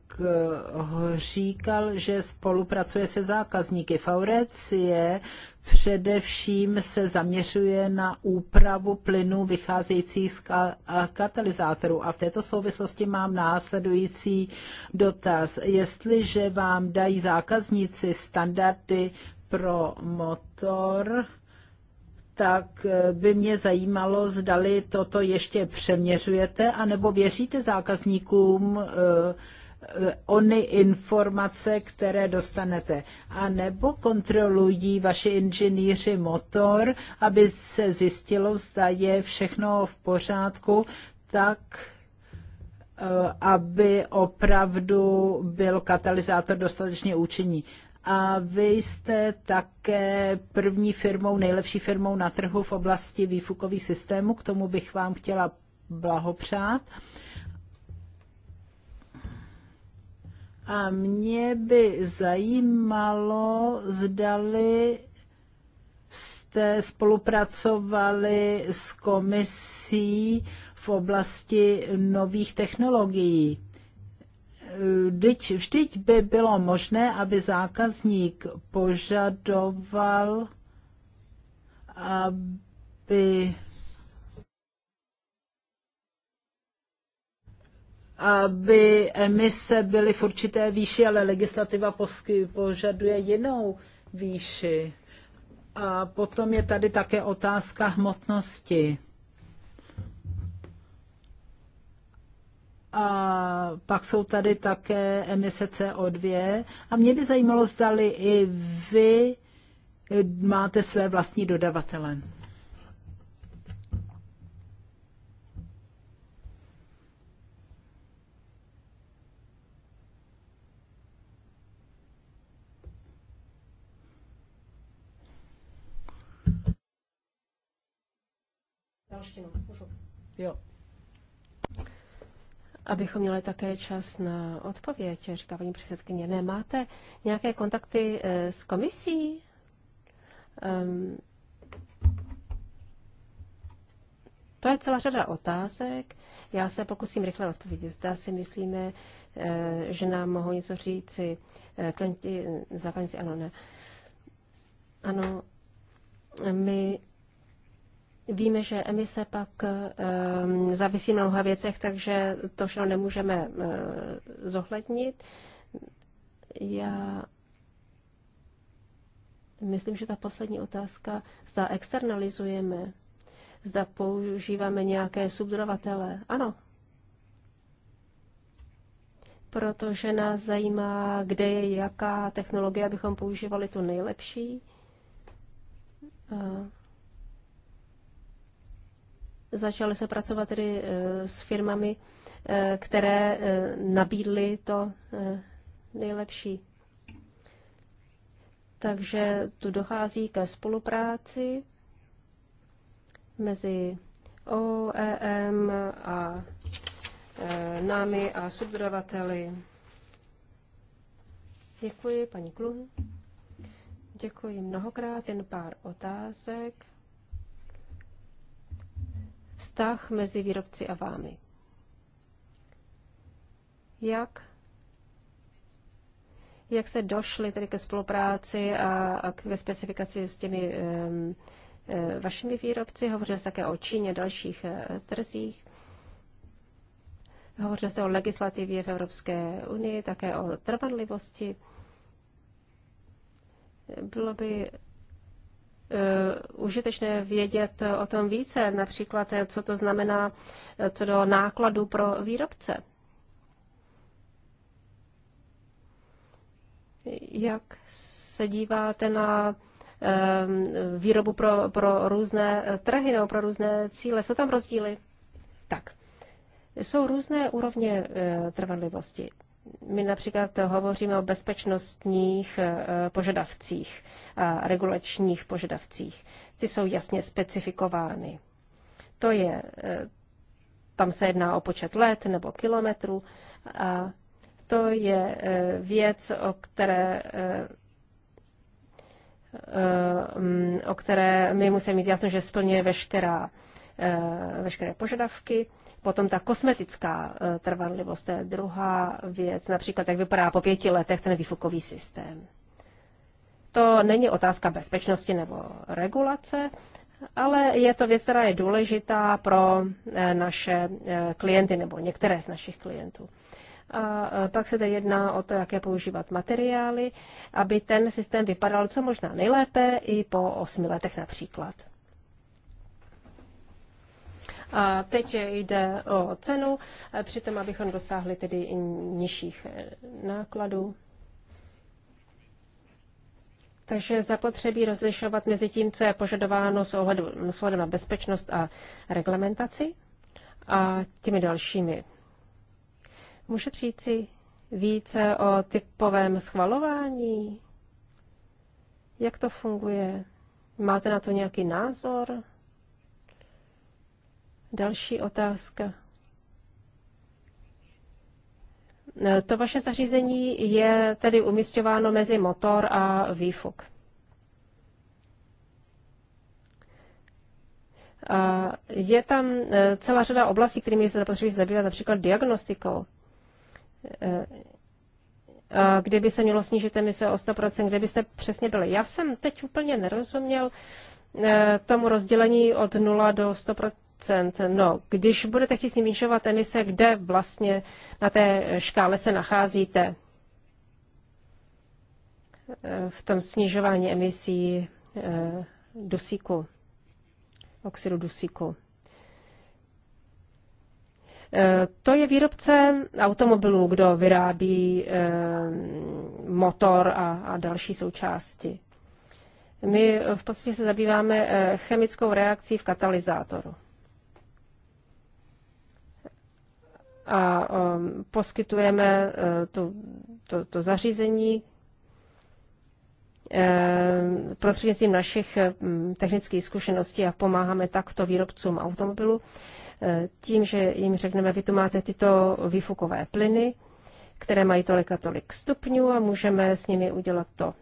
říkal, že spolupracuje se zákazníky. Faurecie především se zaměřuje na úpravu plynu vycházejících z katalyzátorů. A v této souvislosti mám následující dotaz. Jestliže vám dají zákazníci standardy pro motor, tak eh, by mě zajímalo, zdali toto ještě přeměřujete, anebo věříte zákazníkům eh, eh, ony informace, které dostanete. A nebo kontrolují vaši inženýři motor, aby se zjistilo, zda je všechno v pořádku, tak aby opravdu byl katalyzátor dostatečně účinný a vy jste také první firmou, nejlepší firmou na trhu v oblasti výfukových systémů. K tomu bych vám chtěla blahopřát. A mě by zajímalo, zdali jste spolupracovali s komisí v oblasti nových technologií vždyť, vždyť by bylo možné, aby zákazník požadoval, aby aby emise byly v určité výši, ale legislativa požaduje jinou výši. A potom je tady také otázka hmotnosti. A pak jsou tady také emise CO2. A mě by zajímalo, zdali i vy eh, máte své vlastní dodavatele. angličtinu. abychom měli také čas na odpověď, říká paní předsedkyně. Nemáte nějaké kontakty eh, s komisí? Um, to je celá řada otázek. Já se pokusím rychle odpovědět. Zda si myslíme, eh, že nám mohou něco říci eh, klienti, zákazníci, ano, ne. Ano, my Víme, že emise pak ehm, závisí na mnoha věcech, takže to všechno nemůžeme eh, zohlednit. Já myslím, že ta poslední otázka, zda externalizujeme, zda používáme nějaké subdodavatele. Ano, protože nás zajímá, kde je jaká technologie, abychom používali tu nejlepší. Eh, Začaly se pracovat tedy eh, s firmami, eh, které eh, nabídly to nejlepší. Takže tu dochází ke spolupráci mezi OEM a námi a subdodavateli. Děkuji, paní Klun. Děkuji mnohokrát, jen pár otázek vztah mezi výrobci a vámi. Jak, jak se došli tedy ke spolupráci a, a ke specifikaci s těmi um, vašimi výrobci? Hovořil jste také o Číně, dalších e, trzích. Hovořil jste o legislativě v Evropské unii, také o trvanlivosti. Bylo by Eh, užitečné vědět o tom více, například eh, co to znamená eh, co do nákladu pro výrobce. Jak se díváte na výrobu pro, pro různé trhy nebo pro různé cíle? Jsou tam rozdíly? Tak. Jsou různé úrovně trvanlivosti. My například hovoříme o bezpečnostních eh, požadavcích a regulačních požadavcích. Ty jsou jasně specifikovány. To je, eh, tam se jedná o počet let nebo kilometrů a to je eh, věc, o které mm, o které my musíme mít jasno, že splňuje veškerá, veškeré požadavky. Potom ta kosmetická e, trvanlivost, to je druhá věc, například jak vypadá po pěti letech ten výfukový systém. To není otázka bezpečnosti nebo regulace, ale je to věc, která je důležitá pro e, naše e, klienty nebo některé z našich klientů. A pak se tedy jedná o to, jaké používat materiály, aby ten systém vypadal co možná nejlépe i po osmi letech například. A teď jde o cenu, e, přitom abychom dosáhli tedy nižších e, nákladů. Takže zapotřebí rozlišovat mezi tím, co je požadováno s ohledem, na bezpečnost a reglementaci a těmi dalšími. říct si více o typovém schvalování? Jak to funguje? Máte na to nějaký názor? Další otázka. E, to vaše zařízení je tedy umístěváno mezi motor a výfuk. A je tam e, celá řada oblastí, kterými se zapotřebí zabývat, například diagnostikou. E, a kde by se mělo snížit emise o 100%, kde byste přesně byli. Já jsem teď úplně nerozuměl tomu rozdělení od 0 do 100%, No, když budete chtít snižovat emise, kde vlastně na té škále se nacházíte v tom snižování emisí eh, dusíku, oxidu dusíku? Eh, to je výrobce automobilů, kdo vyrábí eh, motor a, a další součásti. My v podstatě se zabýváme chemickou reakcí v katalyzátoru. a um, poskytujeme eh, to, to, to zařízení eh, prostřednictvím našich mm, technických zkušeností a pomáháme takto výrobcům automobilu eh, tím, že jim řekneme, vy tu máte tyto výfukové plyny, které mají tolik a tolik stupňů a můžeme s nimi udělat to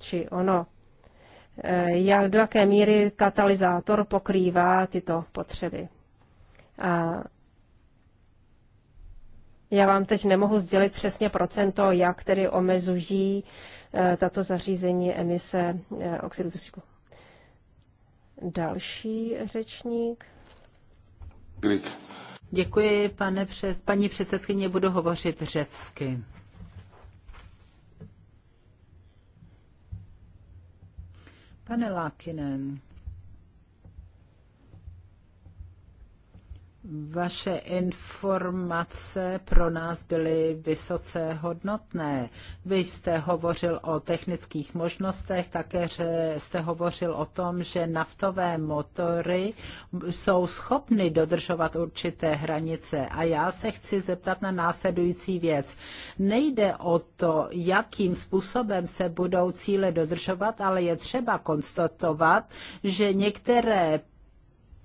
či ono. Jak, do jaké míry katalyzátor pokrývá tyto potřeby. A já vám teď nemohu sdělit přesně procento, jak tedy omezují eh, tato zařízení emise eh, oxidu dusíku. Další řečník. Klik. Děkuji, pane před, paní předsedkyně, budu hovořit řecky. Pane Lákinen, Vaše informace pro nás byly vysoce hodnotné. Vy jste hovořil o technických možnostech, také jste hovořil o tom, že naftové motory jsou schopny dodržovat určité hranice. A já se chci zeptat na následující věc. Nejde o to, jakým způsobem se budou cíle dodržovat, ale je třeba konstatovat, že některé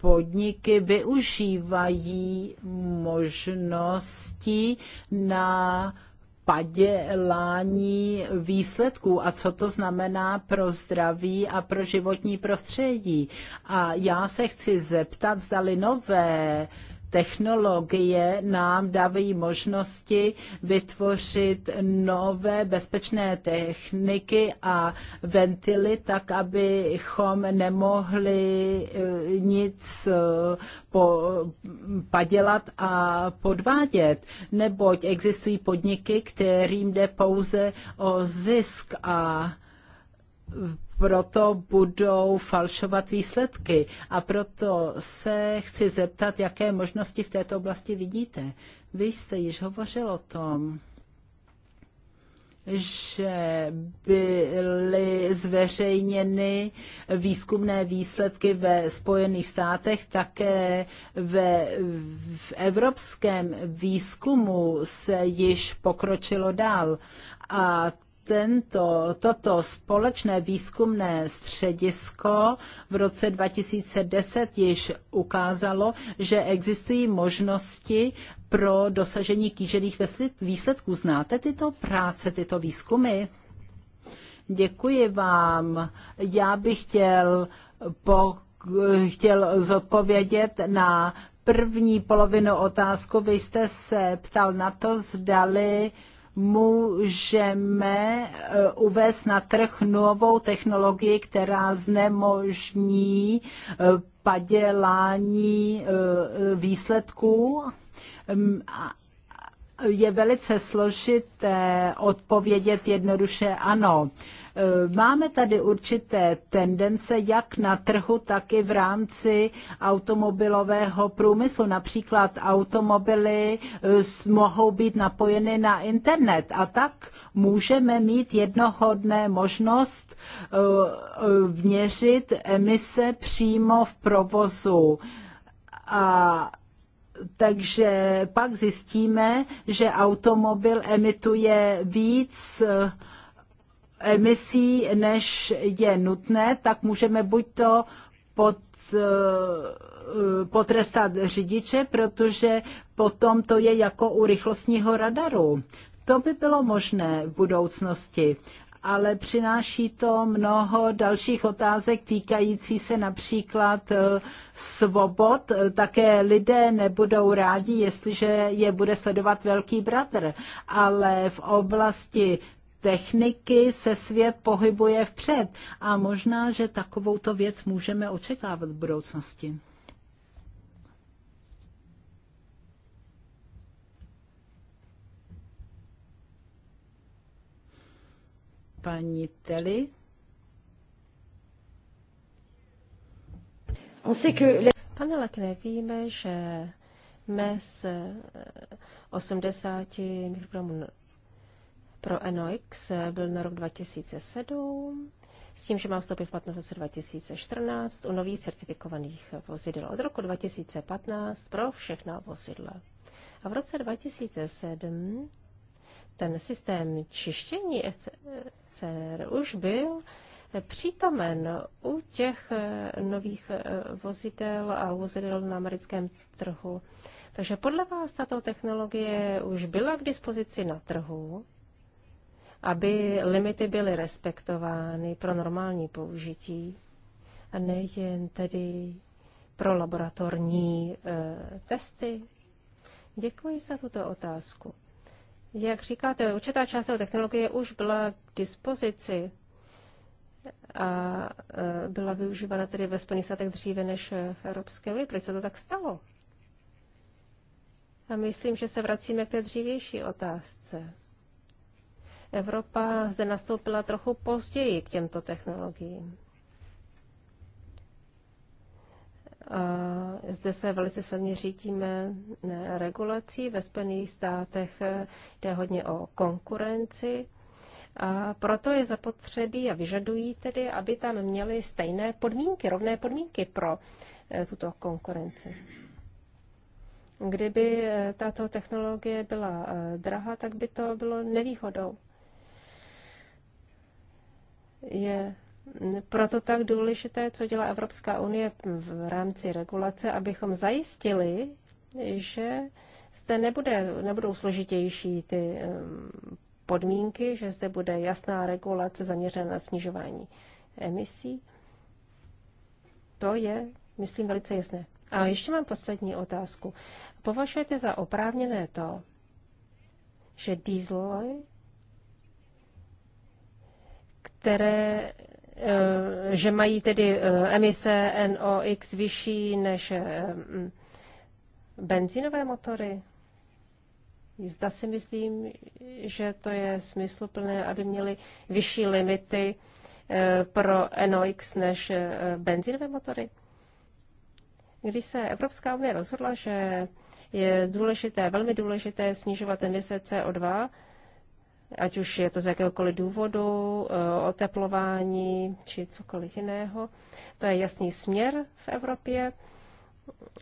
podniky využívají možnosti na padělání výsledků a co to znamená pro zdraví a pro životní prostředí. A já se chci zeptat, zdali nové technologie nám dávají možnosti vytvořit nové bezpečné techniky a ventily, tak abychom nemohli eh, nic eh, po, padělat a podvádět, neboť existují podniky, kterým jde pouze o zisk a proto budou falšovat výsledky. A proto se chci zeptat, jaké možnosti v této oblasti vidíte. Vy jste již hovořil o tom, že byly zveřejněny výzkumné výsledky ve Spojených státech, také ve, v evropském výzkumu se již pokročilo dál. A tento, toto společné výzkumné středisko v roce 2010 již ukázalo, že existují možnosti pro dosažení kýžených výsledků. Znáte tyto práce, tyto výzkumy? Děkuji vám. Já bych chtěl, po, chtěl zodpovědět na první polovinu otázku. Vy jste se ptal na to, zdali uh, můžeme eh, uvést na trh novou technologii, která znemožní eh, padělání eh, výsledků hm, je velice složité odpovědět jednoduše ano. E, máme tady určité tendence jak na trhu, tak i v rámci automobilového průmyslu. Například automobily e, mohou být napojeny na internet a tak můžeme mít jednohodné možnost e, měřit emise přímo v provozu. A takže pak zjistíme, že automobil emituje víc eh, emisí, než je nutné, tak můžeme buď to pod, eh, potrestat řidiče, protože potom to je jako u rychlostního radaru. To by bylo možné v budoucnosti ale přináší to mnoho dalších otázek týkající se například eh, svobod. Také lidé nebudou rádi, jestliže je bude sledovat velký bratr, ale v oblasti techniky se svět pohybuje vpřed a možná, že takovouto věc můžeme očekávat v budoucnosti. paní Telly. Pane Lekne, víme, že mes 80 eh, mikrogramů pro NOx eh, byl na rok 2007, s tím, že má vstoupit v platnost v roce 2014 u nových certifikovaných eh, vozidel od roku 2015 pro všechna vozidla. A v roce 2007 ten systém čištění ECR už byl přítomen u těch eh, nových eh, vozidel a vozidel na americkém trhu. Takže podle vás tato technologie už byla k dispozici na trhu, aby limity byly respektovány pro normální použití a nejen tedy pro laboratorní e, testy? Děkuji za tuto otázku. Jak říkáte, určitá část té technologie už byla k dispozici a e, byla využívána tedy ve Spojených státech dříve než v Evropské unii. Proč se to tak stalo? A myslím, že se vracíme k té dřívější otázce. Evropa zde nastoupila trochu později k těmto technologiím. Zde se velice silně řídíme eh, regulací. Ve Spojených státech eh, jde hodně o konkurenci. A proto je zapotřebí a vyžadují tedy, aby tam měli stejné podmínky, rovné podmínky pro eh, tuto konkurenci. Kdyby tato technologie byla drahá, tak by to bylo nevýhodou. Je proto tak důležité, co dělá Evropská unie v rámci regulace, abychom zajistili, že zde nebude, nebudou složitější ty podmínky, že zde bude jasná regulace zaměřená na snižování emisí. To je, myslím, velice jasné. A ještě mám poslední otázku. Považujete za oprávněné to, že diesel, které Eh, že mají tedy eh, emise NOx vyšší než eh, mm, benzínové motory. Zda si myslím, že to je smysluplné, aby měli vyšší limity pro NOx než benzínové motory. Když se Evropská unie rozhodla, že je důležité, velmi důležité snižovat emise CO2, ať už je to z jakéhokoliv důvodu, eh, oteplování či cokoliv jiného. To je jasný směr v Evropě,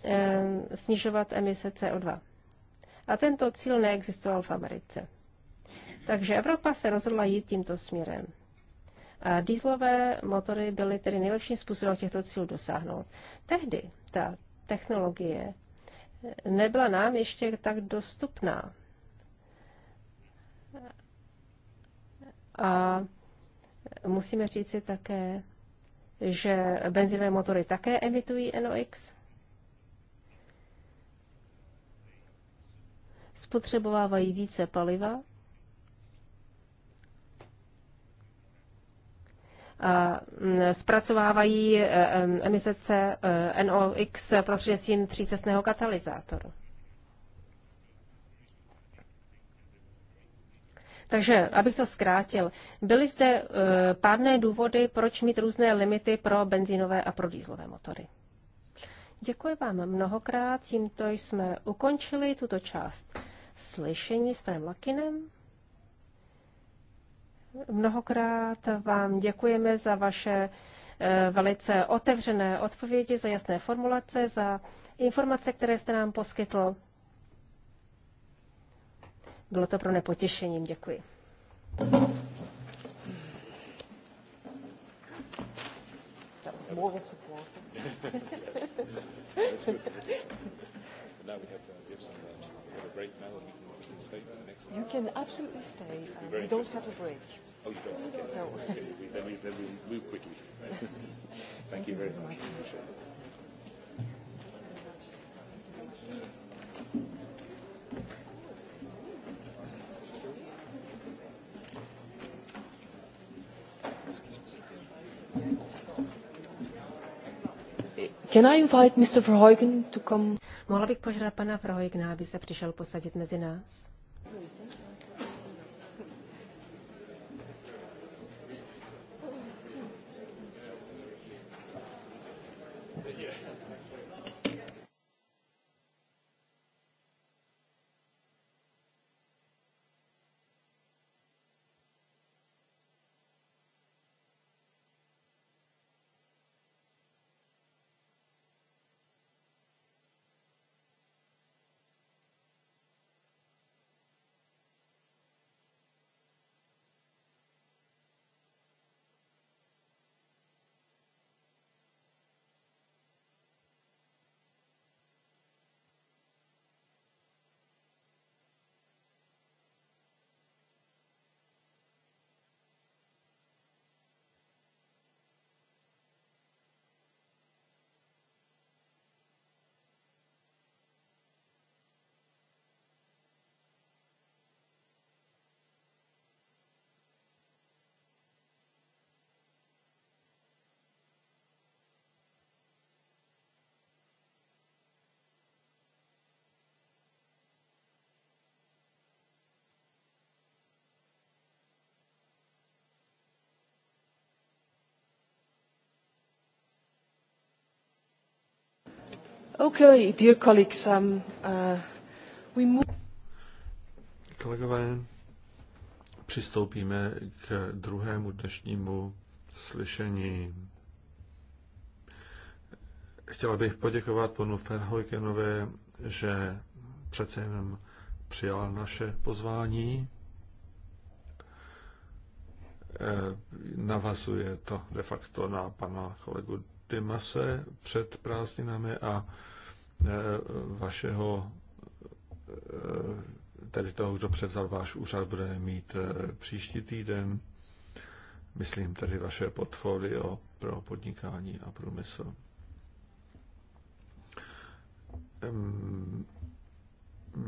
eh, snižovat emise CO2. A tento cíl neexistoval v Americe. Takže Evropa se rozhodla jít tímto směrem. A dýzlové motory byly tedy nejlepším způsobem těchto cílů dosáhnout. Tehdy ta technologie nebyla nám ještě tak dostupná. A musíme říct si také, že benzinové motory také emitují NOx. Spotřebovávají více paliva. A mm, zpracovávají e, e, emise e, NOx prostřednictvím třícestného katalyzátoru. Takže, abych to zkrátil, byly zde eh, pádné důvody, proč mít různé limity pro benzínové a pro dýzlové motory. Děkuji vám mnohokrát, tímto jsme ukončili tuto část slyšení s panem Lakinem. Mnohokrát vám děkujeme za vaše eh, velice otevřené odpovědi, za jasné formulace, za informace, které jste nám poskytl. Bylo to pro nepotěšením. Děkuji. You can absolutely stay. Uh, we don't have a break. Oh, you don't? Okay. No. okay. then, we, then we move quickly. Thank, Thank you very much. much. Thank you. Can I invite Mr. Verheugen to come? Mohla bych požádat pana Verheugena, aby se přišel posadit mezi nás. Okay, dear colleagues, um, uh, we move... Kolegové, přistoupíme k druhému dnešnímu slyšení. Chtěla bych poděkovat panu Ferhojkenové, že přece jenom přijal naše pozvání. Eh, navazuje to de facto na pana kolegu Dimase před prázdninami a e, vašeho e, tedy toho, kdo převzal váš úřad, bude mít e, příští týden, myslím tedy vaše portfolio pro podnikání a průmysl.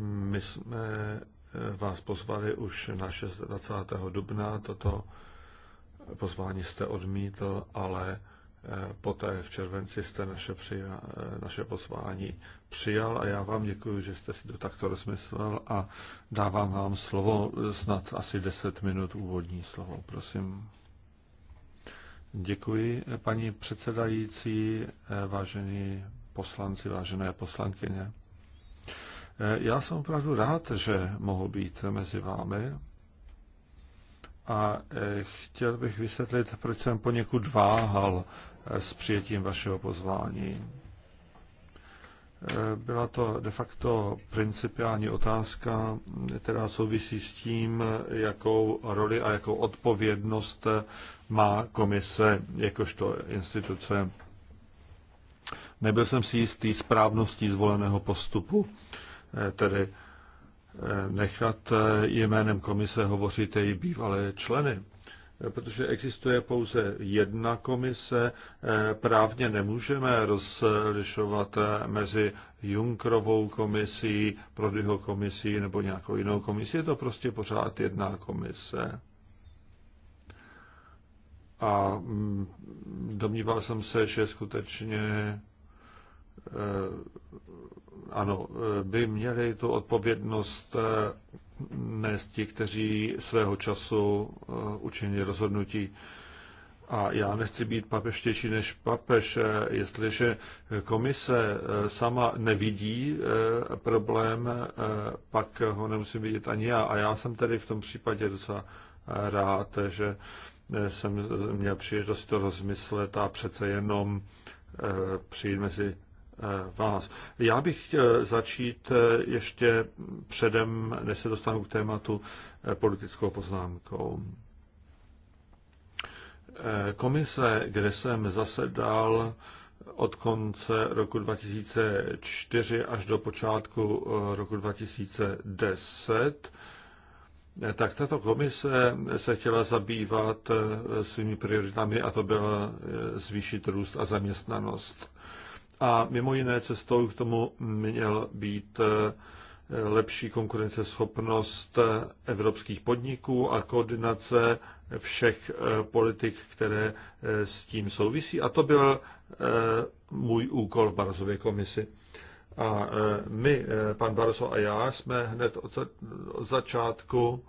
My jsme vás pozvali už na 26. dubna, toto pozvání jste odmítl, ale poté v červenci jste naše, přijal, naše pozvání přijal a já vám děkuji, že jste si to takto rozmyslel a dávám vám slovo, snad asi 10 minut úvodní slovo, prosím. Děkuji, paní předsedající, vážení poslanci, vážené poslankyně. Já jsem opravdu rád, že mohu být mezi vámi a eh, chtěl bych vysvětlit, proč jsem poněkud váhal s přijetím vašeho pozvání. Eh, byla to de facto principiální otázka, která souvisí s tím, jakou roli a jakou odpovědnost má komise jakožto instituce. Nebyl jsem si jistý správností zvoleného postupu, eh, tedy eh, nechat jménem komise hovořit její bývalé členy protože existuje pouze jedna komise, eh, právně nemůžeme rozlišovat eh, mezi Junkrovou komisí, Prodyho komisí nebo nějakou jinou komisí. Je to prostě pořád jedna komise. A mm, domníval jsem se, že skutečně eh, ano, by měli tu odpovědnost než ti, kteří svého času eh, učinili rozhodnutí. A já nechci být papeštější než papež, eh, jestliže komise eh, sama nevidí problém, pak ho nemusím vidět ani já. A já jsem tedy v tom případě docela rád, že jsem měl příležitost to rozmyslet a přece jenom přijít mezi Eh, vás. Já bych chtěl začít eh, ještě předem, než se dostanu k tématu eh, politickou poznámkou. Komise, kde jsem zasedal od konce roku 2004 až do počátku roku 2010, tak tato komise se chtěla zabývat svými prioritami a to byla zvýšit růst a zaměstnanost a mimo jiné cestou k tomu měl být eh, lepší konkurenceschopnost eh, evropských podniků a koordinace všech eh, politik, které s tím souvisí. A to byl můj úkol v Barzově komisi. A my, pan Barzo a já, jsme hned od začátku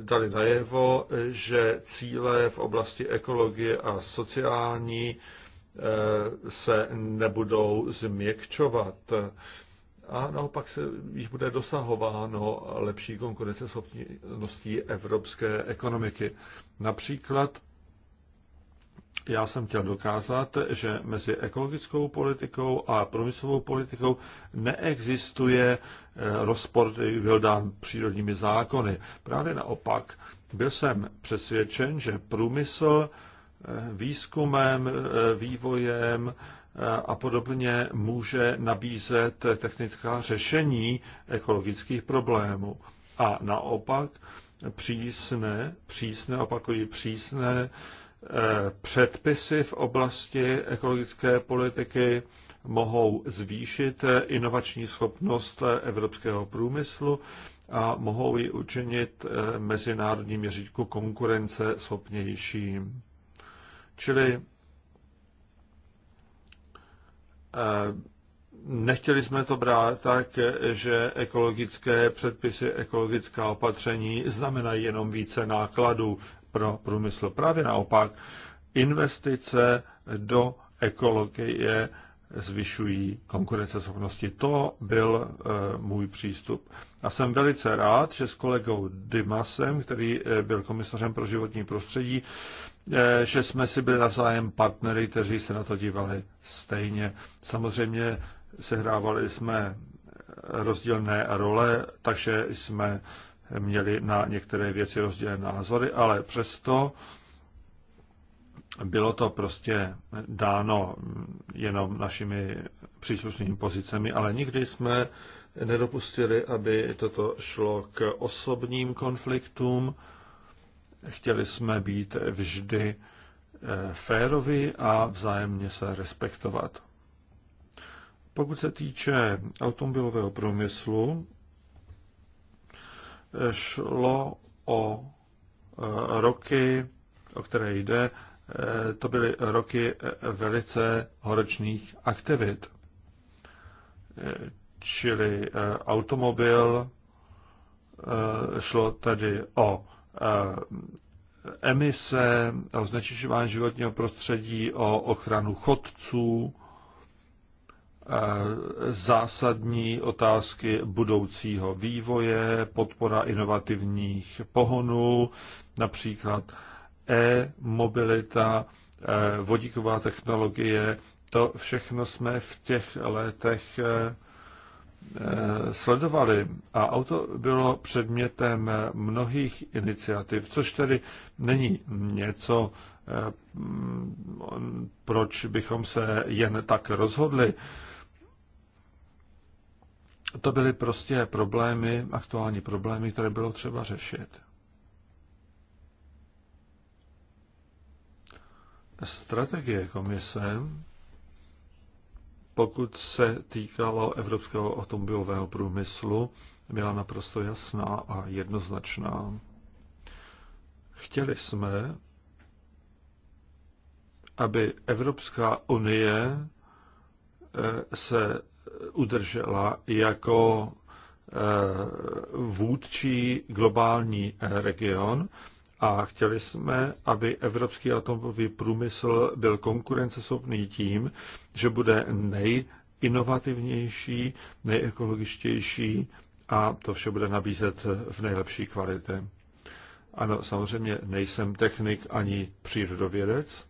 dali najevo, že cíle v oblasti ekologie a sociální Eh, se nebudou změkčovat a naopak se již bude dosahováno lepší konkurenceschopností evropské ekonomiky. Například já jsem chtěl dokázat, že mezi ekologickou politikou a průmyslovou politikou neexistuje eh, rozpor, který byl dán přírodními zákony. Právě naopak, byl jsem přesvědčen, že průmysl výzkumem, eh, vývojem eh, a podobně může nabízet technická řešení ekologických problémů. A naopak přísné, přísné, opakují přísné eh, předpisy v oblasti ekologické politiky mohou zvýšit inovační schopnost evropského průmyslu a mohou ji učinit mezinárodní měřítku konkurence schopnějším. Čili eh, nechtěli jsme to brát tak, že ekologické předpisy, ekologická opatření znamenají jenom více nákladů pro průmysl. Právě naopak, investice do ekologie zvyšují konkurenceschopnosti. To byl eh, můj přístup. A jsem velice rád, že s kolegou Dimasem, který eh, byl komisařem pro životní prostředí, Eh, že jsme si byli navzájem partnery, kteří se na to dívali stejně. Samozřejmě sehrávali jsme eh, rozdílné role, takže jsme měli na některé věci rozdílné názory, ale přesto bylo to prostě dáno mm, jenom našimi příslušnými pozicemi, ale nikdy jsme nedopustili, aby toto šlo k osobním konfliktům, Chtěli jsme být vždy eh, férovi a vzájemně se respektovat. Pokud se týče automobilového průmyslu, eh, šlo o eh, roky, o které jde, to byly roky velice horečných aktivit. Čili automobil šlo tedy o Eh, emise, o znečišťování životního prostředí, o ochranu chodců, eh, zásadní otázky budoucího vývoje, podpora inovativních pohonů, například e-mobilita, eh, vodíková technologie, to všechno jsme v těch letech Eh, sledovali a auto bylo předmětem mnohých iniciativ, což tedy není něco, eh, proč bychom se jen tak rozhodli. To byly prostě problémy, aktuální problémy, které bylo třeba řešit. Strategie komise pokud se týkalo evropského automobilového průmyslu, byla naprosto jasná a jednoznačná. Chtěli jsme, aby Evropská unie eh, se udržela jako eh, vůdčí globální region a chtěli jsme, aby evropský atomový průmysl byl konkurenceschopný tím, že bude nejinovativnější, nejekologičtější a to vše bude nabízet v nejlepší kvalitě. Ano, samozřejmě nejsem technik ani přírodovědec.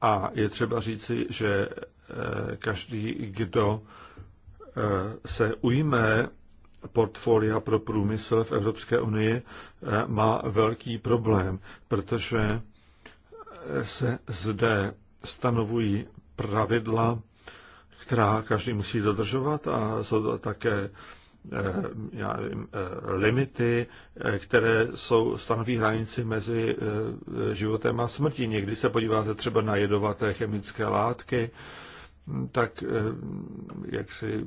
A je třeba říci, že eh, každý, kdo eh, se ujme portfolia pro průmysl v Evropské unii eh, má velký problém, protože eh, se zde stanovují pravidla, která každý musí dodržovat a jsou to také eh, já nevím, limity, které jsou stanoví hranici mezi životem a smrtí. Někdy se podíváte třeba na jedovaté chemické látky, tak jak si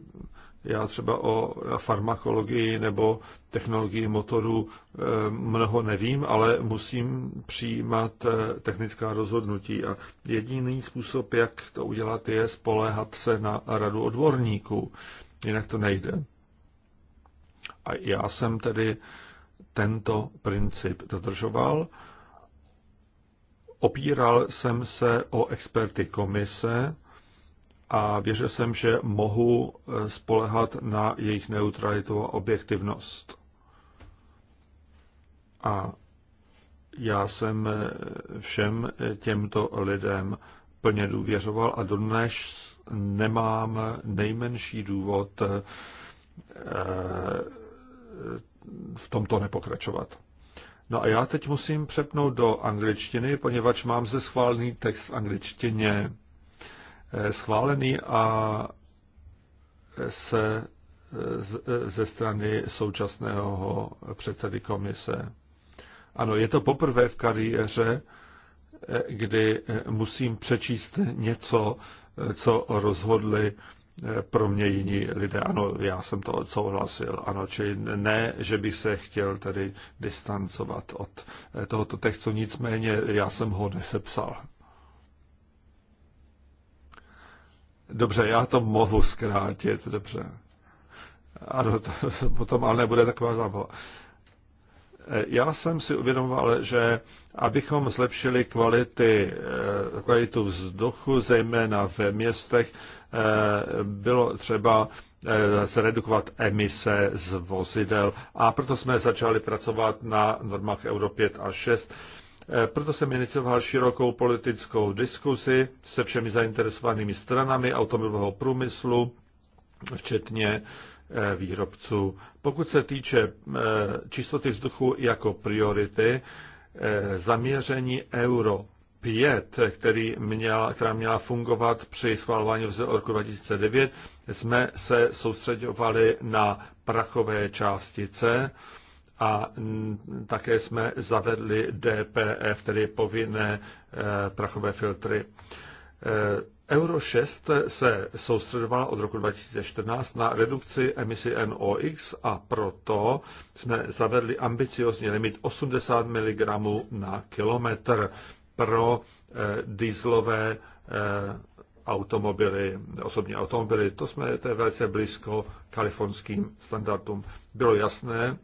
já třeba o farmakologii nebo technologii motorů eh, mnoho nevím, ale musím přijímat eh, technická rozhodnutí. A jediný způsob, jak to udělat, je spoléhat se na radu odborníků. Jinak to nejde. A já jsem tedy tento princip dodržoval. Opíral jsem se o experty komise, a věřil jsem, že mohu eh, spolehat na jejich neutralitu a objektivnost. A já jsem eh, všem eh, těmto lidem plně důvěřoval a dodnes nemám nejmenší důvod v tomto nepokračovat. No a já teď musím přepnout do angličtiny, poněvadž mám ze schválný text v angličtině. Eh, schválený a se eh, eh, ze strany současného předsedy komise. Ano, je to poprvé v kariéře, kdy musím přečíst něco, co rozhodli pro mě jiní lidé. Ano, já jsem to odsouhlasil. Ano, či ne, že bych se chtěl tedy distancovat od tohoto textu, nicméně já jsem ho nesepsal. Dobře, já to mohu zkrátit, dobře. Ano, to, potom ale nebude taková zábava. E, já jsem si uvědomoval, že abychom zlepšili kvality, e, kvalitu vzduchu, zejména ve městech, e, bylo třeba zredukovat emise z vozidel a proto jsme začali pracovat na normách Euro 5 a 6 Eh, proto jsem inicioval širokou politickou diskusi se všemi zainteresovanými stranami automobilového průmyslu, včetně eh, výrobců. Pokud se týče eh, čistoty vzduchu jako priority, zaměření euro 5, který měla, která měla fungovat při schvalování v roce 2009, jsme se soustředovali na prachové částice, a také jsme zavedli DPF, tedy povinné eh, prachové filtry. Eh, Euro 6 se soustředovala od roku 2014 na redukci emisí NOx a proto jsme zavedli ambiciozní limit 80 mg na kilometr pro eh, dieselové automobily, osobní automobily. To, jsme, to je velice blízko kalifornským standardům. Bylo jasné,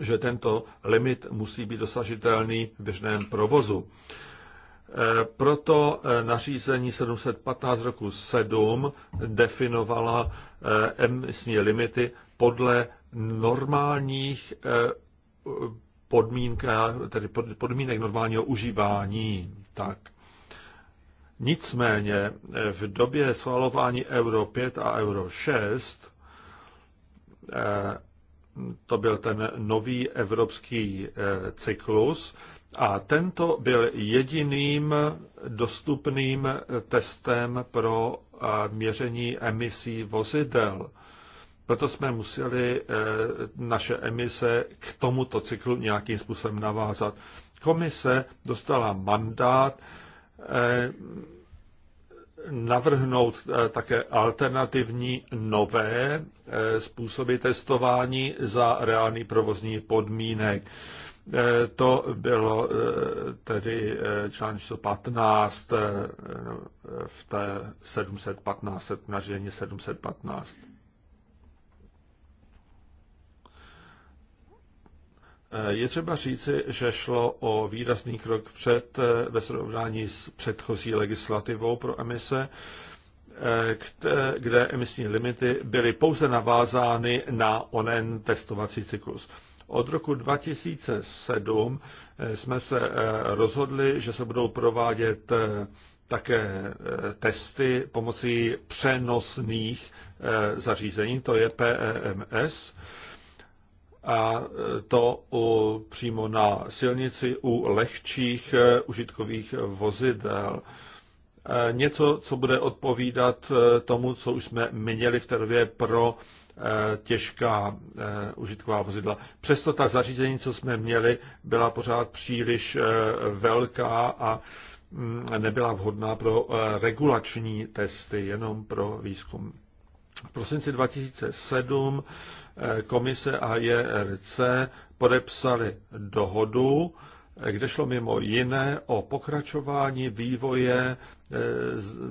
že tento limit musí být dosažitelný v běžném provozu. E, proto e, nařízení 715 roku 7 definovala e, emisní limity podle normálních podmínek, tedy podmínek normálního užívání. Tak. Nicméně v době schvalování Euro 5 a Euro 6 to byl ten nový evropský eh, cyklus a tento byl jediným dostupným eh, testem pro eh, měření emisí vozidel. Proto jsme museli naše emise k tomuto cyklu nějakým způsobem navázat. Komise dostala mandát navrhnout eh, také alternativní nové eh, způsoby testování za reálný provozní podmínek. Eh, to bylo tedy článek 115 no, v té 715, nařízení 715. Eh, je třeba říci, že šlo o výrazný krok před eh, ve srovnání s předchozí legislativou pro emise, eh, kde emisní limity byly pouze navázány na onen testovací cyklus. Od roku 2007 jsme se rozhodli, že se budou provádět také testy pomocí přenosných zařízení, to je PEMS a to u, přímo na silnici u lehčích eh, užitkových vozidel. Eh, něco, co bude odpovídat eh, tomu, co už jsme měli v té době pro těžká užitková vozidla. Přesto ta zařízení, co jsme měli, byla pořád příliš velká a mm, nebyla vhodná pro regulační testy, jenom pro výzkum. V prosinci 2007 komise a JRC podepsali dohodu, kde šlo mimo jiné o pokračování vývoje e,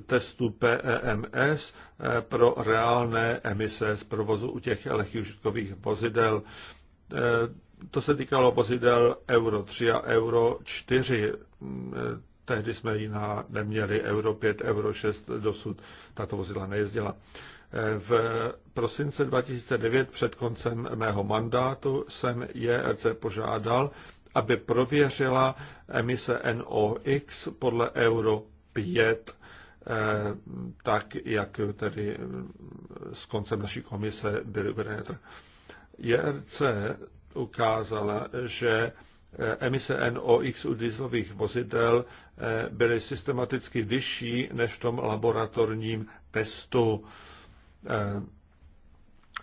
testu PEMS e, pro reálné emise z provozu u těch lehkých užitkových vozidel. E, to se týkalo vozidel Euro 3 a Euro 4. Tehdy jsme jiná neměli Euro 5, Euro 6 dosud tato vozidla nejezdila. V prosince 2009 před koncem mého mandátu jsem JRC e e požádal, aby prověřila emise NOx podle Euro 5, eh, tak jak tedy eh, s koncem naší komise byly uvedené. JRC e ukázala, že eh, emise NOx u dieselových vozidel byly systematicky vyšší než v tom laboratorním testu. Eh,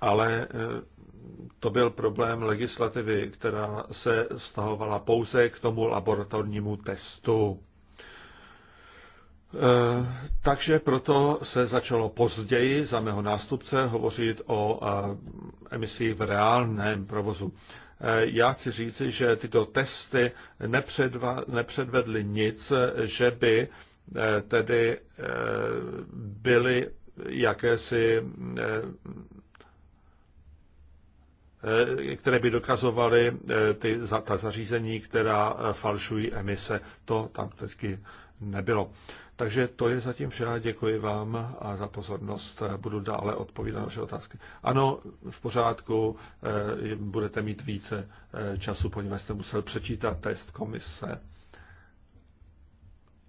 ale eh, to byl problém legislativy, která se stahovala pouze k tomu laboratornímu testu. Eh, takže proto se začalo později za mého nástupce hovořit o emisí v reálném provozu. Já chci říci, že tyto testy nepředvedly nic, že by tedy byly jakési, eh, které by dokazovaly eh, ty, ta zařízení, která eh, falšují emise. To tam vždycky nebylo. Takže to je zatím vše. Děkuji vám a za pozornost. Budu dále odpovídat na vaše otázky. Ano, v pořádku, budete mít více času, poněvadž jste musel přečítat test komise.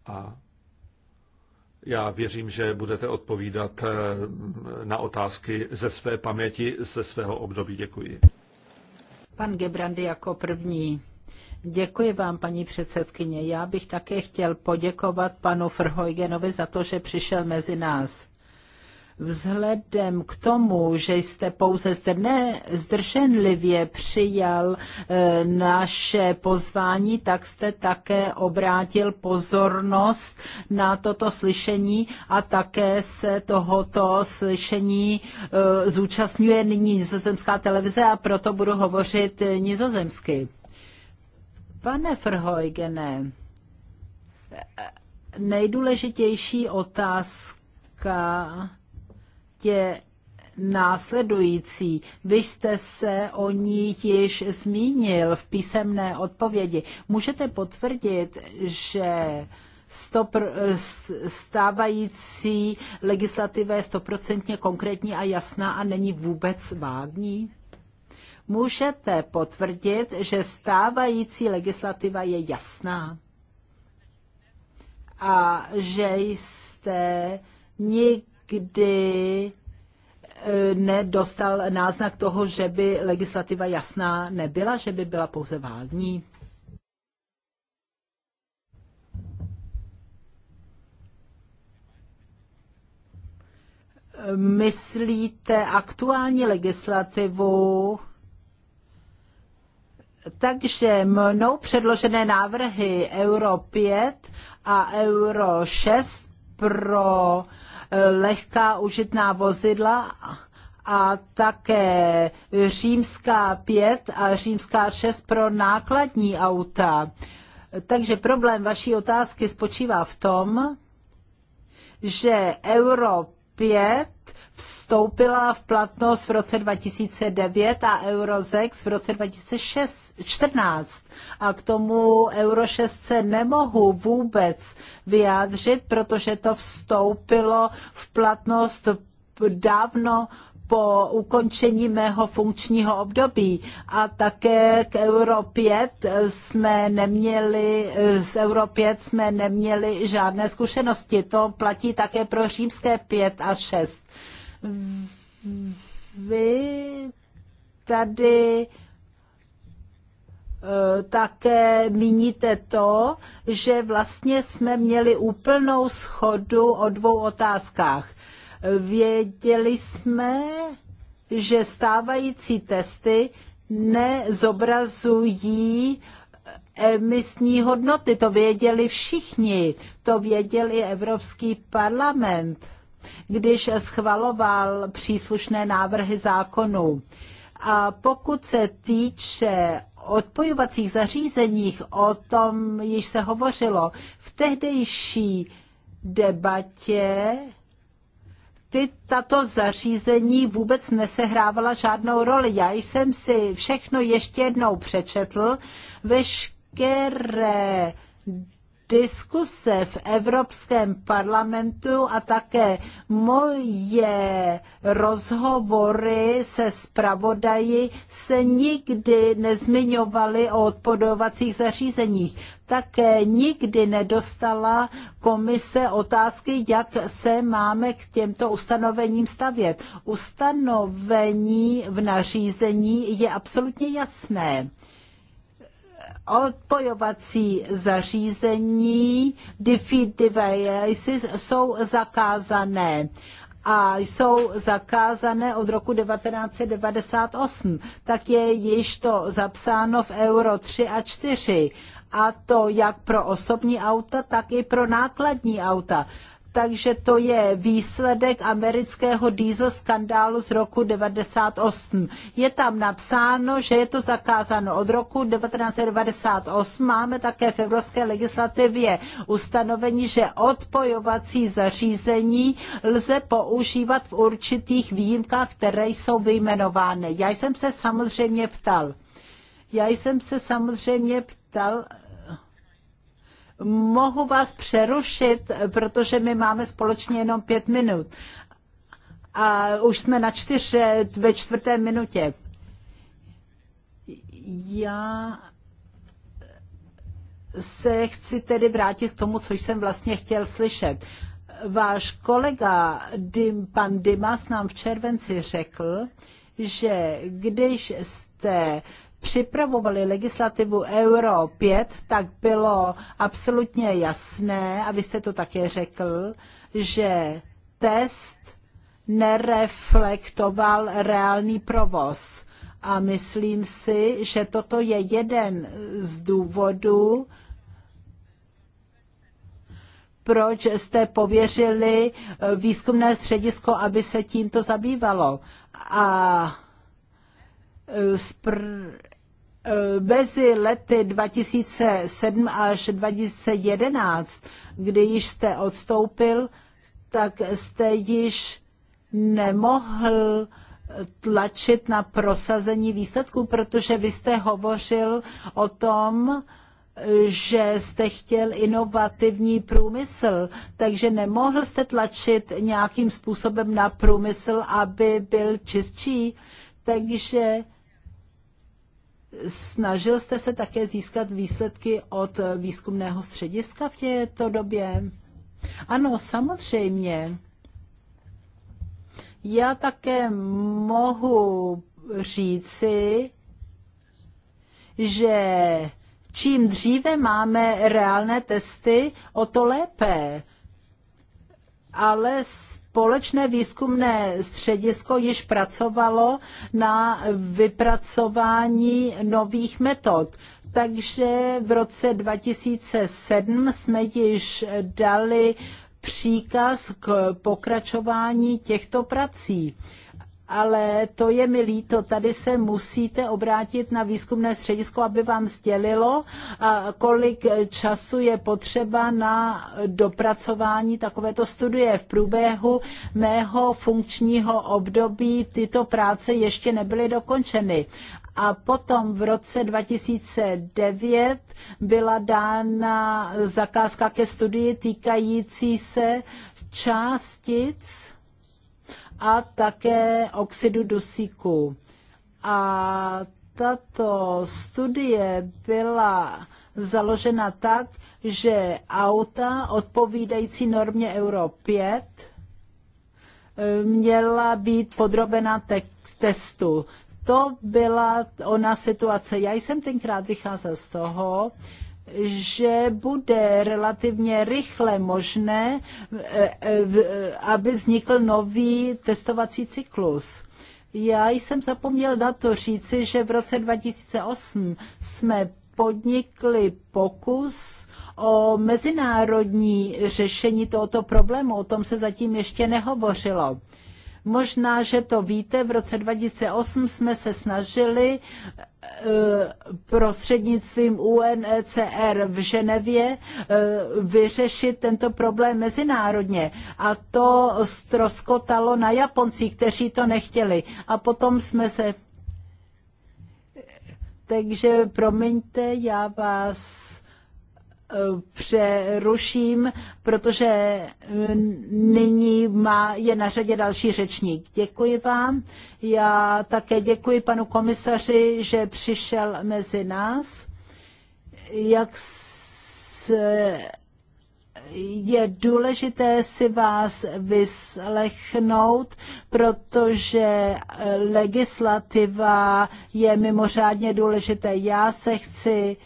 A já věřím, že budete odpovídat eh, na otázky ze své paměti, ze svého období. Děkuji. Pan Gebrandy jako první. Děkuji vám, paní předsedkyně. Já bych také chtěl poděkovat panu Frhojgenovi za to, že přišel mezi nás. Vzhledem k tomu, že jste pouze zdrne, zdrženlivě přijal e, naše pozvání, tak jste také obrátil pozornost na toto slyšení a také se tohoto slyšení e, zúčastňuje nyní nizozemská televize a proto budu hovořit nizozemsky. Pane Frhojgene, eh, nejdůležitější otázka je následující. Vy jste se o ní již zmínil v písemné odpovědi. Můžete potvrdit, že stopr- stávající legislativa je stoprocentně konkrétní a jasná a není vůbec vágní? Můžete potvrdit, že stávající legislativa je jasná a že jste nikdy kdy e, nedostal náznak toho, že by legislativa jasná nebyla, že by byla pouze vágní? Myslíte aktuální legislativu, takže mnou předložené návrhy Euro 5 a Euro 6 pro lehká užitná vozidla a také římská 5 a římská 6 pro nákladní auta. Takže problém vaší otázky spočívá v tom, že Euro 5 vstoupila v platnost v roce 2009 a Eurozex v roce 2014. A k tomu Euro 6 se nemohu vůbec vyjádřit, protože to vstoupilo v platnost dávno po ukončení mého funkčního období a také k Euro 5 jsme neměli, z Euro 5 jsme neměli žádné zkušenosti. To platí také pro římské 5 a 6. Vy tady e, také míníte to, že vlastně jsme měli úplnou schodu o dvou otázkách. Věděli jsme, že stávající testy nezobrazují emisní hodnoty. To věděli všichni. To věděl i Evropský parlament, když schvaloval příslušné návrhy zákonů. A pokud se týče odpojovacích zařízeních, o tom již se hovořilo v tehdejší debatě ty, tato zařízení vůbec nesehrávala žádnou roli. Já jsem si všechno ještě jednou přečetl, veškeré diskuse v Evropském parlamentu a také moje rozhovory se zpravodaji se nikdy nezmiňovaly o odpodovacích zařízeních. Také nikdy nedostala komise otázky, jak se máme k těmto ustanovením stavět. Ustanovení v nařízení je absolutně jasné odpojovací zařízení, defeat devices, jsou zakázané a jsou zakázané od roku 1998, tak je již to zapsáno v Euro 3 a 4 a to jak pro osobní auta, tak i pro nákladní auta takže to je výsledek amerického diesel skandálu z roku 98. Je tam napsáno, že je to zakázáno od roku 1998. Máme také v evropské legislativě ustanovení, že odpojovací zařízení lze používat v určitých výjimkách, které jsou vyjmenovány. Já jsem se samozřejmě ptal. Já jsem se samozřejmě ptal mohu vás přerušit, protože my máme společně jenom pět minut. A už jsme na čtyře, ve čtvrté minutě. Já se chci tedy vrátit k tomu, co jsem vlastně chtěl slyšet. Váš kolega Dim, pan Dimas nám v červenci řekl, že když jste připravovali legislativu Euro 5, tak bylo absolutně jasné, a vy jste to také řekl, že test nereflektoval reálný provoz. A myslím si, že toto je jeden z důvodů, proč jste pověřili eh, výzkumné středisko, aby se tímto zabývalo. A eh, spr- Eh, mezi lety 2007 až 2011, kdy již jste odstoupil, tak jste již nemohl tlačit na prosazení výsledků, protože vy jste hovořil o tom, že jste chtěl inovativní průmysl, takže nemohl jste tlačit nějakým způsobem na průmysl, aby byl čistší. Takže Snažil jste se také získat výsledky od výzkumného střediska v této době? Ano, samozřejmě. Já také mohu říci, že čím dříve máme reálné testy, o to lépe. Ale společné výzkumné středisko již pracovalo na vypracování nových metod. Takže v roce 2007 jsme již dali příkaz k pokračování těchto prací ale to je mi líto, tady se musíte obrátit na výzkumné středisko, aby vám sdělilo, kolik času je potřeba na dopracování takovéto studie. V průběhu mého funkčního období tyto práce ještě nebyly dokončeny a potom v roce 2009 byla dána zakázka ke studii týkající se částic a také oxidu dusíku. A tato studie byla založena tak, že auta odpovídající normě Euro 5 eh, měla být podrobena testu. To byla ona situace. Já jsem tenkrát vycházel z toho, že bude relativně rychle možné, eh, eh, aby vznikl nový testovací cyklus. Já jsem zapomněl na to říci, že v roce 2008 jsme podnikli pokus o mezinárodní řešení tohoto problému. O tom se zatím ještě nehovořilo. Možná, že to víte, v roce 2008 jsme se snažili eh, prostřednictvím UNECR v Ženevě eh, vyřešit tento problém mezinárodně. A to stroskotalo na Japonci, kteří to nechtěli. A potom jsme se... Takže promiňte, já vás přeruším, protože eh, nyní má, je na řadě další řečník. Děkuji vám. Já také děkuji panu komisaři, že přišel mezi nás. Jak se, je důležité si vás vyslechnout, protože eh, legislativa je mimořádně důležité. Já se chci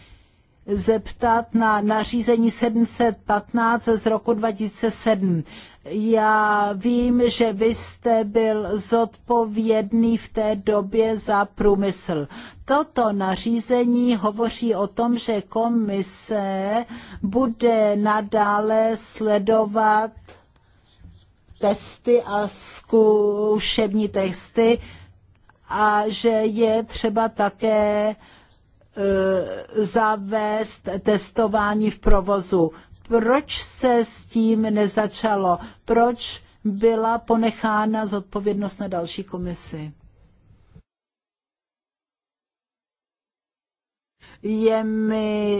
zeptat na nařízení 715 z roku 2007. Já vím, že vy jste byl zodpovědný v té době za průmysl. Toto nařízení hovoří o tom, že komise bude nadále sledovat testy a zkušební testy a že je třeba také Eh, zavést testování v provozu. Proč se s tím nezačalo? Proč byla ponechána zodpovědnost na další komisi? Je mi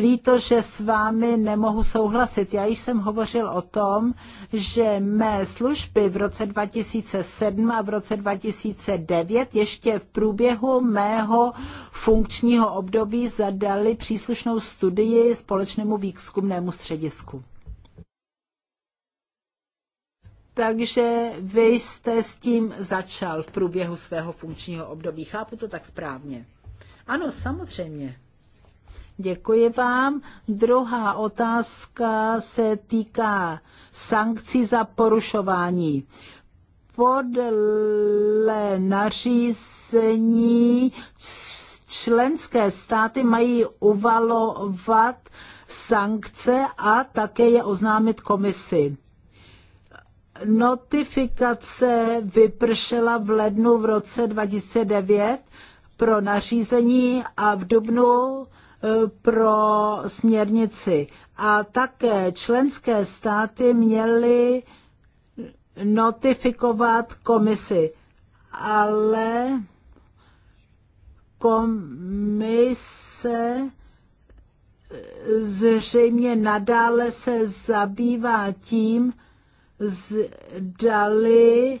líto, že s vámi nemohu souhlasit. Já již jsem hovořil o tom, že mé služby v roce 2007 a v roce 2009 ještě v průběhu mého funkčního období zadali příslušnou studii společnému výzkumnému středisku. Takže vy jste s tím začal v průběhu svého funkčního období. Chápu to tak správně? Ano, samozřejmě. Děkuji vám. Druhá otázka se týká sankcí za porušování. Podle nařízení členské státy mají uvalovat sankce a také je oznámit komisi. Notifikace vypršela v lednu v roce 2009 pro nařízení a v dubnu pro směrnici. A také členské státy měly notifikovat komisi, ale komise zřejmě nadále se zabývá tím, zdali eh,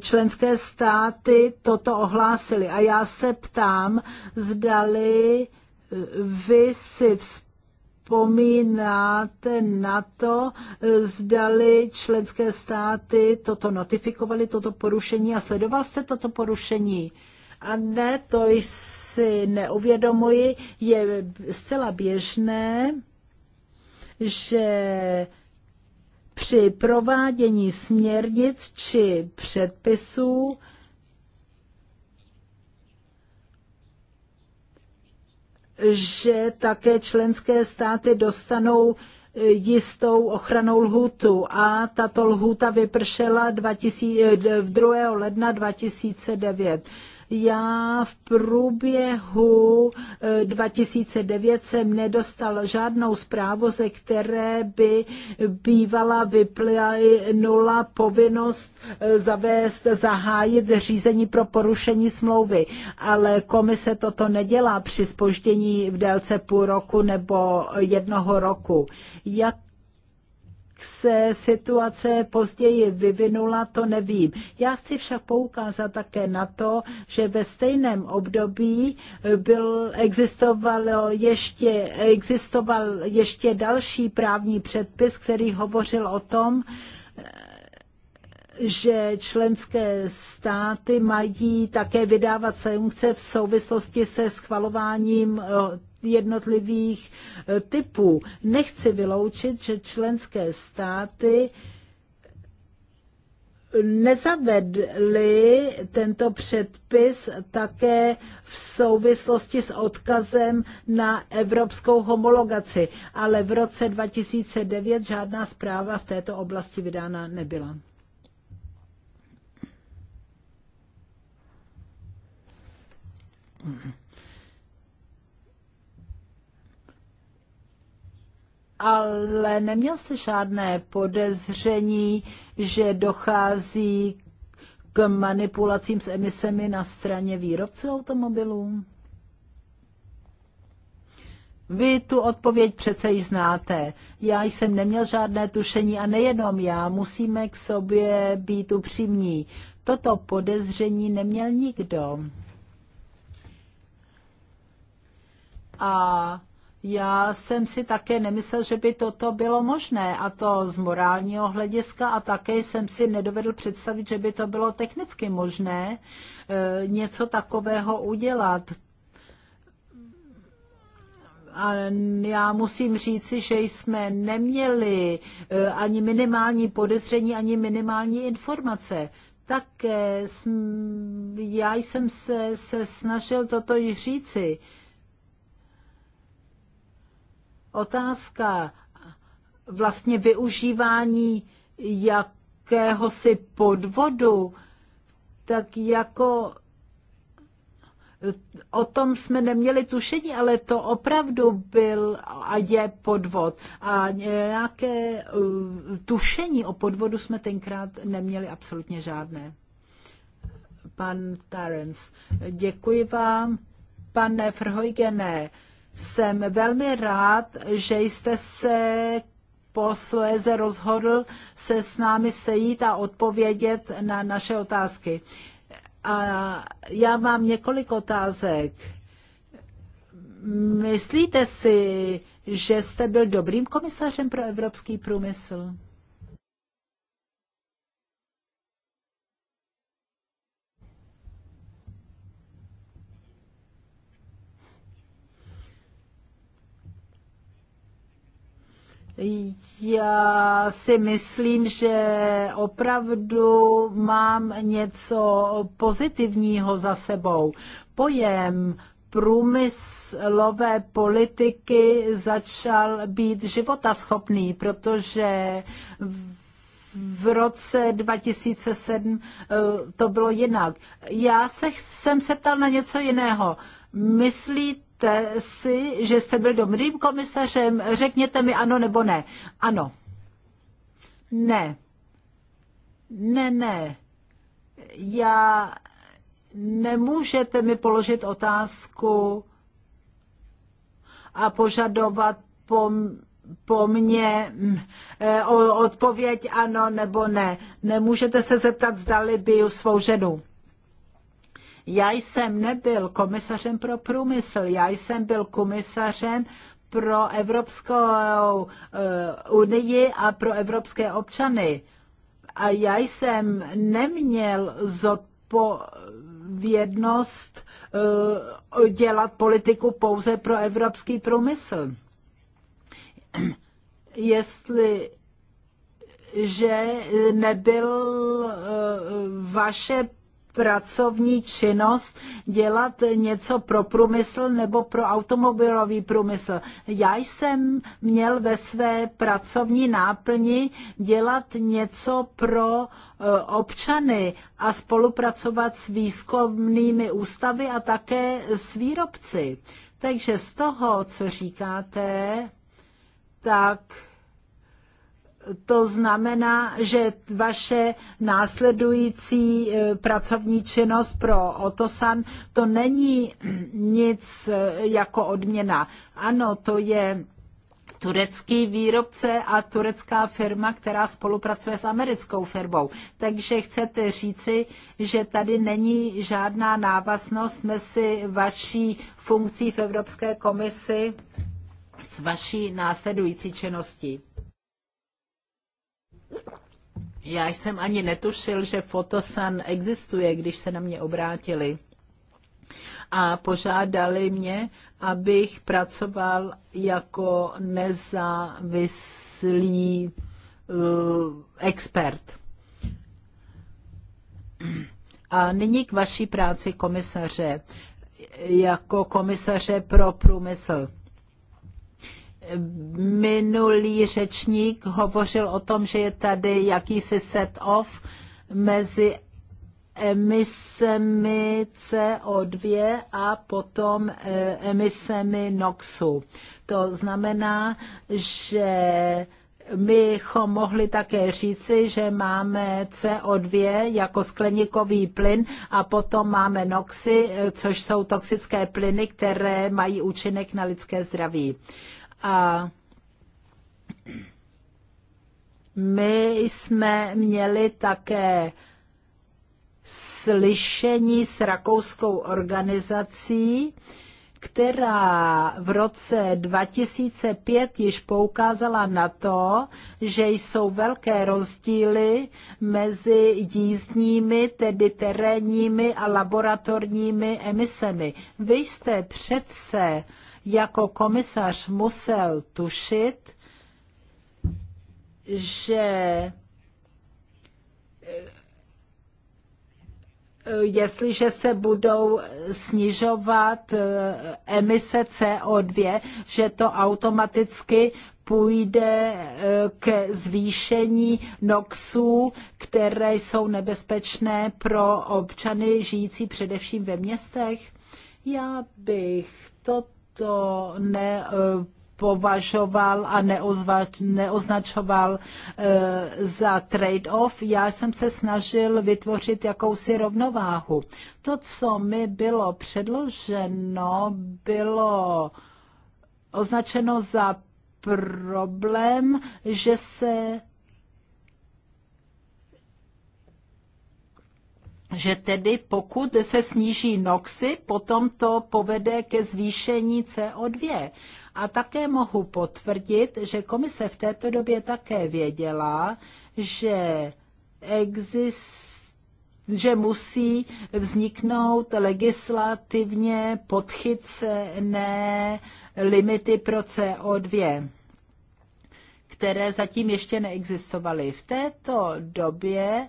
členské státy toto ohlásily. A já se ptám, zdali vy si vzpomínáte na to, zdali členské státy toto notifikovali, toto porušení a sledoval jste toto porušení? A ne, to si neuvědomuji, je zcela běžné, že při provádění směrnic či předpisů že také členské státy dostanou eh, jistou ochranou lhůtu a tato lhůta vypršela 2000, 2. Eh, ledna 2009. Já v průběhu 2009 eh, jsem nedostal žádnou zprávu, ze které by bývala vyplynula povinnost eh, zavést, zahájit řízení pro porušení smlouvy, ale komise toto nedělá při spoždění v délce půl roku nebo jednoho roku. Jak se situace později vyvinula, to nevím. Já chci však poukázat také na to, že ve stejném období byl, existovalo ještě, existoval ještě další právní předpis, který hovořil o tom, že členské státy mají také vydávat sankce v souvislosti se schvalováním eh, jednotlivých eh, typů. Nechci vyloučit, že členské státy nezavedli tento předpis také v souvislosti s odkazem na evropskou homologaci, ale v roce 2009 žádná zpráva v této oblasti vydána nebyla. Mm-hmm. ale neměl jste žádné podezření, že dochází k manipulacím s emisemi na straně výrobců automobilů? Vy tu odpověď přece již znáte. Já jsem neměl žádné tušení a nejenom já, musíme k sobě být upřímní. Toto podezření neměl nikdo. A já jsem si také nemyslel, že by toto bylo možné, a to z morálního hlediska, a také jsem si nedovedl představit, že by to bylo technicky možné e, něco takového udělat. A já musím říci, že jsme neměli e, ani minimální podezření, ani minimální informace tak já jsem se, se snažil toto již říci otázka vlastně využívání jakéhosi podvodu, tak jako eh, o tom jsme neměli tušení, ale to opravdu byl a je podvod. A nějaké eh, tušení o podvodu jsme tenkrát neměli absolutně žádné. Pan Tarens, děkuji vám. Pane Frhojgené, jsem velmi rád, že jste se posléze rozhodl se s námi sejít a odpovědět na naše otázky. A já mám několik otázek. Myslíte si, že jste byl dobrým komisařem pro evropský průmysl? Já si myslím, že opravdu mám něco pozitivního za sebou. Pojem průmyslové politiky začal být životaschopný, protože v roce 2007 eh, to bylo jinak. Já se, jsem se ptal na něco jiného. Myslíte, Myslíte si, že jste byl dobrým komisařem? Řekněte mi ano nebo ne. Ano. Ne. Ne, ne. Já nemůžete mi položit otázku a požadovat po po mně mm, e, odpověď ano nebo ne. Nemůžete se zeptat, zdali biju svou ženu. Já jsem nebyl komisařem pro průmysl, já jsem byl komisařem pro Evropskou eh, unii a pro evropské občany. A já jsem neměl zodpovědnost eh, dělat politiku pouze pro evropský průmysl. Jestli že nebyl eh, vaše pracovní činnost dělat něco pro průmysl nebo pro automobilový průmysl. Já jsem měl ve své pracovní náplni dělat něco pro eh, občany a spolupracovat s výzkumnými ústavy a také s výrobci. Takže z toho, co říkáte, tak to znamená, že vaše následující e, pracovní činnost pro Otosan to není nic e, jako odměna. Ano, to je turecký výrobce a turecká firma, která spolupracuje s americkou firmou. Takže chcete říci, že tady není žádná návaznost mezi vaší funkcí v Evropské komisi s vaší následující činností. Já jsem ani netušil, že Fotosan existuje, když se na mě obrátili a požádali mě, abych pracoval jako nezávislý uh, expert. A nyní k vaší práci komisaře, jako komisaře pro průmysl. Minulý řečník hovořil o tom, že je tady jakýsi set-off mezi emisemi CO2 a potom e, emisemi NOXu. To znamená, že bychom mohli také říci, že máme CO2 jako skleníkový plyn a potom máme NOXy, e, což jsou toxické plyny, které mají účinek na lidské zdraví. A my jsme měli také slyšení s rakouskou organizací, která v roce 2005 již poukázala na to, že jsou velké rozdíly mezi jízdními, tedy terénními a laboratorními emisemi. Vy jste přece uh, jako komisař musel tušit, že eh, jestliže se budou snižovat eh, emise CO2, že to automaticky půjde eh, k zvýšení noxů, které jsou nebezpečné pro občany žijící především ve městech? Já bych to to ne eh, považoval a neozva, neoznačoval e, za trade-off. Já jsem se snažil vytvořit jakousi rovnováhu. To, co mi bylo předloženo, bylo označeno za problém, že se že tedy pokud se sníží noxy, potom to povede ke zvýšení CO2. A také mohu potvrdit, že komise v této době také věděla, že existuje že musí vzniknout legislativně podchycené limity pro CO2 které zatím ještě neexistovaly. V této době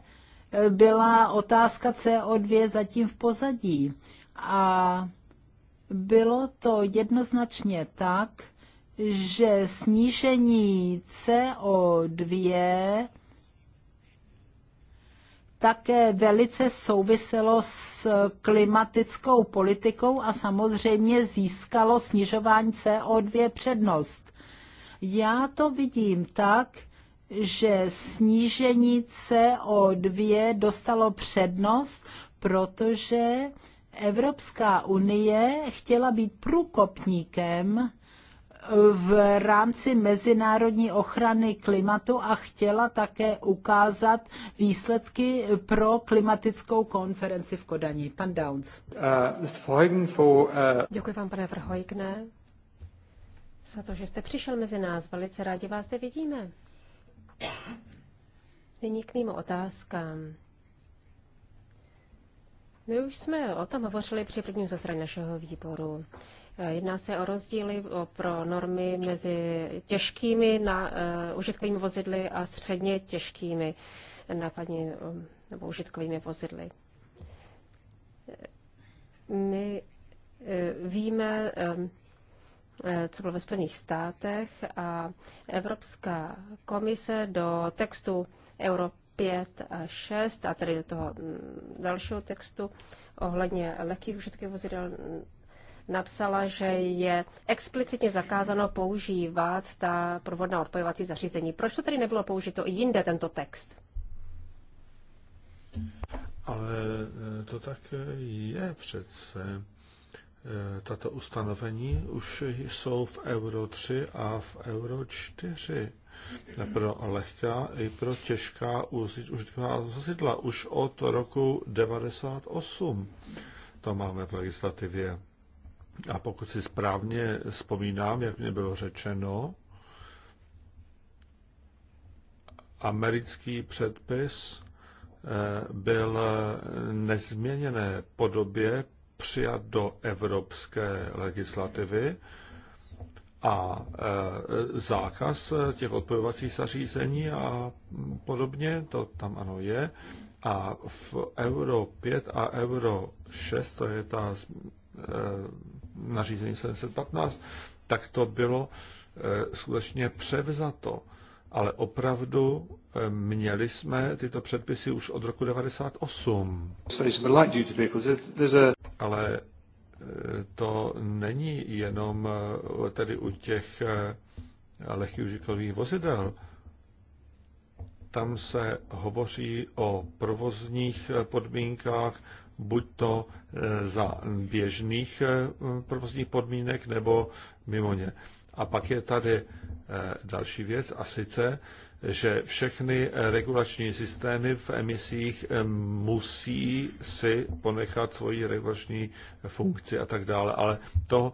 byla otázka CO2 zatím v pozadí. A bylo to jednoznačně tak, že snížení CO2 také velice souviselo s klimatickou politikou a samozřejmě získalo snižování CO2 přednost. Já to vidím tak, že snížení CO2 dostalo přednost, protože Evropská unie chtěla být průkopníkem v rámci mezinárodní ochrany klimatu a chtěla také ukázat výsledky pro klimatickou konferenci v Kodani. Pan Downs. Eh, eh, Děkuji vám, pane Vrhojkne, za to, že jste přišel mezi nás. Velice rádi vás zde vidíme. Nyní k mým otázkám. My už jsme o tom hovořili při prvním zasedání našeho výboru. Eh, jedná se o rozdíly pro normy mezi těžkými na, uh, užitkovými vozidly a středně těžkými nápadní, uh, eh, nebo užitkovými vozidly. My uh, víme, Eh, co bylo ve Spojených státech a Evropská komise do textu Euro 5 a 6 a tedy do toho mm, dalšího textu ohledně lehkých užitkových vozidel mm, napsala, že je explicitně zakázáno používat ta provodná odpojovací zařízení. Proč to tedy nebylo použito i jinde, tento text? Ale eh, to tak eh, je přece. Eh, tato ustanovení už jsou v Euro 3 a v Euro 4 eh, pro lehká i pro těžká užitková zasidla už od roku 98. To máme v legislativě. A pokud si správně vzpomínám, jak mě bylo řečeno, americký předpis eh, byl nezměněné podobě přijat do evropské legislativy a e, zákaz těch odpojovacích zařízení a podobně, to tam ano je. A v Euro 5 a Euro 6, to je ta e, nařízení 715, tak to bylo e, skutečně převzato ale opravdu eh, měli jsme tyto předpisy už od roku 1998. Ale eh, to není jenom eh, tedy u těch lehkých užitkových vozidel. Tam se hovoří o provozních podmínkách, buď to za běžných provozních podmínek nebo mimo ně. A pak je tady eh, další věc, a sice, že všechny eh, regulační systémy v emisích eh, musí si ponechat svoji regulační funkci a tak dále. Ale to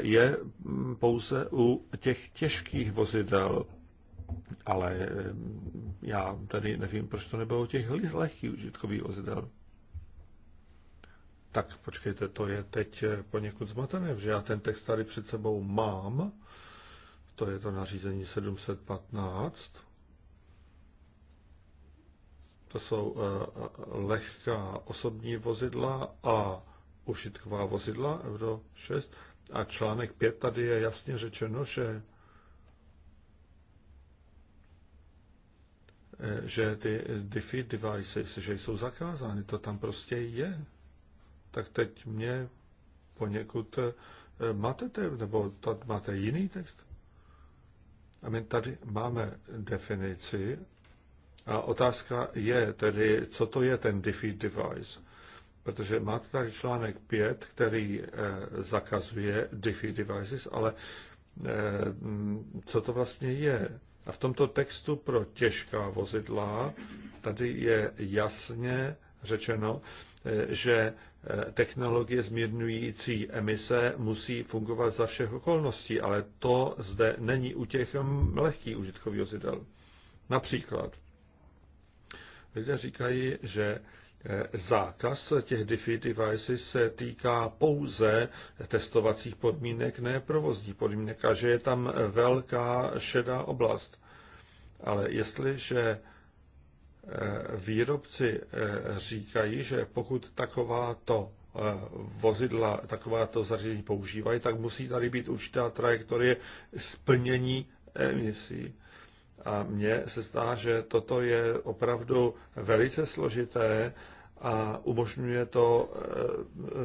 je mm, pouze u těch těžkých vozidel. Ale já tady nevím, proč to nebylo u těch lehkých užitkových vozidel. Tak počkejte, to je teď poněkud zmatené, že já ten text tady před sebou mám to je to nařízení 715. To jsou eh, lehká osobní vozidla a užitková vozidla Euro 6. A článek 5 tady je jasně řečeno, že eh, že ty DeFi devices, že jsou zakázány, to tam prostě je. Tak teď mě poněkud eh, máte, te, nebo tady máte jiný text? A my tady máme definici a otázka je tedy, co to je ten defeat device. Protože máte tady článek 5, který eh, zakazuje defeat devices, ale eh, co to vlastně je? A v tomto textu pro těžká vozidla tady je jasně řečeno, eh, že Eh, technologie zmírňující emise musí fungovat za všech okolností, ale to zde není u těch lehkých užitkových vozidel. Například lidé říkají, že eh, zákaz těch DeFi devices se týká pouze testovacích podmínek, ne provozních podmínek, a že je tam velká šedá oblast. Ale jestliže Eh, výrobci eh, říkají, že pokud takováto eh, vozidla, takováto zařízení používají, tak musí tady být určitá trajektorie splnění emisí. A mně se zdá, že toto je opravdu velice složité a umožňuje to eh,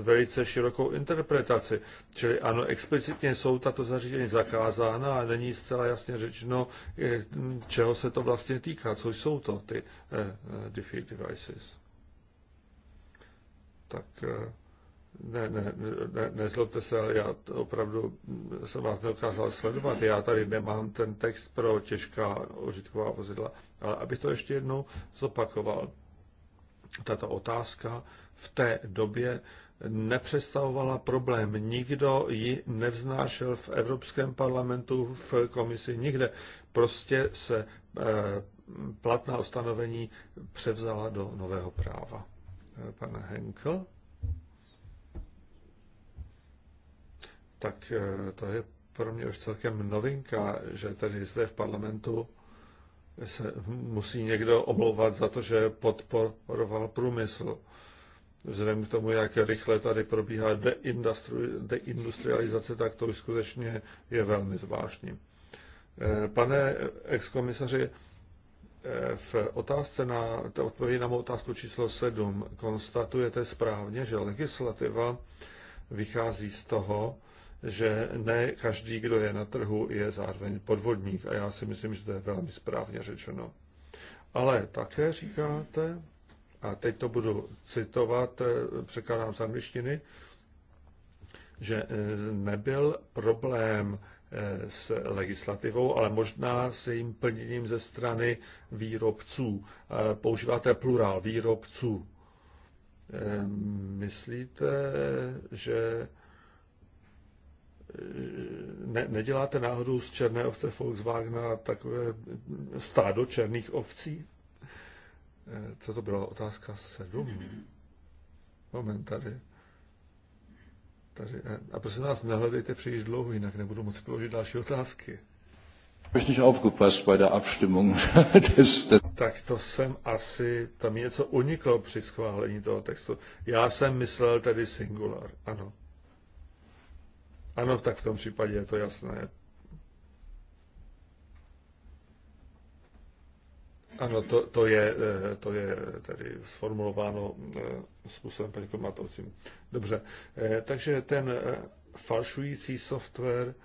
velice širokou interpretaci. Čili ano, explicitně jsou tato zařízení zakázána a není zcela jasně řečeno, eh, čeho se to vlastně týká, co jsou to ty eh, DeFi devices. Tak ne, ne, ne, nezlobte se, ale já opravdu jsem vás neokázal sledovat. Já tady nemám ten text pro těžká užitková vozidla. Ale abych to ještě jednou zopakoval tato otázka v té době nepředstavovala problém. Nikdo ji nevznášel v Evropském parlamentu, v komisi, nikde. Prostě se eh, platná ustanovení převzala do nového práva. Eh, pane Henkel? Tak eh, to je pro mě už celkem novinka, že tady zde v parlamentu se musí někdo omlouvat za to, že podporoval průmysl. Vzhledem k tomu, jak rychle tady probíhá deindustrializace, tak to už skutečně je velmi zvláštní. Eh, pane exkomisaři, eh, v otázce na, odpovědi na mou otázku číslo 7 konstatujete správně, že legislativa vychází z toho, že ne každý, kdo je na trhu, je zároveň podvodník. A já si myslím, že to je velmi správně řečeno. Ale také říkáte, a teď to budu citovat, eh, překládám z angličtiny, že eh, nebyl problém eh, s legislativou, ale možná s jejím plněním ze strany výrobců. Používáte plurál výrobců. Myslíte, že ne, neděláte náhodou z černé ovce Volkswagena takové stádo černých ovcí? Eh, co to byla? Otázka sedm. Moment tady. tady. Eh, a prosím vás, nehledejte příliš dlouho, jinak nebudu moci položit další otázky. Tak to jsem asi, tam něco uniklo při schválení toho textu. Já jsem myslel tedy singular, ano. Ano, tak v tom případě je to jasné. Ano, to, to, je, eh, to je tedy sformulováno eh, způsobem paní Komatovcím. Dobře, eh, takže ten falšující software,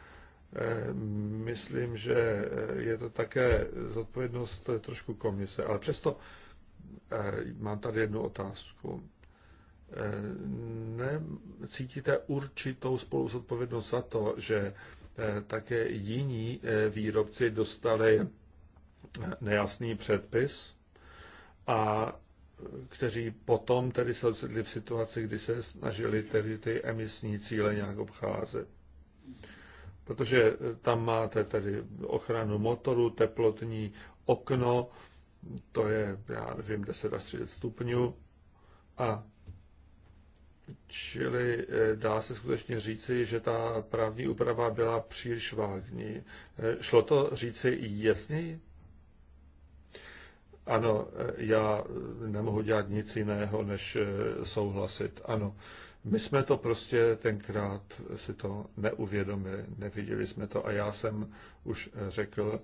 myslím, že je to také zodpovědnost trošku komise, ale přesto mám tady jednu otázku necítíte určitou spolu zodpovědnost za to, že eh, také jiní eh, výrobci dostali eh, nejasný předpis a kteří potom tedy se ocitli v situaci, kdy se snažili tedy ty emisní cíle nějak obcházet. Protože tam máte tedy ochranu motoru, teplotní okno, to je, já nevím, 10 až 30 stupňů a Čili eh, dá se skutečně říci, že ta právní úprava byla příliš vágní. Eh, šlo to říci jasněji? Ano, eh, já nemohu dělat nic jiného, než souhlasit. Ano, my jsme to prostě tenkrát si to neuvědomili, neviděli jsme to a já jsem už řekl,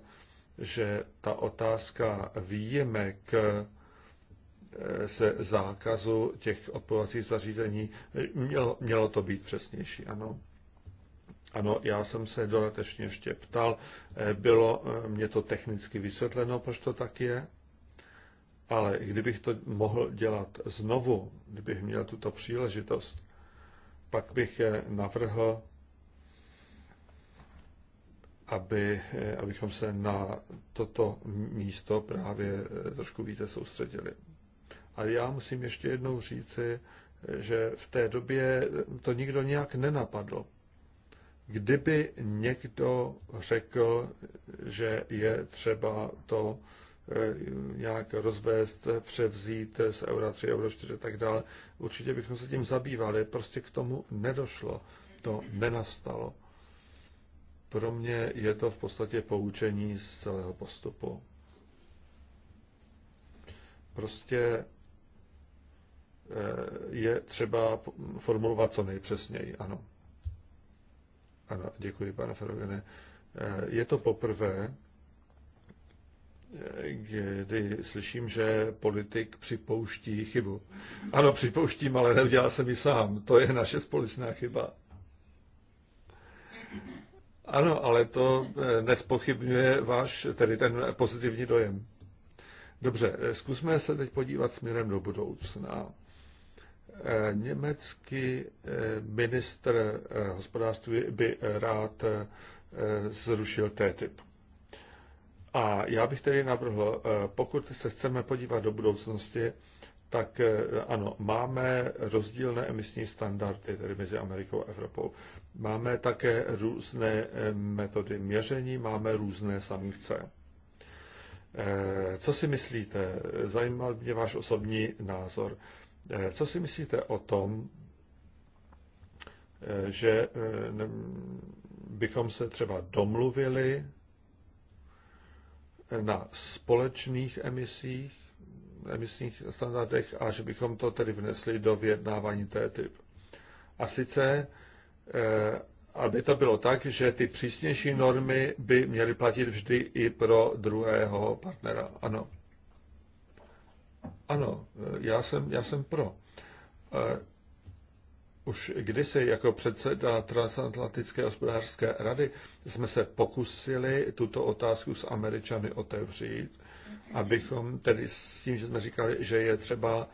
že ta otázka výjimek Eh, se zákazu těch odpovacích zařízení. Mělo, mělo to být přesnější, ano. Ano, já jsem se dodatečně ještě ptal, eh, bylo eh, mě to technicky vysvětleno, proč to tak je, ale kdybych to mohl dělat znovu, kdybych měl tuto příležitost, pak bych navrhl, aby, abychom se na toto místo právě trošku více soustředili. Ale já musím ještě jednou říci, že v té době to nikdo nějak nenapadlo. Kdyby někdo řekl, že je třeba to eh, nějak rozvést, převzít z euro 3, euro 4 a tak dále, určitě bychom se tím zabývali. Prostě k tomu nedošlo. To nenastalo. Pro mě je to v podstatě poučení z celého postupu. Prostě Eh, je třeba formulovat co nejpřesněji. Ano. Ano, děkuji, pane Ferogene. Eh, je to poprvé, eh, kdy slyším, že politik připouští chybu. Ano, připouštím, ale neudělal jsem ji sám. To je naše společná chyba. Ano, ale to nespochybňuje váš, tedy ten pozitivní dojem. Dobře, zkusme se teď podívat směrem do budoucna. Eh, německý eh, ministr eh, hospodářství by rád zrušil TTIP. A já bych tedy navrhl, pokud se chceme podívat do budoucnosti, tak ano, máme rozdílné emisní standardy tedy mezi Amerikou a Evropou. Máme také různé metody měření, máme různé sankce. Co si myslíte? Zajímal mě váš osobní názor. Eh, co si myslíte o tom, eh, že eh, bychom se třeba domluvili na společných emisích, emisních standardech a že bychom to tedy vnesli do vyjednávání typ. A sice, aby to bylo tak, že ty přísnější normy by měly platit vždy i pro druhého partnera. Ano. Ano, já jsem, já jsem pro. E, už kdysi jako předseda Transatlantické hospodářské rady jsme se pokusili tuto otázku s Američany otevřít, abychom tedy s tím, že jsme říkali, že je třeba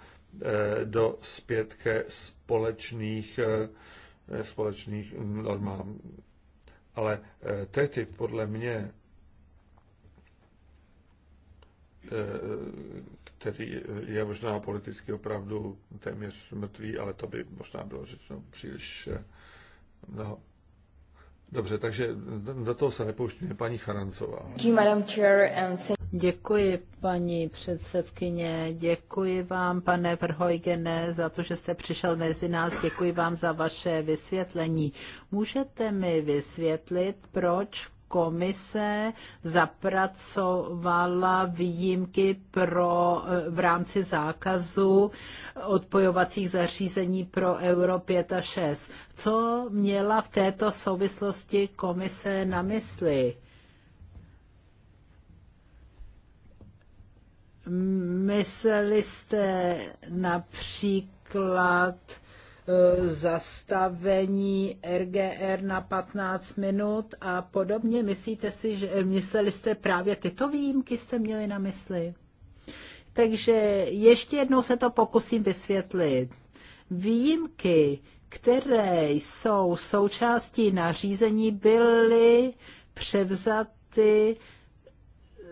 e, do zpět ke společných, e, společných normám. Ale tehdy podle mě který je možná politicky opravdu téměř mrtvý, ale to by možná bylo řečeno příliš eh, mnoho. Dobře, takže do toho se nepouštíme paní Charancová. Děkuji, paní předsedkyně, děkuji vám, pane Verhojgene, za to, že jste přišel mezi nás, děkuji vám za vaše vysvětlení. Můžete mi vysvětlit, proč komise zapracovala výjimky pro, eh, v rámci zákazu odpojovacích zařízení pro Euro 5 a 6. Co měla v této souvislosti komise na mysli? Mysleli jste například Eh, zastavení RGR na 15 minut a podobně. Myslíte si, že eh, mysleli jste právě tyto výjimky jste měli na mysli? Takže ještě jednou se to pokusím vysvětlit. Výjimky, které jsou součástí nařízení, byly převzaty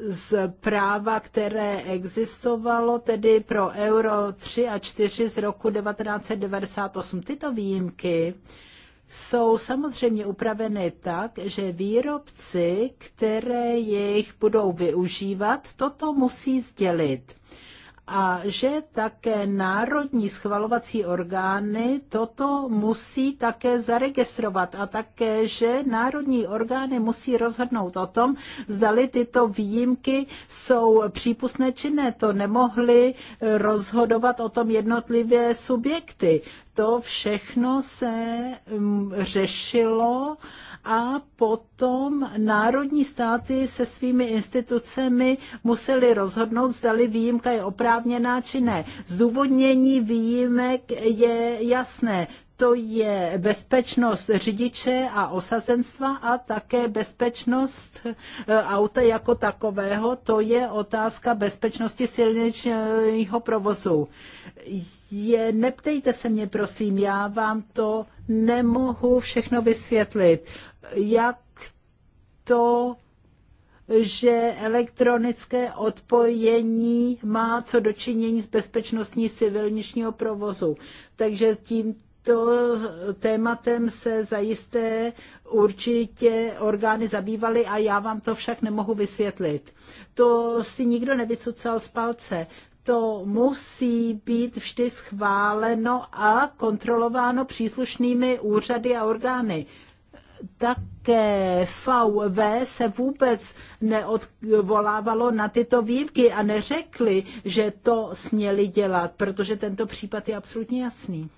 z práva, které existovalo, tedy pro euro 3 a 4 z roku 1998. Tyto výjimky jsou samozřejmě upraveny tak, že výrobci, které jejich budou využívat, toto musí sdělit a že také národní schvalovací orgány toto musí také zaregistrovat a také, že národní orgány musí rozhodnout o tom, zdali tyto výjimky jsou přípustné či ne. To nemohly rozhodovat o tom jednotlivé subjekty. To všechno se mm, řešilo a potom národní státy se svými institucemi museli rozhodnout, zdali výjimka je oprávněná či ne. Zdůvodnění výjimek je jasné to je bezpečnost řidiče a osazenstva a také bezpečnost e, auta jako takového. To je otázka bezpečnosti silničního provozu. Je, neptejte se mě, prosím, já vám to nemohu všechno vysvětlit jak to, že elektronické odpojení má co dočinění s bezpečnostní civilničního provozu. Takže tím to tématem se zajisté určitě orgány zabývaly a já vám to však nemohu vysvětlit. To si nikdo nevycucal z palce. To musí být vždy schváleno a kontrolováno příslušnými úřady a orgány také VV se vůbec neodvolávalo na tyto výjimky a neřekli, že to směli dělat, protože tento případ je absolutně jasný.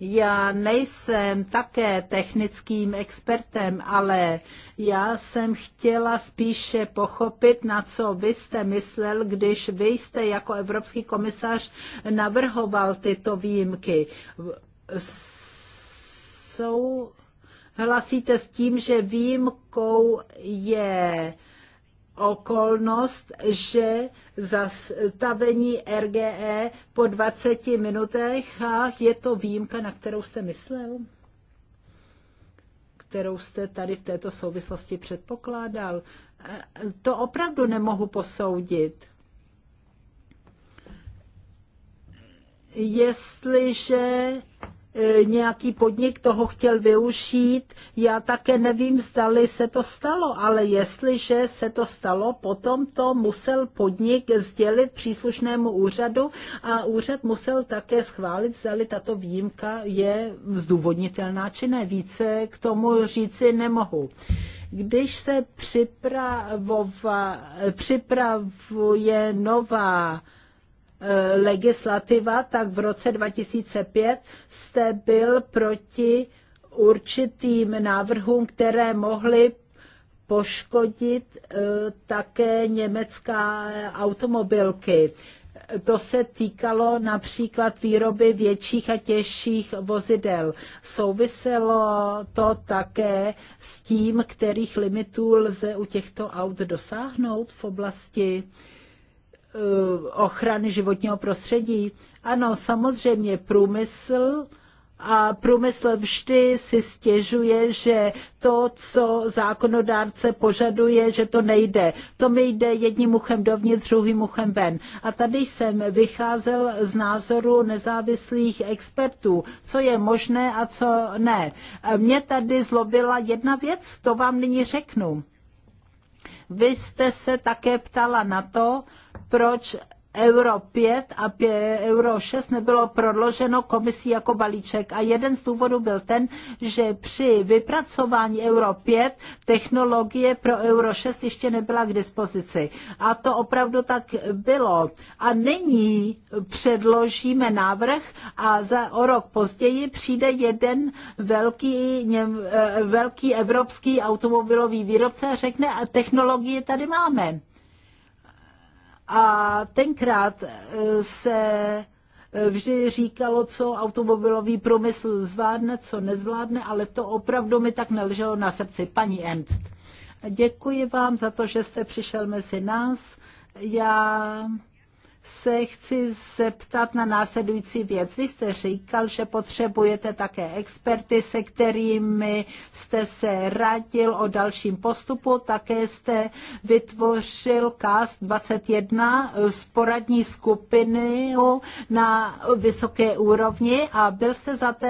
Já nejsem také technickým expertem, ale já jsem chtěla spíše pochopit, na co vy jste myslel, když vy jste jako evropský komisař navrhoval tyto výjimky. Jsou, hlasíte s tím, že výjimkou je okolnost, že zastavení RGE po 20 minutách je to výjimka, na kterou jste myslel? kterou jste tady v této souvislosti předpokládal. To opravdu nemohu posoudit. Jestliže E, nějaký podnik toho chtěl využít. Já také nevím, zdali se to stalo, ale jestliže se to stalo, potom to musel podnik sdělit příslušnému úřadu a úřad musel také schválit, zdali tato výjimka je zdůvodnitelná či ne. Více k tomu říci nemohu. Když se připravuje nová Eh, legislativa, tak v roce 2005 jste byl proti určitým návrhům, které mohly poškodit eh, také německá automobilky. To se týkalo například výroby větších a těžších vozidel. Souviselo to také s tím, kterých limitů lze u těchto aut dosáhnout v oblasti uh, Eh, ochrany životního prostředí? Ano, samozřejmě průmysl a průmysl vždy si stěžuje, že to, co zákonodárce požaduje, že to nejde. To mi jde jedním uchem dovnitř, druhým uchem ven. A tady jsem vycházel z názoru nezávislých expertů, co je možné a co ne. Eh, mě tady zlobila jedna věc, to vám nyní řeknu. Vy jste se také ptala na to, proč euro 5 a euro 6 nebylo prodloženo komisí jako balíček. A jeden z důvodů byl ten, že při vypracování euro 5 technologie pro euro 6 ještě nebyla k dispozici. A to opravdu tak bylo. A nyní předložíme návrh a za o rok později přijde jeden velký, něm, eh, velký evropský automobilový výrobce a řekne, a technologie tady máme. A tenkrát eh, se eh, vždy říkalo, co automobilový průmysl zvládne, co nezvládne, ale to opravdu mi tak neleželo na srdci. Paní Ernst, děkuji vám za to, že jste přišel mezi nás. Já se chci zeptat na následující věc. Vy jste říkal, že potřebujete také experty, se kterými jste se radil o dalším postupu. Také jste vytvořil KAS 21 z poradní skupiny na vysoké úrovni a byl jste za to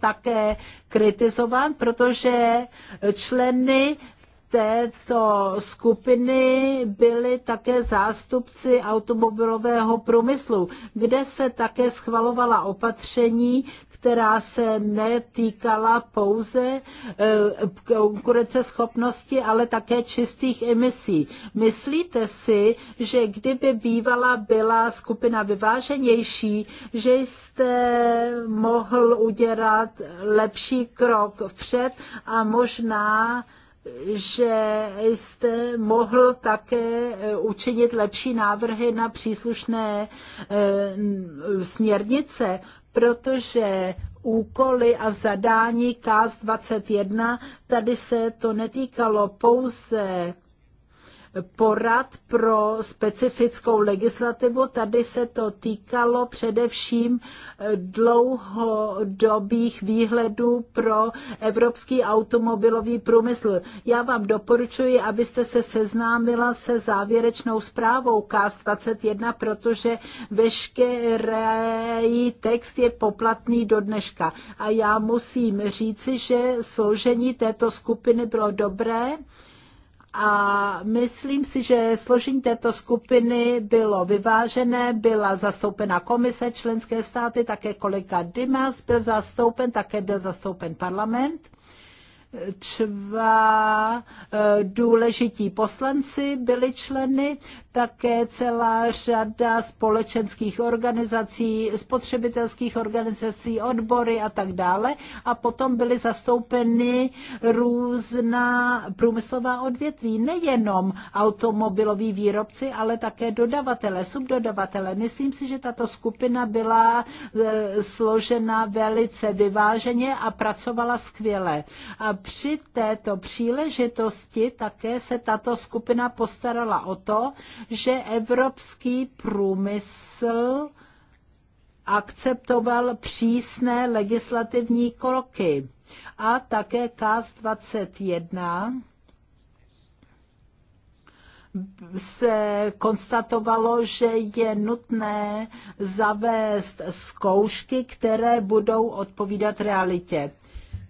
také kritizován, protože členy této skupiny byli také zástupci automobilového průmyslu, kde se také schvalovala opatření, která se netýkala pouze e, konkurenceschopnosti, ale také čistých emisí. Myslíte si, že kdyby bývala byla skupina vyváženější, že jste mohl udělat lepší krok vpřed a možná že jste mohl také e, učinit lepší návrhy na příslušné e, směrnice, protože úkoly a zadání KAS 21, tady se to netýkalo pouze porad pro specifickou legislativu. Tady se to týkalo především eh, dlouhodobých výhledů pro evropský automobilový průmysl. Já vám doporučuji, abyste se seznámila se závěrečnou zprávou k 21, protože veškerý text je poplatný do dneška. A já musím říci, že složení této skupiny bylo dobré a myslím si, že složení této skupiny bylo vyvážené, byla zastoupena komise, členské státy, také kolega Dimas byl zastoupen, také byl zastoupen parlament. Dva eh, důležití poslanci byli členy, také celá řada společenských organizací, spotřebitelských organizací, odbory a tak dále. A potom byly zastoupeny různá průmyslová odvětví, nejenom automobiloví výrobci, ale také dodavatele, subdodavatele. Myslím si, že tato skupina byla e, složena velice vyváženě a pracovala skvěle. A při této příležitosti také se tato skupina postarala o to, že evropský průmysl akceptoval přísné legislativní kroky a také KAS 21 se konstatovalo, že je nutné zavést zkoušky, které budou odpovídat realitě.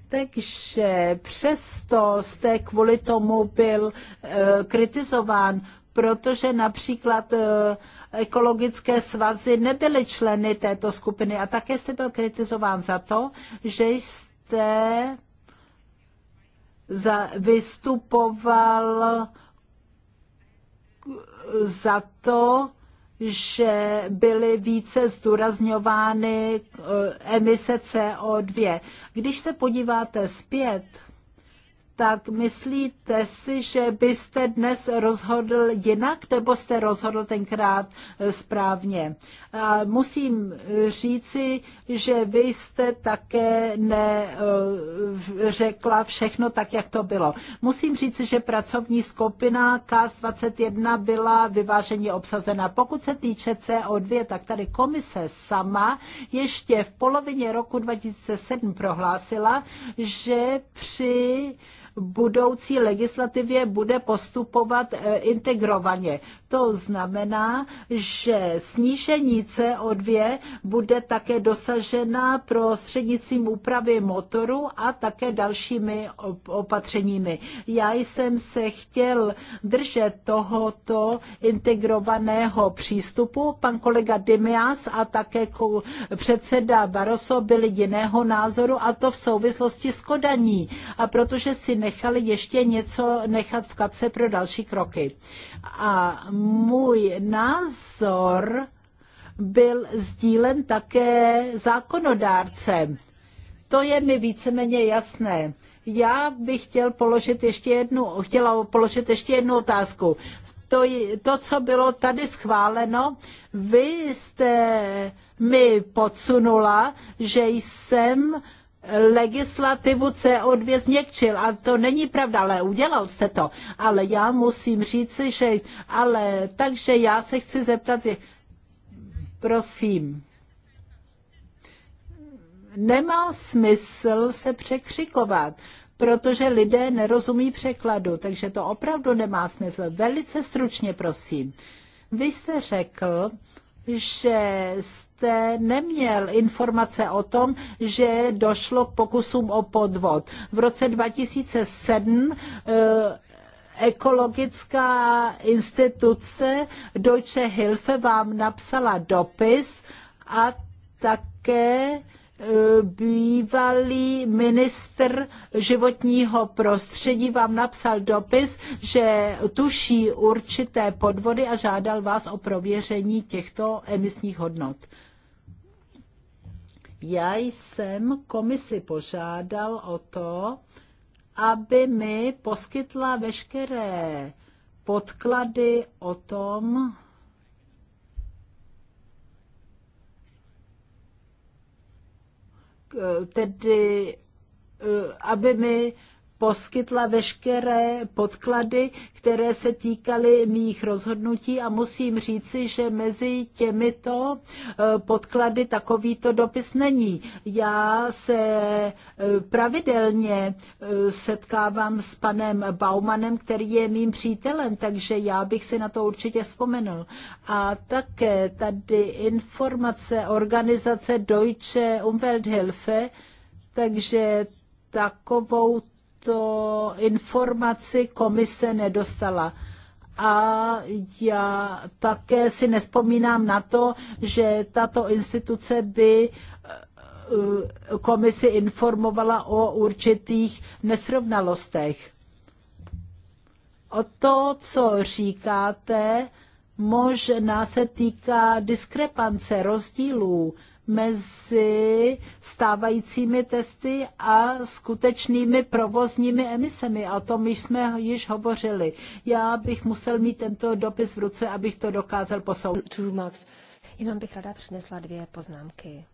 Takže přesto jste kvůli tomu byl e, kritizován protože například eh, ekologické svazy nebyly členy této skupiny a také jste byl kritizován za to, že jste za, vystupoval za to, že byly více zdůrazňovány eh, emise CO2. Když se podíváte zpět, tak myslíte si, že byste dnes rozhodl jinak, nebo jste rozhodl tenkrát eh, správně? A musím eh, říci, že vy jste také neřekla eh, všechno tak, jak to bylo. Musím říci, že pracovní skupina KAS 21 byla vyváženě obsazena. Pokud se týče CO2, tak tady komise sama ještě v polovině roku 2007 prohlásila, že při budoucí legislativě bude postupovat eh, integrovaně. To znamená, že snížení CO2 bude také dosažena prostřednictvím úpravy motoru a také dalšími opatřeními. Já jsem se chtěl držet tohoto integrovaného přístupu. Pan kolega Dimias a také předseda Barroso byli jiného názoru a to v souvislosti s Kodaní. A protože si nechali ještě něco nechat v kapse pro další kroky. A můj názor byl sdílen také zákonodárcem. To je mi víceméně jasné. Já bych chtěl položit ještě jednu, chtěla položit ještě jednu otázku. To, to, co bylo tady schváleno, vy jste mi podsunula, že jsem legislativu CO2 změkčil a to není pravda, ale udělal jste to. Ale já musím říci, že ale takže já se chci zeptat, prosím, nemá smysl se překřikovat, protože lidé nerozumí překladu, takže to opravdu nemá smysl. Velice stručně, prosím. Vy jste řekl, že jste neměl informace o tom, že došlo k pokusům o podvod. V roce 2007 eh, ekologická instituce Deutsche Hilfe vám napsala dopis a také bývalý ministr životního prostředí vám napsal dopis, že tuší určité podvody a žádal vás o prověření těchto emisních hodnot. Já jsem komisi požádal o to, aby mi poskytla veškeré podklady o tom, Eh, tedy eh, aby mi poskytla veškeré podklady, které se týkaly mých rozhodnutí a musím říci, že mezi těmito eh, podklady takovýto dopis není. Já se eh, pravidelně eh, setkávám s panem Baumanem, který je mým přítelem, takže já bych si na to určitě vzpomenul. A také tady informace organizace Deutsche Umwelthilfe, takže takovou tuto informaci komise nedostala. A já také si nespomínám na to, že tato instituce by eh, komisi informovala o určitých nesrovnalostech. O to, co říkáte, možná se týká diskrepance rozdílů mezi stávajícími testy a skutečnými provozními emisemi. A o tom my jsme již hovořili. Já bych musel mít tento dopis v ruce, abych to dokázal posoudit. Jenom bych ráda přinesla dvě poznámky.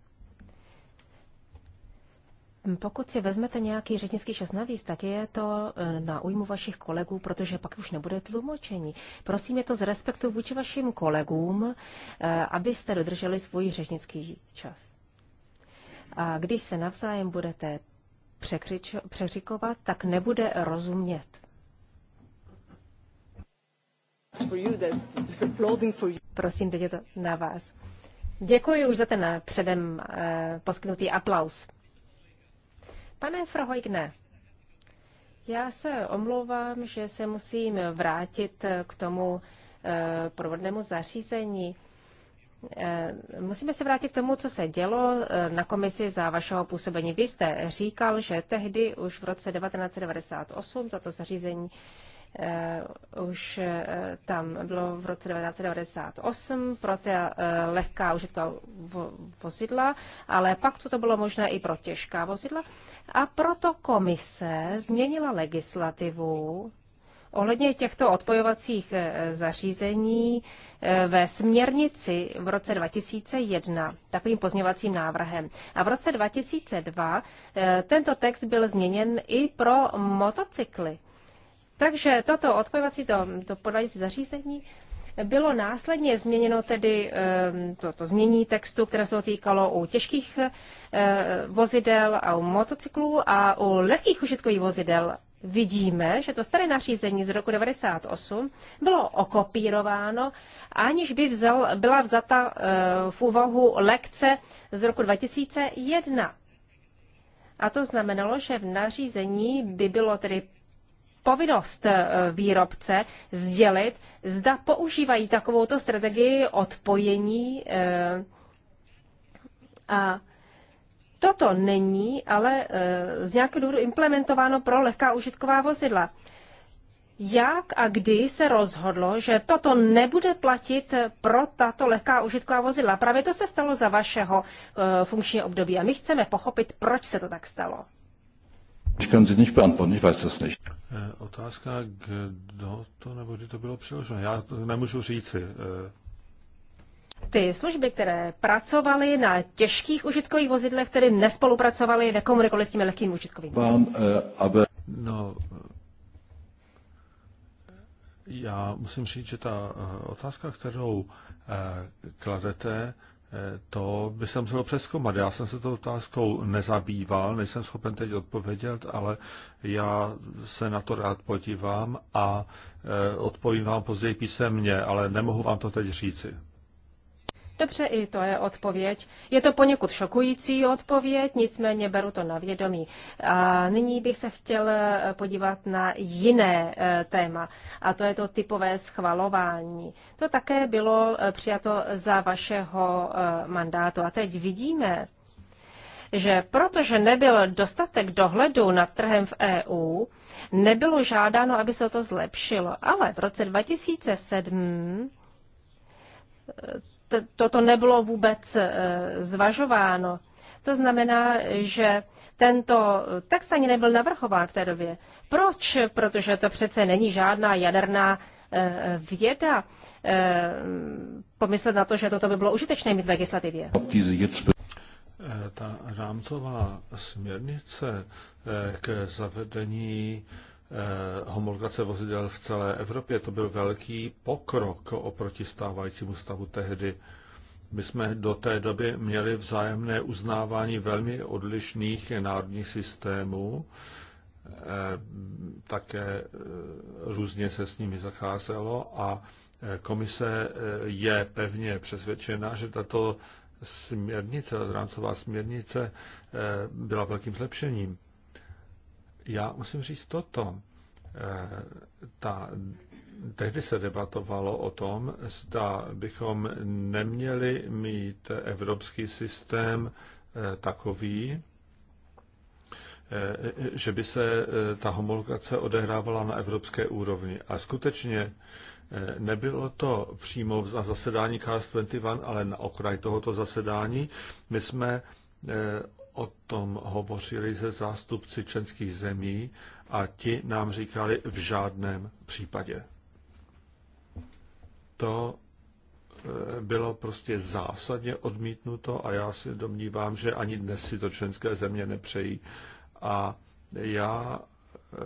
Pokud si vezmete nějaký řečnický čas navíc, tak je to e, na újmu vašich kolegů, protože pak už nebude tlumočení. Prosím je to z respektu vůči vašim kolegům, e, abyste dodrželi svůj řečnický čas. A když se navzájem budete přeřikovat, tak nebude rozumět. Prosím, teď je to na vás. Děkuji už za ten eh, předem eh, poskytnutý aplaus. Pane Frhojgne, já se omlouvám, že se musím vrátit k tomu eh, provodnému zařízení. Eh, musíme se vrátit k tomu, co se dělo eh, na komisi za vašeho působení. Vy jste říkal, že tehdy už v roce 1998 toto zařízení Eh, už eh, tam bylo v roce 1998 pro ty eh, lehká užitková vozidla, ale pak to bylo možné i pro těžká vozidla. A proto komise změnila legislativu ohledně těchto odpojovacích zařízení ve směrnici v roce 2001 takovým pozměvacím návrhem. A v roce 2002 tento text byl změněn i pro motocykly. Takže toto odpojovací, to, to podající zařízení bylo následně změněno tedy ehm, to, to změní textu, které se týkalo u těžkých eh, vozidel a u motocyklů a u lehkých užitkových vozidel vidíme, že to staré nařízení z roku 98 bylo okopírováno, aniž by vzal, byla vzata eh, v úvahu lekce z roku 2001. A to znamenalo, že v nařízení by bylo tedy povinnost eh, výrobce sdělit, zda používají takovouto strategii odpojení eh, a Toto není ale eh, z nějakého důvodu implementováno pro lehká užitková vozidla. Jak a kdy se rozhodlo, že toto nebude platit pro tato lehká užitková vozidla? Právě to se stalo za vašeho funkčního období a my chceme pochopit, proč se to tak stalo kann Sie nicht beantworten, ich weiß das nicht. Otázka, kdo to nebo kdy to bylo přiloženo. Já to nemůžu říct. Eh. Ty služby, které pracovaly na těžkých užitkových vozidlech, tedy nespolupracovaly, nekomunikovaly s těmi lehkými užitkovými. Pán, eh, aby... No, eh, já musím říct, že ta otázka, kterou kladete, to by se muselo přeskoumat. Já jsem se tou otázkou nezabýval, nejsem schopen teď odpovědět, ale já se na to rád podívám a eh, odpovím vám později písemně, ale nemohu vám to teď říci. Dobře, i to je odpověď. Je to poněkud šokující odpověď, nicméně beru to na vědomí. A nyní bych se chtěl eh, podívat na jiné eh, téma, a to je to typové schvalování. To také bylo eh, přijato za vašeho mandátu. A teď vidíme, že protože nebyl dostatek dohledu nad trhem v EU, nebylo žádáno, aby se to zlepšilo. Ale v roce 2007 toto nebylo vůbec e, zvažováno. To znamená, že tento text ani nebyl navrhován v té době. Proč? Protože to přece není žádná jaderná e, věda. E, pomyslet na to, že toto by bylo užitečné mít v legislativě. Ta rámcová směrnice k zavedení Eh, homologace vozidel v celé Evropě. To byl velký pokrok oproti stávajícímu stavu tehdy. My jsme do té doby měli vzájemné uznávání velmi odlišných národních systémů, eh, také eh, různě se s nimi zacházelo a komise je pevně přesvědčena, že tato směrnice, rámcová směrnice byla velkým zlepšením. Já musím říct toto. Eh, ta, tehdy se debatovalo o tom, zda bychom neměli mít evropský systém eh, takový, eh, že by se ta homologace odehrávala na evropské úrovni. A skutečně nebylo to přímo na zasedání CARS 21, ale na okraj tohoto zasedání. My jsme o tom hovořili se zástupci členských zemí a ti nám říkali v žádném případě. To eh, bylo prostě zásadně odmítnuto a já si domnívám, že ani dnes si to členské země nepřejí. A já eh,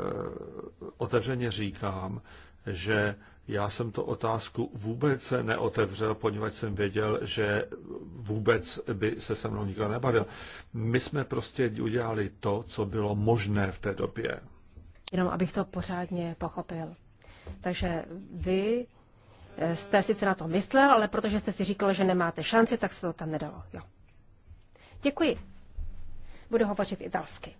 otevřeně říkám, že já jsem to otázku vůbec neotevřel, poněvadž jsem věděl, že vůbec by se se mnou nikdo nebavil. My jsme prostě udělali to, co bylo možné v té době. Jenom abych to pořádně pochopil. Takže vy eh, jste sice na to myslel, ale protože jste si říkal, že nemáte šanci, tak se to tam nedalo. Jo. Děkuji. Budu hovořit italsky.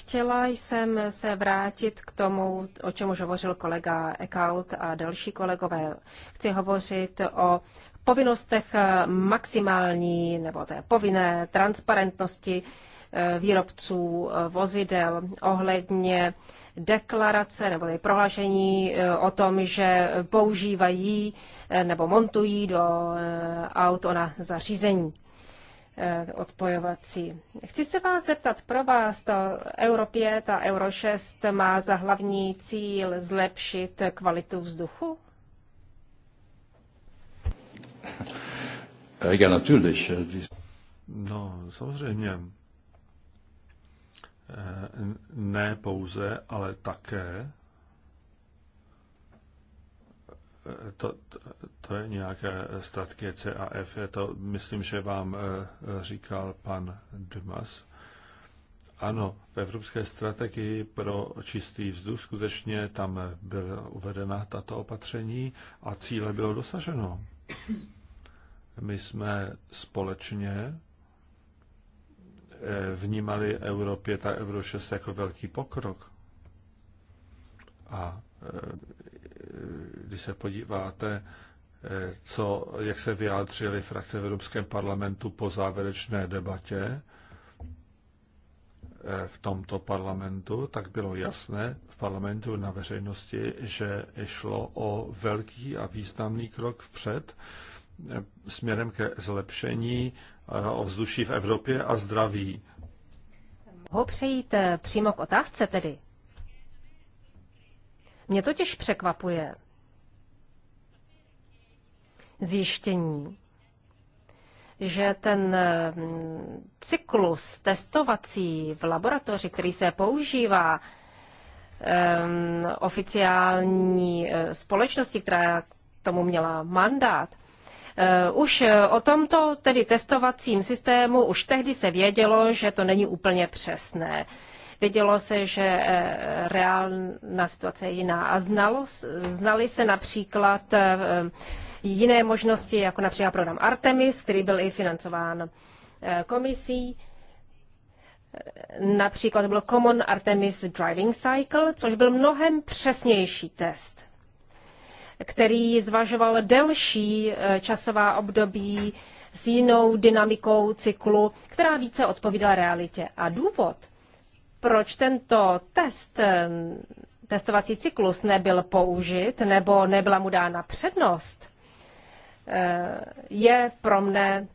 Chtěla jsem se vrátit k tomu, o čem už hovořil kolega Ekaut a další kolegové. Chci hovořit o povinnostech maximální nebo té povinné transparentnosti eh, výrobců eh, vozidel ohledně deklarace nebo prohlášení eh, o tom, že používají nebo montují do aut ona zařízení. Eh, odpojovací. Chci se vás zeptat, pro vás to Euro 5 a Euro 6 má za hlavní cíl zlepšit kvalitu vzduchu? Eh, eh, no, samozřejmě. Ne pouze, ale také to, to je nějaké statky CAF, to myslím, že vám eh, říkal pan Dumas. Ano, v Evropské strategii pro čistý vzduch skutečně tam byla uvedena tato opatření a cíle bylo dosaženo. My jsme společně eh, vnímali Euro 5 a Euro 6 jako velký pokrok. A eh, když se podíváte, eh, co, jak se vyjádřili frakce v Evropském parlamentu po závěrečné debatě eh, v tomto parlamentu, tak bylo jasné v parlamentu na veřejnosti, že šlo o velký a významný krok vpřed eh, směrem ke zlepšení ovzduší v Evropě a zdraví. Ho přejít přímo k otázce tedy? Mě totiž překvapuje zjištění, že ten eh, cyklus testovací v laboratoři, který se používá um, oficiální eh, společnosti, která tomu měla mandát, uh, už o tomto tedy testovacím systému už tehdy se vědělo, že to není úplně přesné. Uh, Vědělo se, že eh, reálná situace je jiná. A znalo, znali se například eh, jiné možnosti, jako například program Artemis, který byl i financován eh, komisí. Například byl Common Artemis Driving Cycle, což byl mnohem přesnější test, který zvažoval delší časová období s jinou dynamikou cyklu, která více odpovídala realitě. A důvod, proč tento test, eh, testovací cyklus nebyl použit nebo nebyla mu dána přednost, eh, je pro mne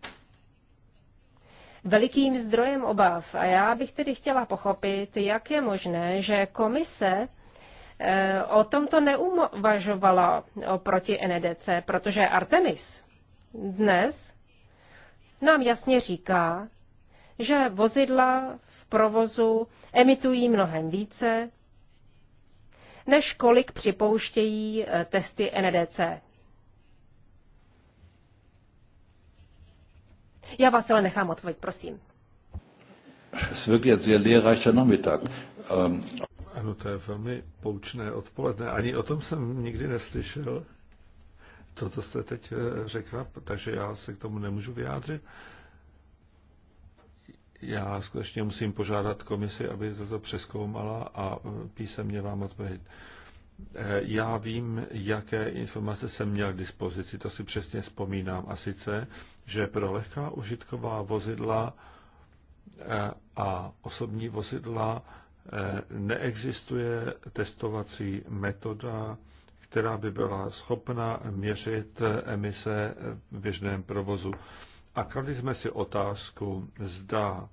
velikým zdrojem obav. A já bych tedy chtěla pochopit, jak je možné, že komise eh, o tomto neuvažovala oproti NEDC, protože Artemis dnes nám jasně říká, že vozidla provozu emitují mnohem více, než kolik připouštějí eh, testy NDC. Já vás ale nechám odpověď, prosím. Ehm, ano, to je velmi poučné odpoledne. Ani o tom jsem nikdy neslyšel, to, co jste teď eh, řekla, takže já se k tomu nemůžu vyjádřit. Já skutečně musím požádat komisi, aby toto přeskoumala a e, písemně vám odpovědět. E, já vím, jaké informace jsem měl k dispozici, to si přesně vzpomínám. A sice, že pro lehká užitková vozidla e, a osobní vozidla neexistuje testovací metoda, která by byla schopna měřit emise v běžném provozu. A kladli jsme si otázku, zda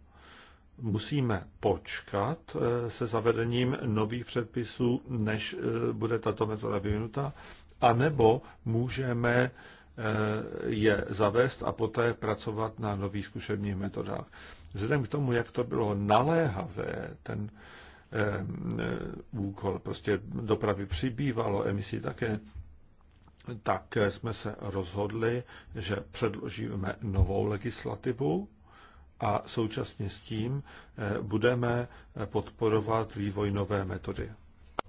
musíme počkat eh, se zavedením nových předpisů, než eh, bude tato metoda vyvinuta, anebo můžeme eh, je zavést a poté pracovat na nových zkušebních metodách. Vzhledem k tomu, jak to bylo naléhavé, ten úkol, prostě dopravy přibývalo, emisí také, tak jsme se rozhodli, že předložíme novou legislativu, a současně s tím eh, budeme podporovat vývoj nové metody.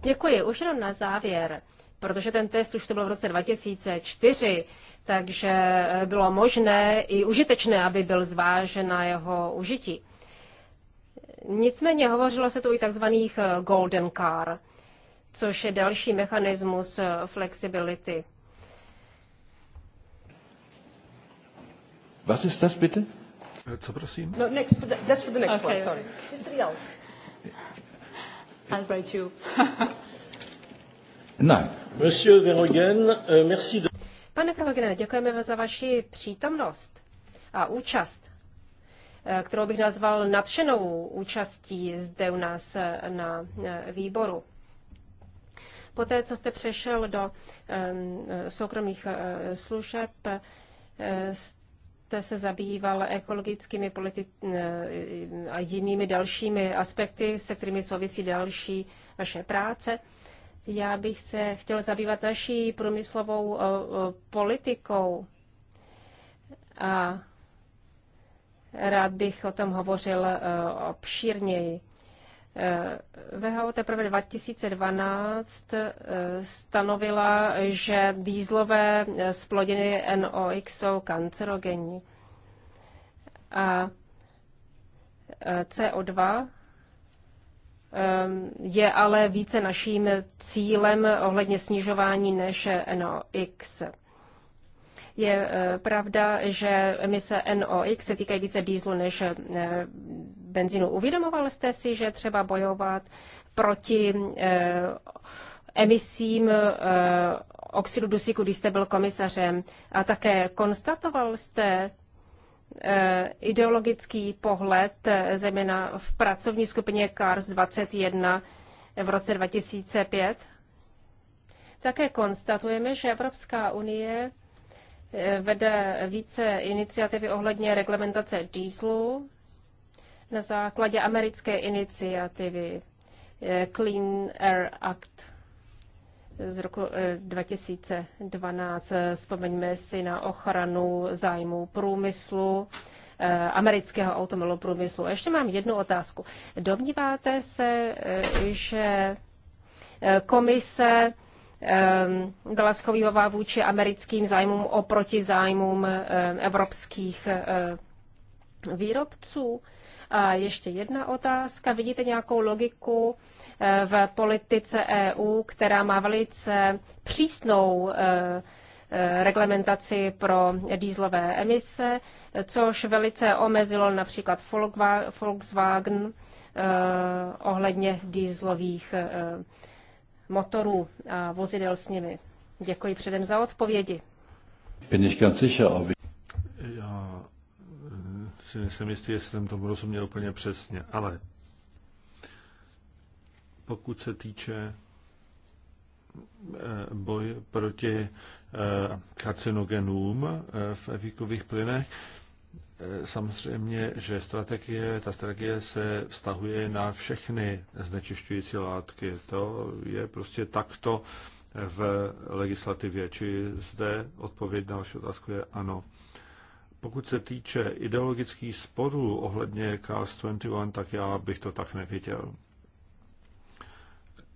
Děkuji. Už jenom na závěr, protože ten test už to byl v roce 2004, takže eh, bylo možné i užitečné, aby byl zvážen na jeho užití. Nicméně hovořilo se tu i takzvaných eh, golden car, což je další mechanismus flexibility. Was ist das bitte? Eh, co prosím? No, next, for the, that's for the next okay. one, sorry. Mr. Young. I'll write you. no. Monsieur Verhoeven, eh, merci de... Pane Verhoeven, děkujeme za vaši přítomnost a účast eh, kterou bych nazval nadšenou účastí zde u nás na výboru. Poté, co jste přešel do soukromých služeb, jste se zabýval ekologickými politi- eh, a jinými dalšími aspekty, se kterými souvisí další vaše práce. Já bych se chtěl zabývat naší průmyslovou eh, eh, politikou a rád bych o tom hovořil obšírněji. VHO teprve 2012 eh, stanovila, že dýzlové eh, splodiny NOx jsou kancerogenní. A eh, CO2 je ale více naším cílem ohledně snižování než NOx. Je pravda, že emise NOx se týkají více dýzlu než benzínu. Uvědomoval jste si, že třeba bojovat proti eh, emisím eh, oxidu dusíku, když jste byl komisařem. A také konstatoval jste eh, ideologický pohled, zejména v pracovní skupině CARS 21 v roce 2005. Také konstatujeme, že Evropská unie vede více iniciativy ohledně reglementace dieslu, na základě americké iniciativy eh, Clean Air Act z roku 2012. Eh, Vzpomeňme si na ochranu zájmu průmyslu, eh, amerického automobilového průmyslu. Ještě mám jednu otázku. Domníváte se, že komise byla schovývavá vůči americkým zájmům oproti zájmům evropských výrobců? A ještě jedna otázka. Vidíte nějakou logiku eh, v politice EU, která má velice přísnou eh, eh, reglementaci pro dýzlové emise, což velice omezilo například Volkswagen ohledně dýzlových motorů a vozidel s nimi. Děkuji předem za odpovědi. Já si nejsem jistý, jestli jsem tomu rozuměl úplně přesně, ale pokud se týče eh, boj proti eh, karcinogenům eh, v výkových plynech, Samozřejmě, že strategie, ta strategie se vztahuje na všechny znečišťující látky. To je prostě takto v legislativě. Či zde odpověď na vaši otázku je ano. Pokud se týče ideologických sporů ohledně Cars 21, tak já bych to tak neviděl.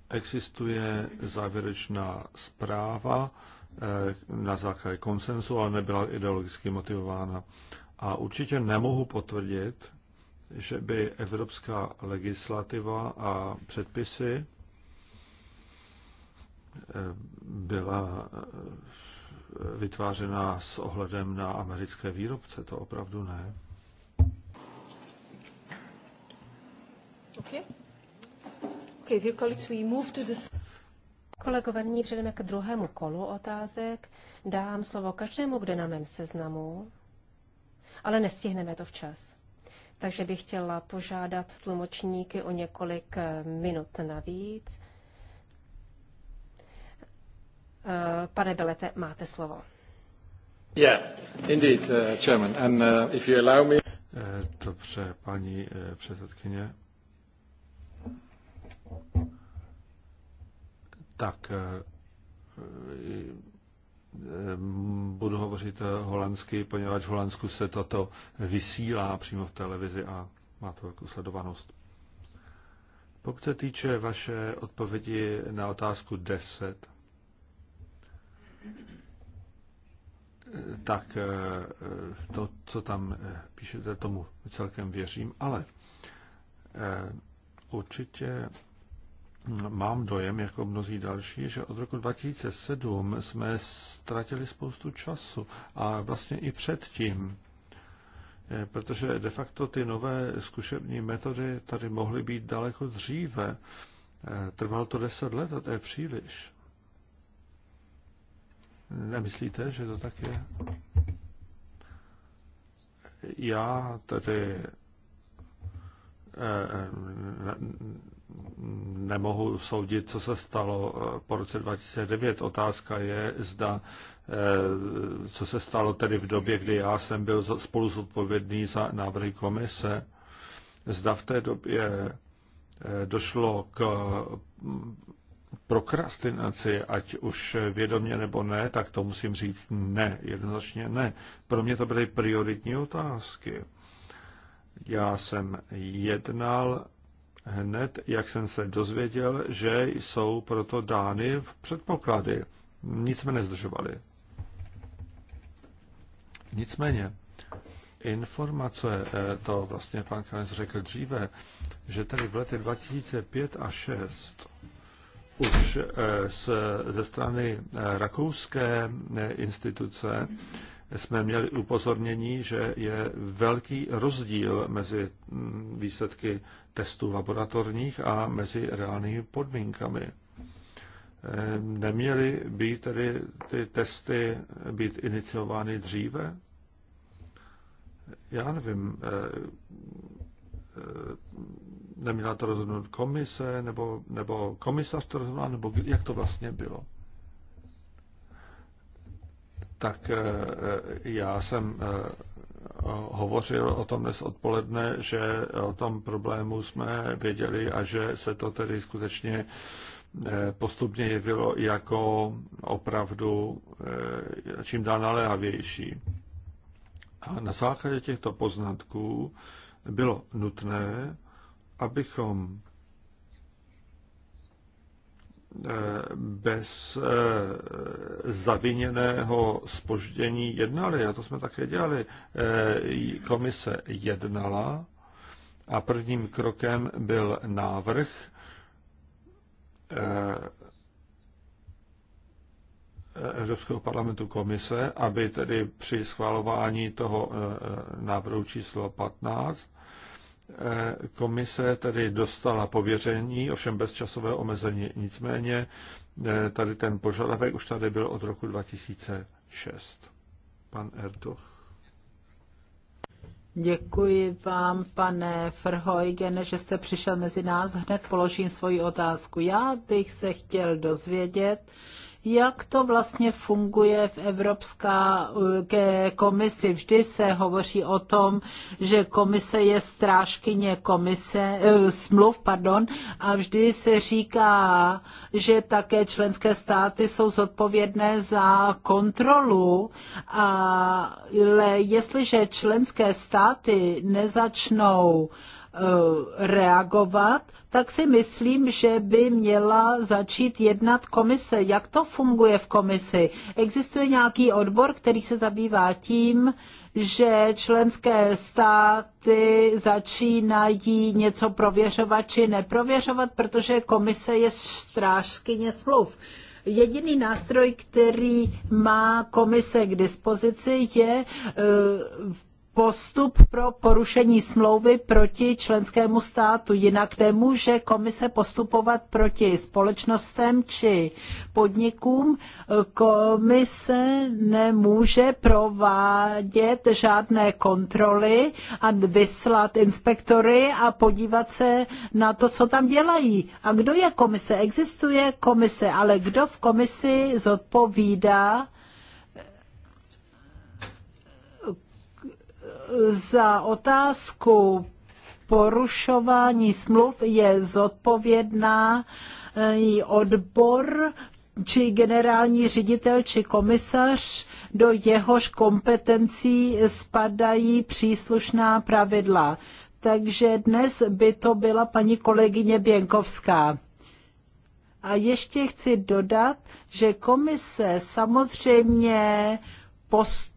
Existuje závěrečná zpráva eh, na základě konsensu, ale nebyla ideologicky motivována. A určitě nemohu potvrdit, že by evropská legislativa a předpisy eh, byla eh, vytvářena s ohledem na americké výrobce, to opravdu ne. Okay. Okay, colleagues, we move to the... Kolegové, nyní přejdeme k druhému kolu otázek. Dám slovo každému, kdo na mém seznamu, ale nestihneme to včas. Takže bych chtěla požádat tlumočníky o několik eh, minut navíc Eh, pane Belete, máte slovo. indeed, uh, uh, eh, Dobře, paní eh, předsedkyně. Tak budu hovořit holandsky, poněvadž v Holandsku se toto vysílá přímo v televizi a má to velkou sledovanost. Pokud se týče vaše odpovědi na otázku 10, tak eh, eh, to, co tam eh, píšete, tomu celkem věřím, ale určitě mám dojem, jako mnozí další, že od roku 2007 jsme ztratili spoustu času a vlastně i předtím, protože de facto ty nové zkušební metody tady mohly být daleko dříve. Trvalo to deset let a to je příliš. Nemyslíte, že to tak je? Já tedy eh, nemohu soudit, co se stalo eh, po roce 2009. Otázka je, zda, eh, co se stalo tedy v době, kdy já jsem byl spolu zodpovědný za návrhy komise. Zda v té době došlo k prokrastinaci, ať už vědomě nebo ne, tak to musím říct ne, jednoznačně ne. Pro mě to byly prioritní otázky. Já jsem jednal hned, jak jsem se dozvěděl, že jsou proto dány v předpoklady. Nic jsme nezdržovali. Nicméně, informace, eh, to vlastně pan Kanec řekl dříve, že tady v letech 2005 a 6 už z, eh, ze strany eh, rakouské eh, instituce jsme měli upozornění, že je velký rozdíl mezi mm, výsledky testů laboratorních a mezi reálnými podmínkami. Neměly by tedy ty testy být iniciovány dříve? Já nevím, neměla to rozhodnout komise, nebo, nebo komisař to rozhodla, nebo jak to vlastně bylo? Tak eh, eh, já jsem eh, hovořil o tom dnes odpoledne, že o tom problému jsme věděli a že se to tedy skutečně postupně jevilo jako opravdu čím dál naléhavější. A na základě těchto poznatků bylo nutné abychom eh, bez eh, zaviněného spoždění jednali, a to jsme také dělali. Eh, komise jednala a prvním krokem byl návrh Evropského parlamentu komise, aby tedy při schvalování toho návrhu číslo 15 Eh, komise tedy dostala pověření, ovšem bez časového omezení. Nicméně eh, tady ten požadavek už tady byl od roku 2006. Pan Ertuch. Děkuji vám, pane Frhojgen, že jste přišel mezi nás. Hned položím svoji otázku. Já bych se chtěl dozvědět, jak to vlastně funguje v Evropská eh, komisi. Vždy se hovoří o tom, že komise je strážkyně komise, eh, smluv, pardon, a vždy se říká, že také členské státy jsou zodpovědné za kontrolu, ale jestliže členské státy nezačnou uh, Eh, reagovat, tak si myslím, že by měla začít jednat komise. Jak to funguje v komisi? Existuje nějaký odbor, který se zabývá tím, že členské státy začínají něco prověřovat či neprověřovat, protože komise je strážkyně smluv. Jediný nástroj, který má komise k dispozici, je eh, postup pro porušení smlouvy proti členskému státu. Jinak nemůže komise postupovat proti společnostem či podnikům. Komise nemůže provádět žádné kontroly a vyslat inspektory a podívat se na to, co tam dělají. A kdo je komise? Existuje komise, ale kdo v komisi zodpovídá za otázku porušování smluv je zodpovědná eh, odbor či generální ředitel či komisař, do jehož kompetencí spadají příslušná pravidla. Takže dnes by to byla paní kolegyně Běnkovská. A ještě chci dodat, že komise samozřejmě post-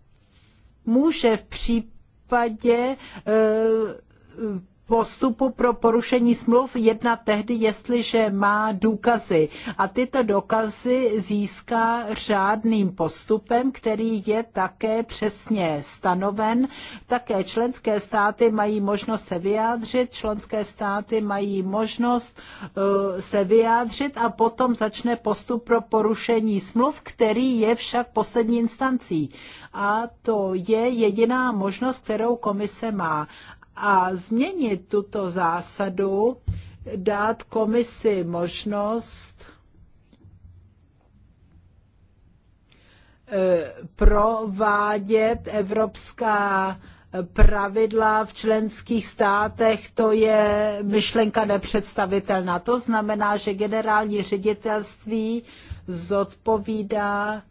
může v případě, případě eh, postupu pro porušení smluv jedná tehdy, jestliže má důkazy. A tyto důkazy získá řádným postupem, který je také přesně stanoven. Také členské státy mají možnost se vyjádřit, členské státy mají možnost eh, se vyjádřit a potom začne postup pro porušení smluv, který je však poslední instancí. A to je jediná možnost, kterou komise má a změnit tuto zásadu, dát komisi možnost eh, provádět evropská pravidla v členských státech, to je myšlenka nepředstavitelná. To znamená, že generální ředitelství zodpovídá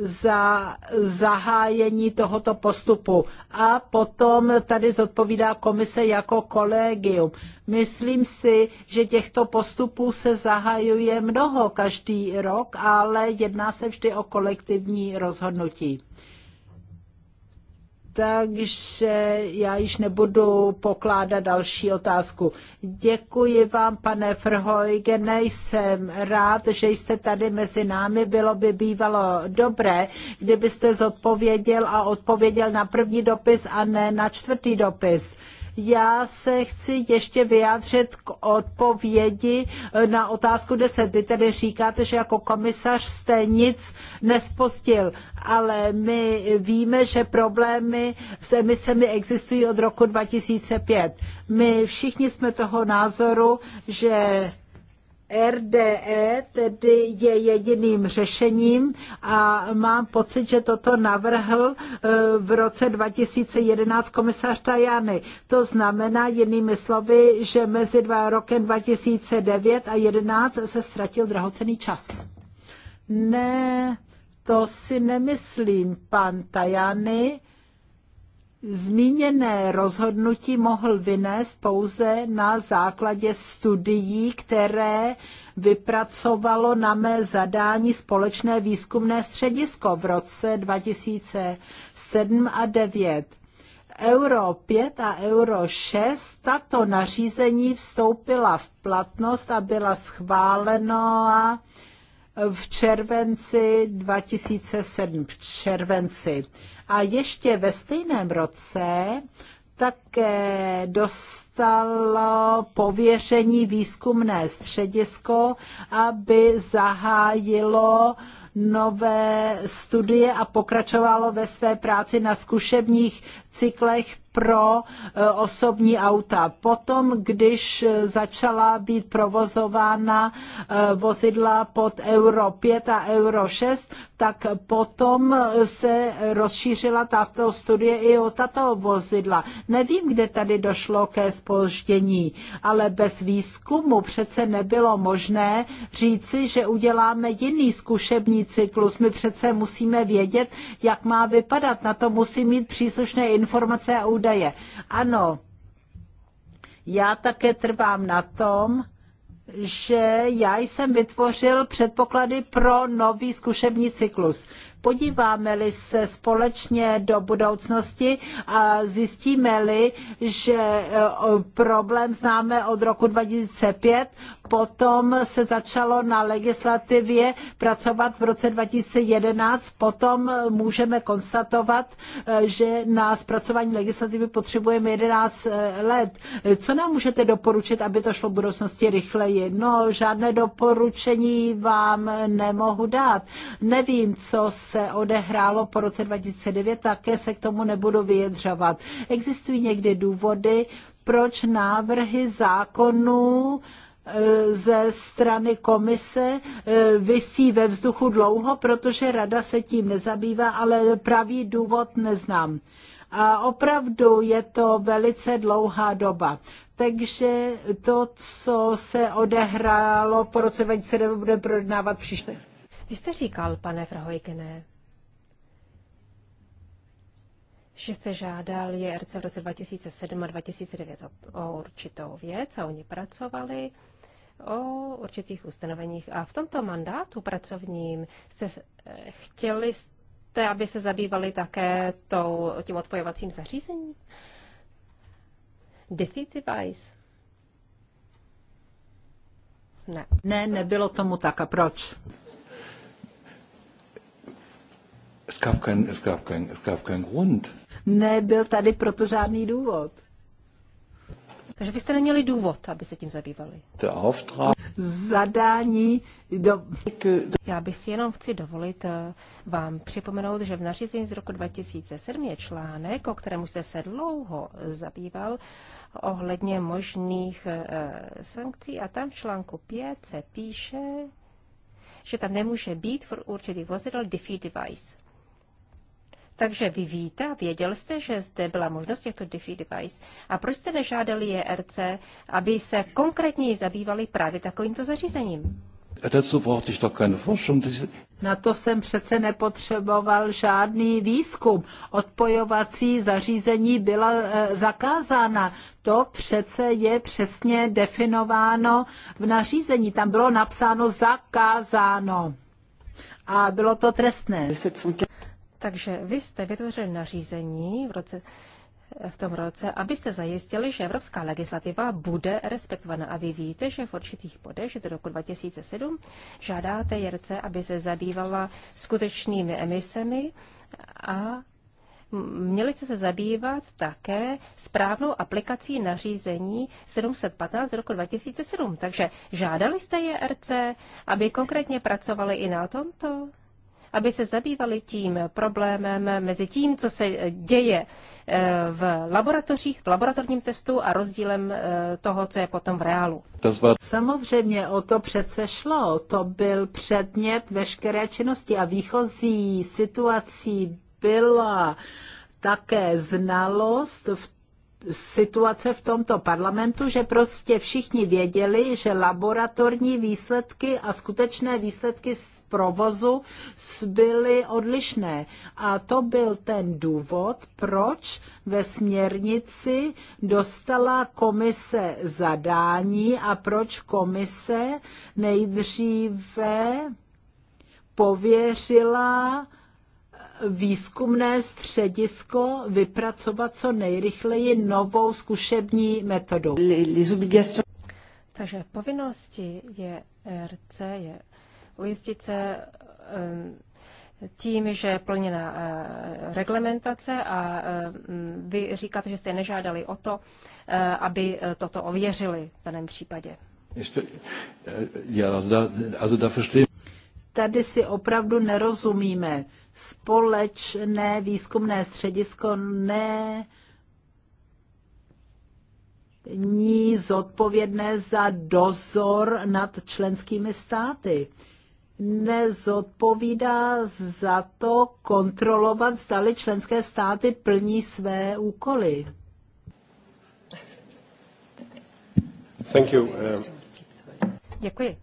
za zahájení tohoto postupu. A potom tady zodpovídá komise jako kolegium. Myslím si, že těchto postupů se zahajuje mnoho každý rok, ale jedná se vždy o kolektivní rozhodnutí takže já již nebudu pokládat další otázku. Děkuji vám, pane Frhojgene, jsem rád, že jste tady mezi námi. Bylo by bývalo dobré, kdybyste zodpověděl a odpověděl na první dopis a ne na čtvrtý dopis. Já se chci ještě vyjádřit k odpovědi eh, na otázku 10. Vy tedy říkáte, že jako komisař jste nic nespostil, ale my víme, že problémy s emisemi existují od roku 2005. My všichni jsme toho názoru, že RDE tedy je jediným řešením a mám pocit, že toto navrhl e, v roce 2011 komisař Tajany. To znamená jinými slovy, že mezi dva rokem 2009 a 2011 se ztratil drahocený čas. Ne, to si nemyslím, pan Tajany Zmíněné rozhodnutí mohl vynést pouze na základě studií, které vypracovalo na mé zadání společné výzkumné středisko v roce 2007 a 2009. Euro 5 a Euro 6 tato nařízení vstoupila v platnost a byla schválena v červenci 2007, v červenci. A ještě ve stejném roce také dostalo pověření výzkumné středisko, aby zahájilo nové studie a pokračovalo ve své práci na zkušebních cyklech pro e, osobní auta. Potom, když e, začala být provozována e, vozidla pod Euro 5 a Euro 6, tak potom se rozšířila tato studie i o tato vozidla. Nevím, kde tady došlo ke spoždění, ale bez výzkumu přece nebylo možné říci, že uděláme jiný zkušební cyklus. My přece musíme vědět, jak má vypadat. Na to musí mít příslušné informace informace a údaje. Ano, já také trvám na tom, že já jsem vytvořil předpoklady pro nový zkušební cyklus. Podíváme-li se společně do budoucnosti a zjistíme-li, že e, problém známe od roku 2005, potom se začalo na legislativě pracovat v roce 2011, potom můžeme konstatovat, e, že na zpracování legislativy potřebujeme 11 e, let. Co nám můžete doporučit, aby to šlo v budoucnosti rychleji? No, žádné doporučení vám nemohu dát. Nevím, co se se odehrálo po roce 2009, také se k tomu nebudu vyjedřovat. Existují někdy důvody, proč návrhy zákonů eh, ze strany komise eh, vysí ve vzduchu dlouho, protože rada se tím nezabývá, ale pravý důvod neznám. A opravdu je to velice dlouhá doba. Takže to, co se odehrálo po roce 2009, bude projednávat příště. Vy jste říkal, pane Frahojkené, že jste žádal JRC v roce 2007 a 2009 o určitou věc a oni pracovali o určitých ustanoveních. A v tomto mandátu pracovním jste eh, chtěli jste, aby se zabývali také tou, tím odpojovacím zařízením? Defeat device? Ne. Ne, nebylo tomu tak. A proč? Es gab kein, es gab kein, es gab kein Grund. Nebyl tady proto žádný důvod. Takže byste neměli důvod, aby se tím zabývali. Zadání do... Já bych si jenom chci dovolit eh, vám připomenout, že v nařízení z roku 2007 je článek, o kterém jste se dlouho zabýval, ohledně možných eh, sankcí a tam v článku 5 se píše, že tam nemůže být v určitých vozidel defeat device. Takže vy víte a věděl jste, že zde byla možnost těchto Diffy device. A proč jste nežádali JRC, e aby se konkrétně zabývali právě takovýmto zařízením? Na to jsem přece nepotřeboval žádný výzkum. Odpojovací zařízení byla eh, zakázána. To přece je přesně definováno v nařízení. Tam bylo napsáno zakázáno. A bylo to trestné. Takže vy jste vytvořili nařízení v, roce, v tom roce, abyste zajistili, že evropská legislativa bude respektována. A vy víte, že v určitých bodech, že do roku 2007, žádáte JRC, aby se zabývala skutečnými emisemi a měli jste se zabývat také správnou aplikací nařízení 715 z roku 2007. Takže žádali jste RC, aby konkrétně pracovali i na tomto? aby se zabývali tím problémem mezi tím, co se děje eh, v laboratořích, v laboratorním testu a rozdílem eh, toho, co je potom v reálu. Samozřejmě o to přece šlo. To byl předmět veškeré činnosti a výchozí situací byla také znalost v situace v tomto parlamentu, že prostě všichni věděli, že laboratorní výsledky a skutečné výsledky provozu byly odlišné. A to byl ten důvod, proč ve směrnici dostala komise zadání a proč komise nejdříve pověřila výzkumné středisko vypracovat co nejrychleji novou zkušební metodu. Takže povinnosti je RC je ujistit se tím, že je plněna eh, reglementace a vy říkáte, že jste nežádali o to, eh, aby eh, toto ověřili v daném případě. Tady si opravdu nerozumíme. Společné výzkumné středisko ne ní zodpovědné za dozor nad členskými státy nezodpovídá za to kontrolovat, zdali členské státy plní své úkoly. Thank you. Eh. Děkuji.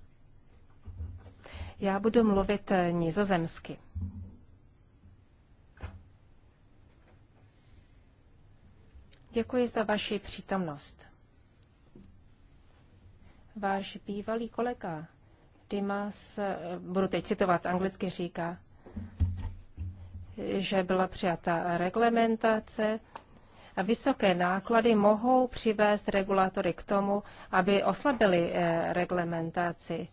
Já budu mluvit eh, nizozemsky. Děkuji za vaši přítomnost. Váš bývalý kolega Dimas, budu teď citovat anglicky, říká, že byla přijata reglementace a vysoké náklady mohou přivést regulatory k tomu, aby oslabili eh, reglementaci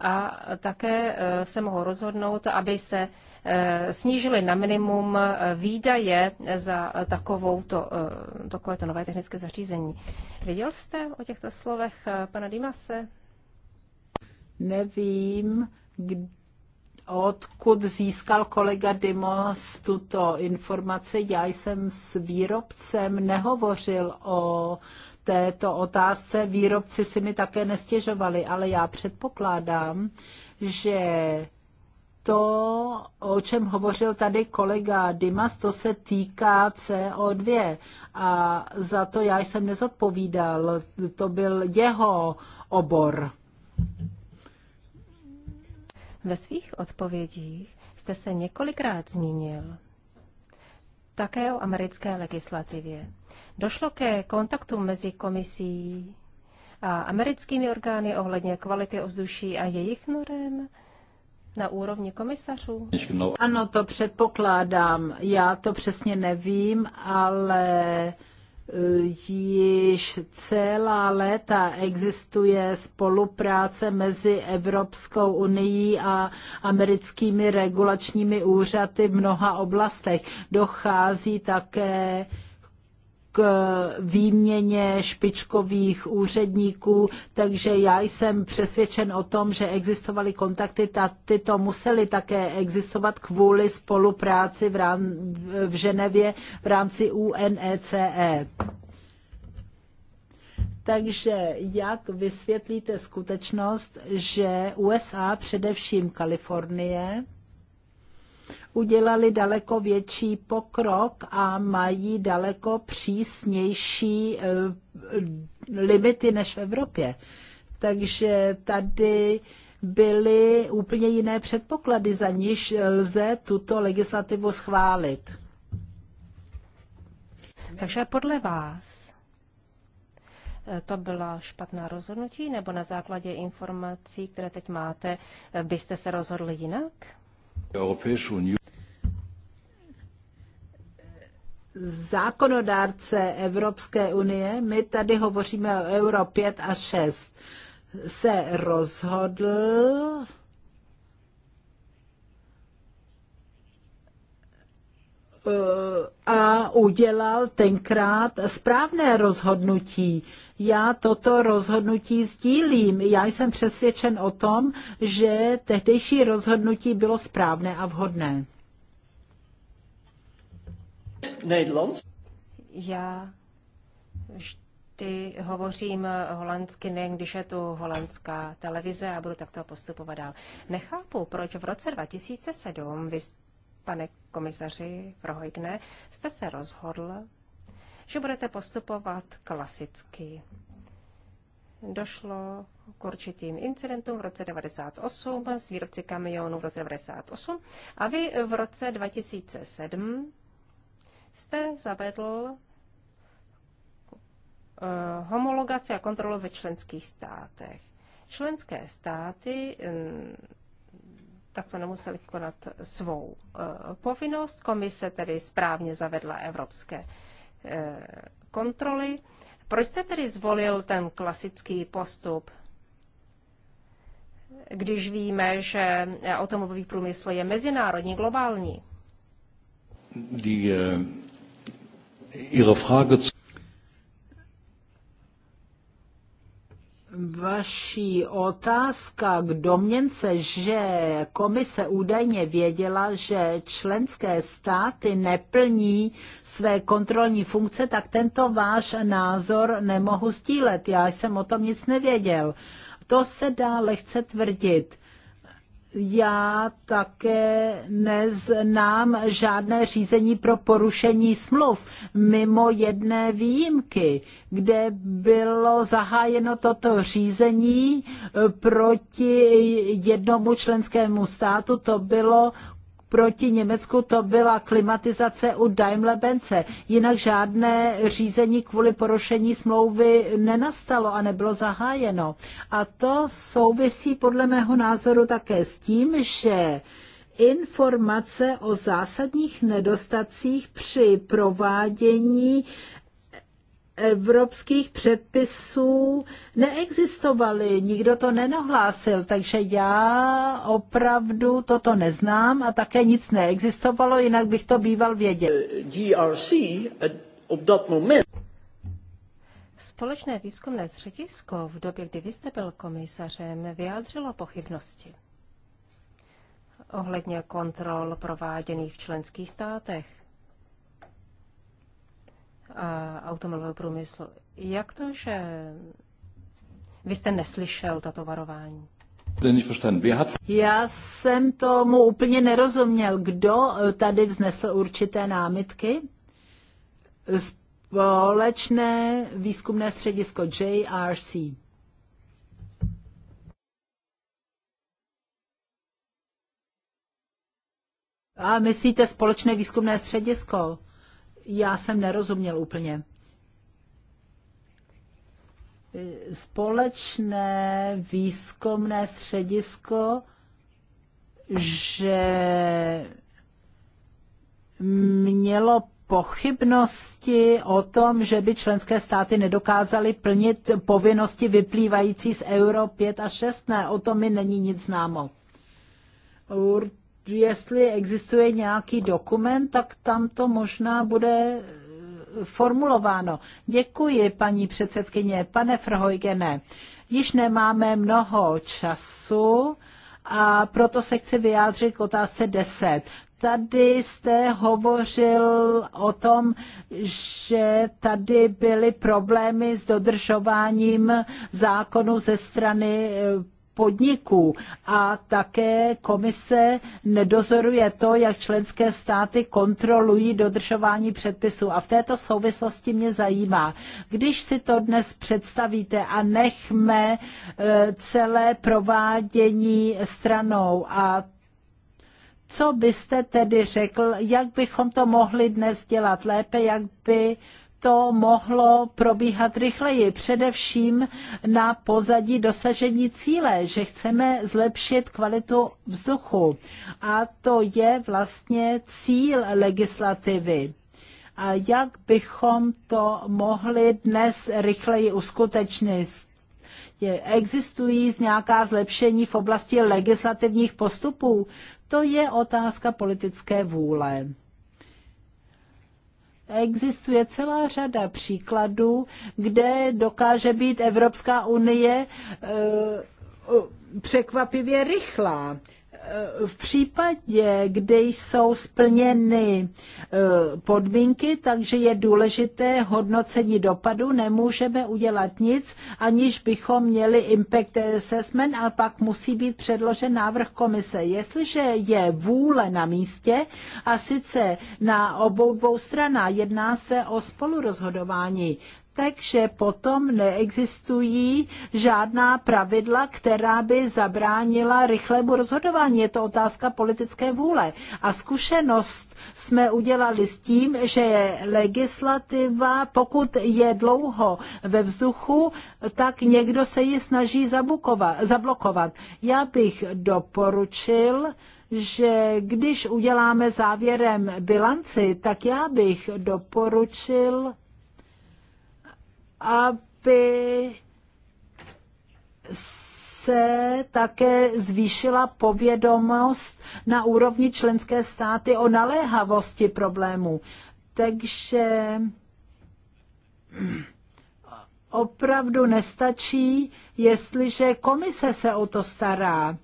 a také eh, se mohou rozhodnout, aby se eh, snížily na minimum výdaje za takovouto, takovéto nové technické zařízení. Viděl jste o těchto slovech pana Dimase? Nevím, odkud získal kolega Dimos tuto informaci. Já jsem s výrobcem nehovořil o této otázce. Výrobci si mi také nestěžovali, ale já předpokládám, že to, o čem hovořil tady kolega Dimas, to se týká CO2 a za to já jsem nezodpovídal. To byl jeho obor. Ve svých odpovědích jste se několikrát zmínil také o americké legislativě. Došlo ke kontaktu mezi komisí a americkými orgány ohledně kvality ovzduší a jejich norem na úrovni komisařů? Ano, to předpokládám. Já to přesně nevím, ale již celá léta existuje spolupráce mezi Evropskou unii a americkými regulačními úřady v mnoha oblastech. Dochází také k výměně špičkových úředníků, takže já jsem přesvědčen o tom, že existovaly kontakty, ta, tyto musely také existovat kvůli spolupráci v, rám, v Ženevě v rámci UNECE. E. Takže jak vysvětlíte skutečnost, že USA, především Kalifornie, udělali daleko větší pokrok a mají daleko přísnější eh, limity než v Evropě. Takže tady byly úplně jiné předpoklady, za níž lze tuto legislativu schválit. Takže podle vás eh, to byla špatná rozhodnutí, nebo na základě informací, které teď máte, eh, byste se rozhodli jinak? Zákonodárce Evropské unie, my tady hovoříme o Euro 5 a 6, se rozhodl, Eh, a udělal tenkrát správné rozhodnutí. Já toto rozhodnutí sdílím. Já jsem přesvědčen o tom, že tehdejší rozhodnutí bylo správné a vhodné. Já vždy hovořím holandsky, nejen když je tu holandská televize a budu takto postupovat dál. Nechápu, proč v roce 2007 vy pane komisaři Frohojkne, jste se rozhodl, že budete postupovat klasicky. Došlo k určitým incidentům v roce 98 s výrobci kamionů v roce 98 a vy v roce 2007 jste zavedl eh, homologaci a kontrolu ve členských státech. Členské státy hm, tak to nemuseli konat svou eh, povinnost. Komise tedy správně zavedla evropské eh, kontroly. Proč jste tedy zvolil ten klasický postup? když víme, že automobilový průmysl je mezinárodní, globální. Die, uh, ihre Frage vaší otázka k domněnce, že komise údajně věděla, že členské státy neplní své kontrolní funkce, tak tento váš názor nemohu stílet. Já jsem o tom nic nevěděl. To se dá lehce tvrdit já také neznám žádné řízení pro porušení smluv, mimo jedné výjimky, kde bylo zahájeno toto řízení proti jednomu členskému státu. To bylo proti Německu to byla klimatizace u Daimler Bence. Jinak žádné řízení kvůli porušení smlouvy nenastalo a nebylo zahájeno. A to souvisí podle mého názoru také s tím, že informace o zásadních nedostacích při provádění evropských předpisů neexistovaly, nikdo to nenohlásil, takže já opravdu toto neznám a také nic neexistovalo, jinak bych to býval věděl. Eh, GRC eh, ob dat moment... Společné výzkumné středisko v době, kdy vy jste byl komisařem, vyjádřilo pochybnosti ohledně kontrol prováděných v členských státech a automobilového průmyslu. Jak to, že vy jste neslyšel tato varování? Já jsem tomu úplně nerozuměl. Kdo eh, tady vznesl určité námitky? Společné výzkumné středisko JRC. A myslíte společné výzkumné středisko? já jsem nerozuměl úplně. Společné výzkumné středisko, že mělo pochybnosti o tom, že by členské státy nedokázaly plnit povinnosti vyplývající z Euro 5 a 6? Ne, o tom mi není nic známo. Určitě jestli existuje nějaký dokument, tak tam to možná bude eh, formulováno. Děkuji, paní předsedkyně. Pane Frhojgene, již nemáme mnoho času a proto se chci vyjádřit k otázce 10. Tady jste hovořil o tom, že tady byly problémy s dodržováním zákonu ze strany eh, podniků a také komise nedozoruje to, jak členské státy kontrolují dodržování předpisů. A v této souvislosti mě zajímá, když si to dnes představíte a nechme e, celé provádění stranou a co byste tedy řekl, jak bychom to mohli dnes dělat lépe, jak by to mohlo probíhat rychleji, především na pozadí dosažení cíle, že chceme zlepšit kvalitu vzduchu. A to je vlastně cíl legislativy. A jak bychom to mohli dnes rychleji uskutečnit? Existují nějaká zlepšení v oblasti legislativních postupů? To je otázka politické vůle. Existuje celá řada příkladů, kde dokáže být Evropská unie eh, překvapivě rychlá v případě, kdy jsou splněny e, podmínky, takže je důležité hodnocení dopadu, nemůžeme udělat nic, aniž bychom měli impact assessment a pak musí být předložen návrh komise. Jestliže je vůle na místě a sice na obou dvou stranách jedná se o spolurozhodování, takže potom neexistují žádná pravidla, která by zabránila rychlému rozhodování. Je to otázka politické vůle. A zkušenost jsme udělali s tím, že legislativa, pokud je dlouho ve vzduchu, tak někdo se ji snaží zablokovat. Já bych doporučil, že když uděláme závěrem bilanci, tak já bych doporučil aby se také zvýšila povědomost na úrovni členské státy o naléhavosti problému. Takže opravdu nestačí, jestliže komise se o to stará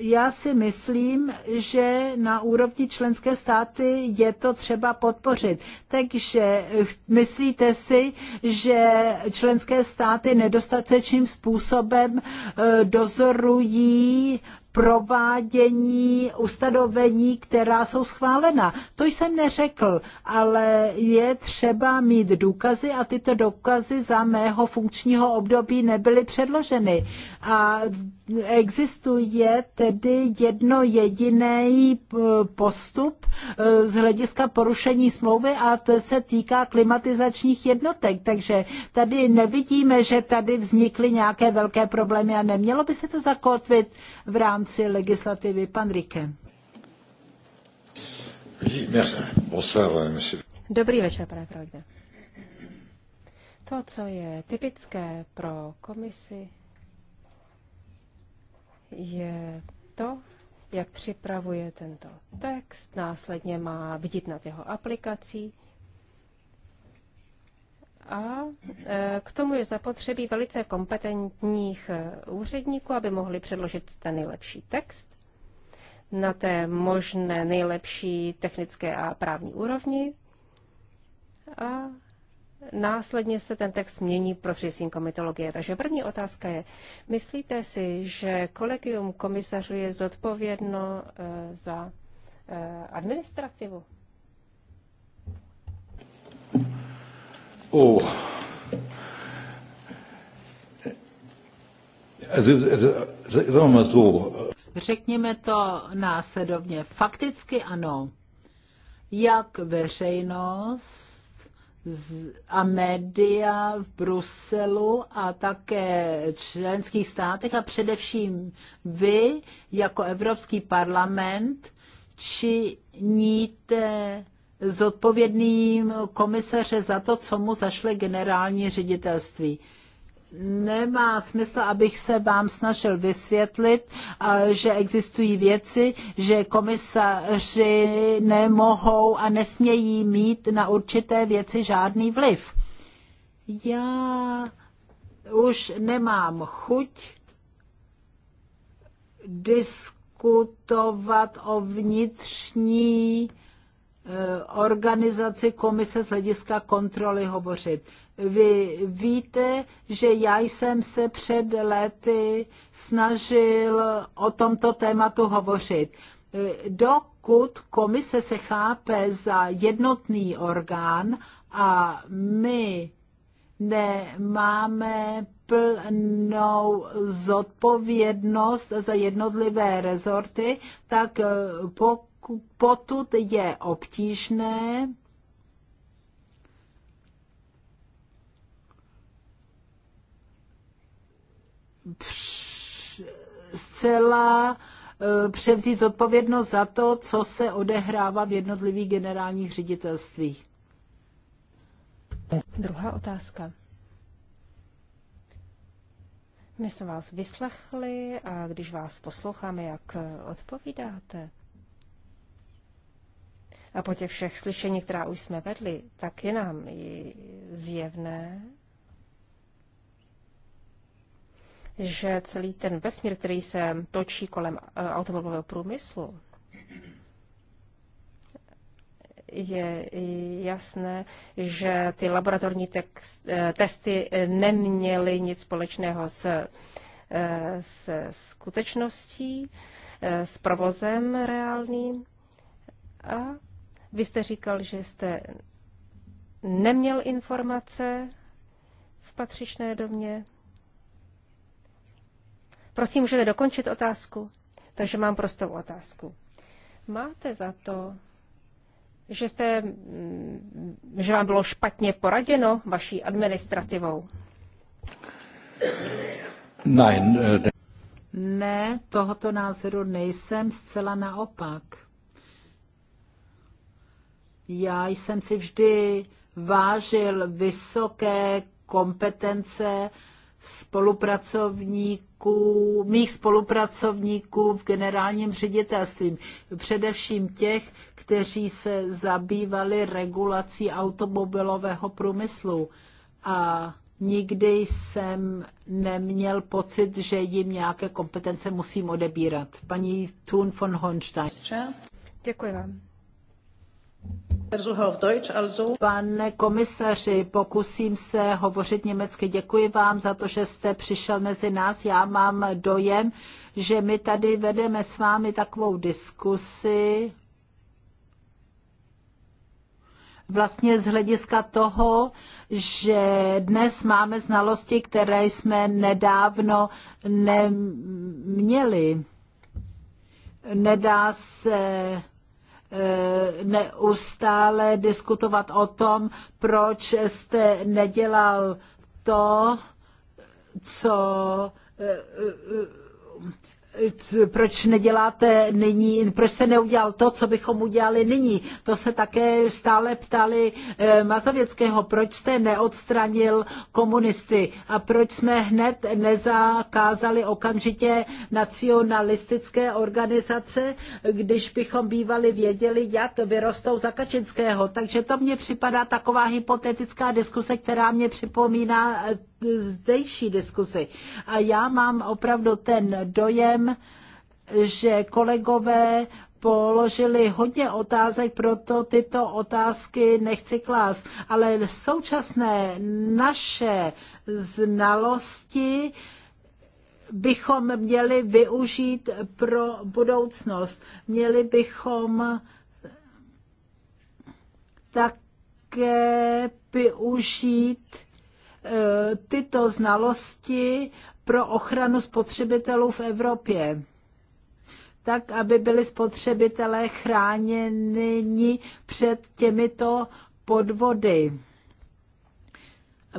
já si myslím, že na úrovni členské státy je to třeba podpořit. Takže myslíte si, že členské státy nedostatečným způsobem e, dozorují provádění ustanovení, která jsou schválena. To jsem neřekl, ale je třeba mít důkazy a tyto důkazy za mého funkčního období nebyly předloženy. A existuje tedy jedno jediný eh, postup eh, z hlediska porušení smlouvy a to se týká klimatizačních jednotek. Takže tady nevidíme, že tady vznikly nějaké velké problémy a nemělo by se to zakotvit v rámci legislativy. Pan Rike. Euh, Dobrý večer, pane Freude. To, co je typické pro komisi, je to, jak připravuje tento text, následně má vidět nad jeho aplikací. A e, k tomu je zapotřebí velice kompetentních e, úředníků, aby mohli předložit ten nejlepší text na té možné nejlepší technické a právní úrovni. A Následně se ten text mění prostřednictvím komitologie. Takže první otázka je, myslíte si, že kolegium komisařů je zodpovědno za administrativu? Oh. Řekněme to následovně. Fakticky ano. Jak veřejnost a média v Bruselu a také členských státech a především vy jako Evropský parlament činíte zodpovědným komisaře za to, co mu zašle generální ředitelství nemá smysl, abych se vám snažil vysvětlit, že existují věci, že komisaři nemohou a nesmějí mít na určité věci žádný vliv. Já už nemám chuť diskutovat o vnitřní Eh, organizaci komise z hlediska kontroly hovořit. Vy víte, že já jsem se před lety snažil o tomto tématu hovořit. Eh, dokud komise se chápe za jednotný orgán a my nemáme plnou zodpovědnost za jednotlivé rezorty, tak eh, pokud potud je obtížné. zcela eh, převzít odpovědnost za to, co se odehrává v jednotlivých generálních ředitelstvích. Druhá otázka. My jsme vás vyslechli a když vás posloucháme, jak odpovídáte, a po těch všech slyšení, která už jsme vedli, tak je nám zjevné, že celý ten vesmír, který se točí kolem eh, automobilového průmyslu, je jasné, že ty laboratorní text, eh, testy neměly nic společného s, eh, s skutečností, s provozem reálným. A vy jste říkal, že jste neměl informace v patřičné domě. Prosím, můžete dokončit otázku? Takže mám prostou otázku. Máte za to, že, jste, mm, že vám bylo špatně poraděno vaší administrativou? ne, tohoto názoru nejsem zcela naopak. Já jsem si vždy vážil vysoké kompetence spolupracovníků, mých spolupracovníků v generálním ředitelství, především těch, kteří se zabývali regulací automobilového průmyslu. A nikdy jsem neměl pocit, že jim nějaké kompetence musím odebírat. Paní Thun von Honstein. Děkuji vám. Pane komisaři, pokusím se hovořit německy. Děkuji vám za to, že jste přišel mezi nás. Já mám dojem, že my tady vedeme s vámi takovou diskusi vlastně z hlediska toho, že dnes máme znalosti, které jsme nedávno neměli. Nedá se Eh, neustále diskutovat o tom, proč jste nedělal to, co eh, eh, proč neděláte nyní, proč jste neudělal to, co bychom udělali nyní. To se také stále ptali eh, Mazověckého, proč jste neodstranil komunisty a proč jsme hned nezakázali okamžitě nacionalistické organizace, když bychom bývali věděli, jak vyrostou za Kačinského. Takže to mně připadá taková hypotetická diskuse, která mě připomíná eh, zdejší diskusi. A já mám opravdu ten dojem, že kolegové položili hodně otázek, proto tyto otázky nechci klást. Ale v současné naše znalosti bychom měli využít pro budoucnost. Měli bychom také využít eh, tyto znalosti pro ochranu spotřebitelů v Evropě tak, aby byli spotřebitelé chráněni před těmito podvody,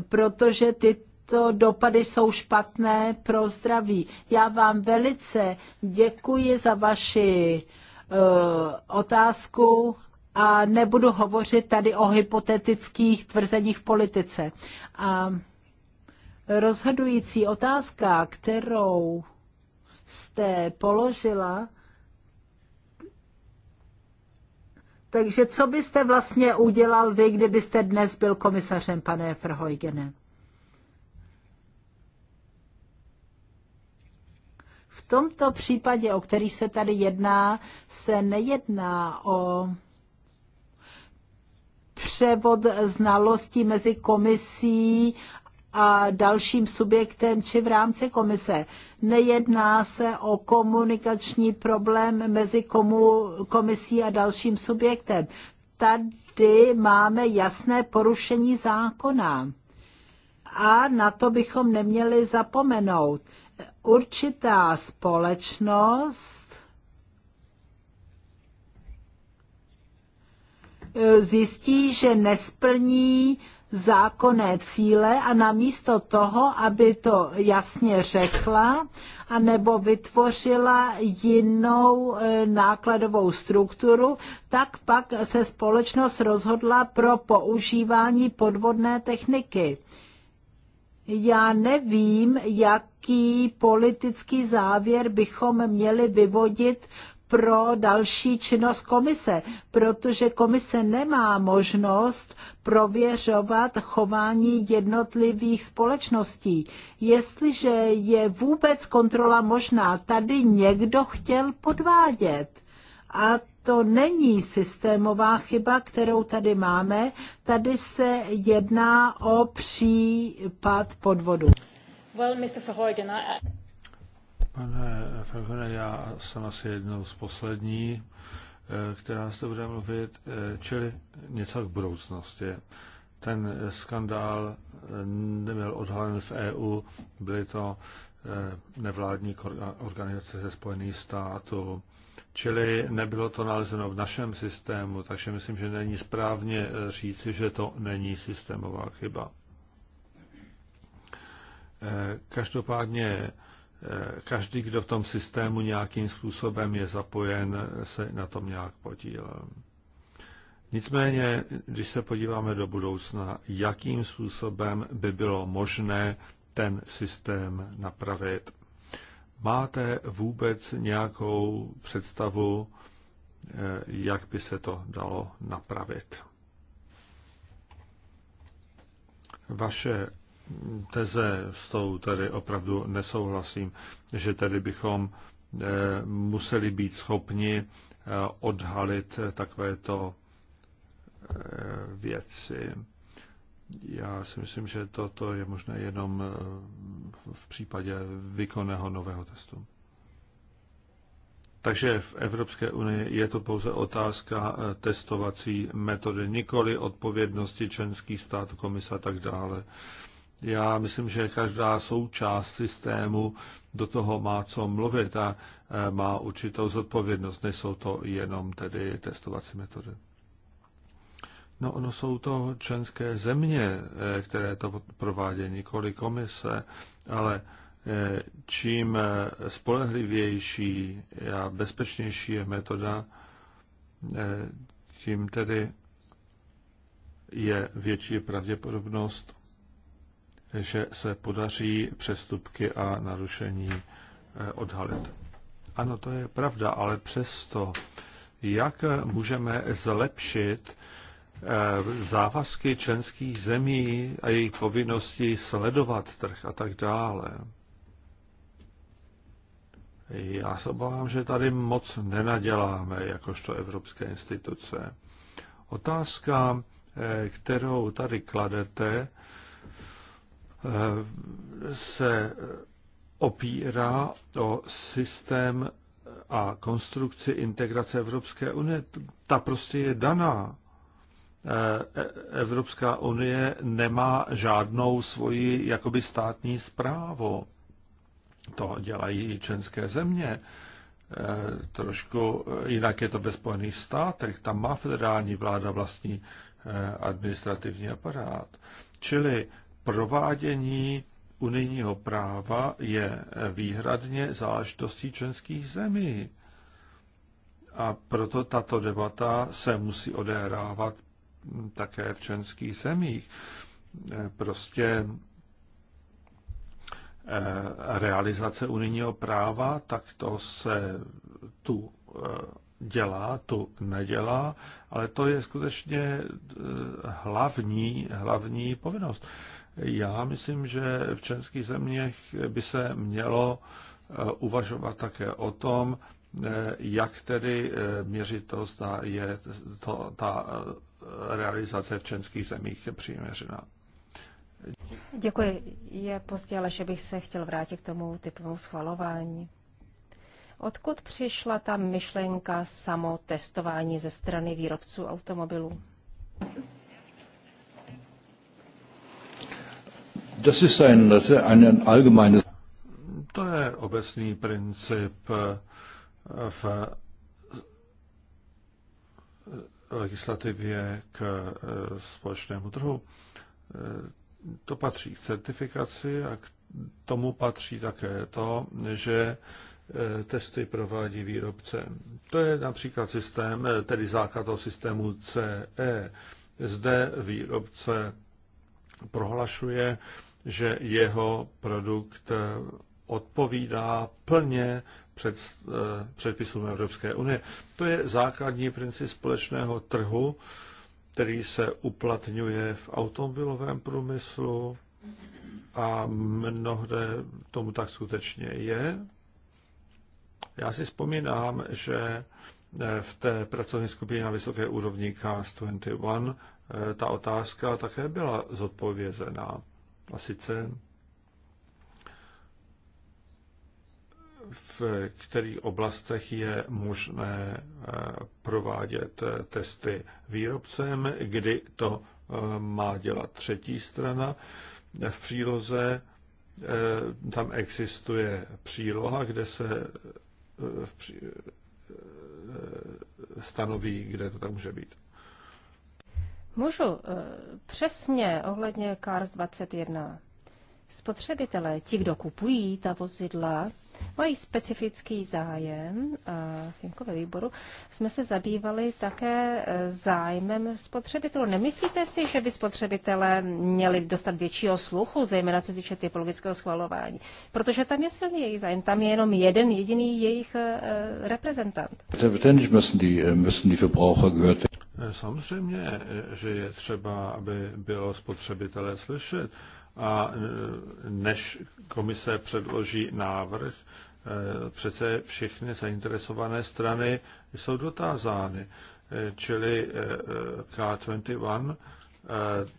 protože tyto dopady jsou špatné pro zdraví. Já vám velice děkuji za vaši uh, otázku a nebudu hovořit tady o hypotetických tvrzeních v politice. A rozhodující otázka, kterou jste položila, takže co byste vlastně udělal vy, kdybyste dnes byl komisařem, pane Verheugene? V tomto případě, o který se tady jedná, se nejedná o převod znalostí mezi komisí a dalším subjektem či v rámci komise. Nejedná se o komunikační problém mezi komu, komisí a dalším subjektem. Tady máme jasné porušení zákona. A na to bychom neměli zapomenout. Určitá společnost zjistí, že nesplní zákonné cíle a namísto toho, aby to jasně řekla, anebo vytvořila jinou e, nákladovou strukturu, tak pak se společnost rozhodla pro používání podvodné techniky. Já nevím, jaký politický závěr bychom měli vyvodit pro další činnost komise, protože komise nemá možnost prověřovat chování jednotlivých společností. Jestliže je vůbec kontrola možná, tady někdo chtěl podvádět. A to není systémová chyba, kterou tady máme. Tady se jedná o případ podvodu. Well, Mr. Verheugen, I... Pane Fragone, já jsem asi jednou z poslední, eh, která se bude mluvit, eh, čili něco v budoucnosti. Ten eh, skandál nebyl odhalen v EU, byly to nevládní organizace ze Spojených států, čili nebylo to nalezeno v našem systému, takže myslím, že není správně říci, že to není systémová chyba. Každopádně Eh, každý, kdo v tom systému nějakým způsobem je zapojen, se na tom nějak podílel. Nicméně, když se podíváme do budoucna, jakým způsobem by bylo možné ten systém napravit. Máte vůbec nějakou představu, eh, jak by se to dalo napravit? Vaše teze s tou tedy opravdu nesouhlasím, že tedy bychom eh, museli být schopni eh, odhalit takovéto eh, věci. Já si myslím, že toto je možné jenom v případě výkonného nového testu. Takže v Evropské unii je to pouze otázka testovací metody, nikoli odpovědnosti členských států, komisa a tak dále. Já myslím, že každá součást systému do toho má co mluvit a e, má určitou zodpovědnost. Nejsou to jenom tedy testovací metody. No, ono jsou to členské země, e, které to provádějí, nikoli komise, ale e, čím spolehlivější a bezpečnější je metoda, tím tedy je větší pravděpodobnost, že se podaří přestupky a narušení eh, odhalit. Ano, to je pravda, ale přesto, jak můžeme zlepšit eh, závazky členských zemí a jejich povinnosti sledovat trh a tak dále. Já se obávám, že tady moc nenaděláme, jakožto evropské instituce. Otázka, eh, kterou tady kladete, Eh, se opírá o systém a konstrukci integrace Evropské unie. Ta prostě je daná. Eh, Evropská unie nemá žádnou svoji jakoby státní zprávu. To dělají členské země. Eh, trošku jinak je to ve Spojených státech. Tam má federální vláda vlastní administrativní aparát. Čili provádění unijního práva je výhradně záležitostí členských zemí. A proto tato debata se musí odehrávat také v členských zemích. Prostě eh, realizace unijního práva, tak to se tu eh, dělá, tu nedělá, ale to je skutečně eh, hlavní, hlavní povinnost. Já myslím, že v českých zeměch by se mělo eh, uvažovat také o tom, eh, jak tedy eh, měřit to, zda je to, ta realizace v českých zemích přiměřená. Děkuji. Je pozdě, ale že bych se chtěl vrátit k tomu typovému schvalování. Odkud přišla ta myšlenka samotestování ze strany výrobců automobilů? Das ist ein, das ist ein allgemeines... To je obecný princip v legislativě k eh, společnému trhu. Eh, to patří k certifikaci a k tomu patří také to, že eh, testy provádí výrobce. To je například systém, tedy základ toho systému CE. Zde výrobce prohlašuje, že jeho produkt odpovídá plně před, eh, předpisům Evropské unie. To je základní princip společného trhu, který se uplatňuje v automobilovém průmyslu a mnohde tomu tak skutečně je. Já si vzpomínám, že eh, v té pracovní skupině na vysoké úrovni CAS 21 eh, ta otázka také byla zodpovězená. A sice v kterých oblastech je možné eh, provádět eh, testy výrobcem, kdy to eh, má dělat třetí strana. V příloze tam existuje příloha, kde se stanoví, kde to tak může být. Můžu eh, přesně ohledně CARS 21. Spotřebitelé, ti, kdo kupují ta vozidla, mají specifický zájem. V Jinkové výboru jsme se zabývali také e, zájmem spotřebitelů. Nemyslíte si, že by spotřebitelé měli dostat většího sluchu, zejména co týče typologického schvalování? Protože tam je silný jejich zájem, tam je jenom jeden jediný jejich e, reprezentant. E, samozřejmě, že je třeba, aby bylo spotřebitelé slyšet a e, než komise předloží návrh, e, přece všechny zainteresované strany jsou dotázány. E, čili K21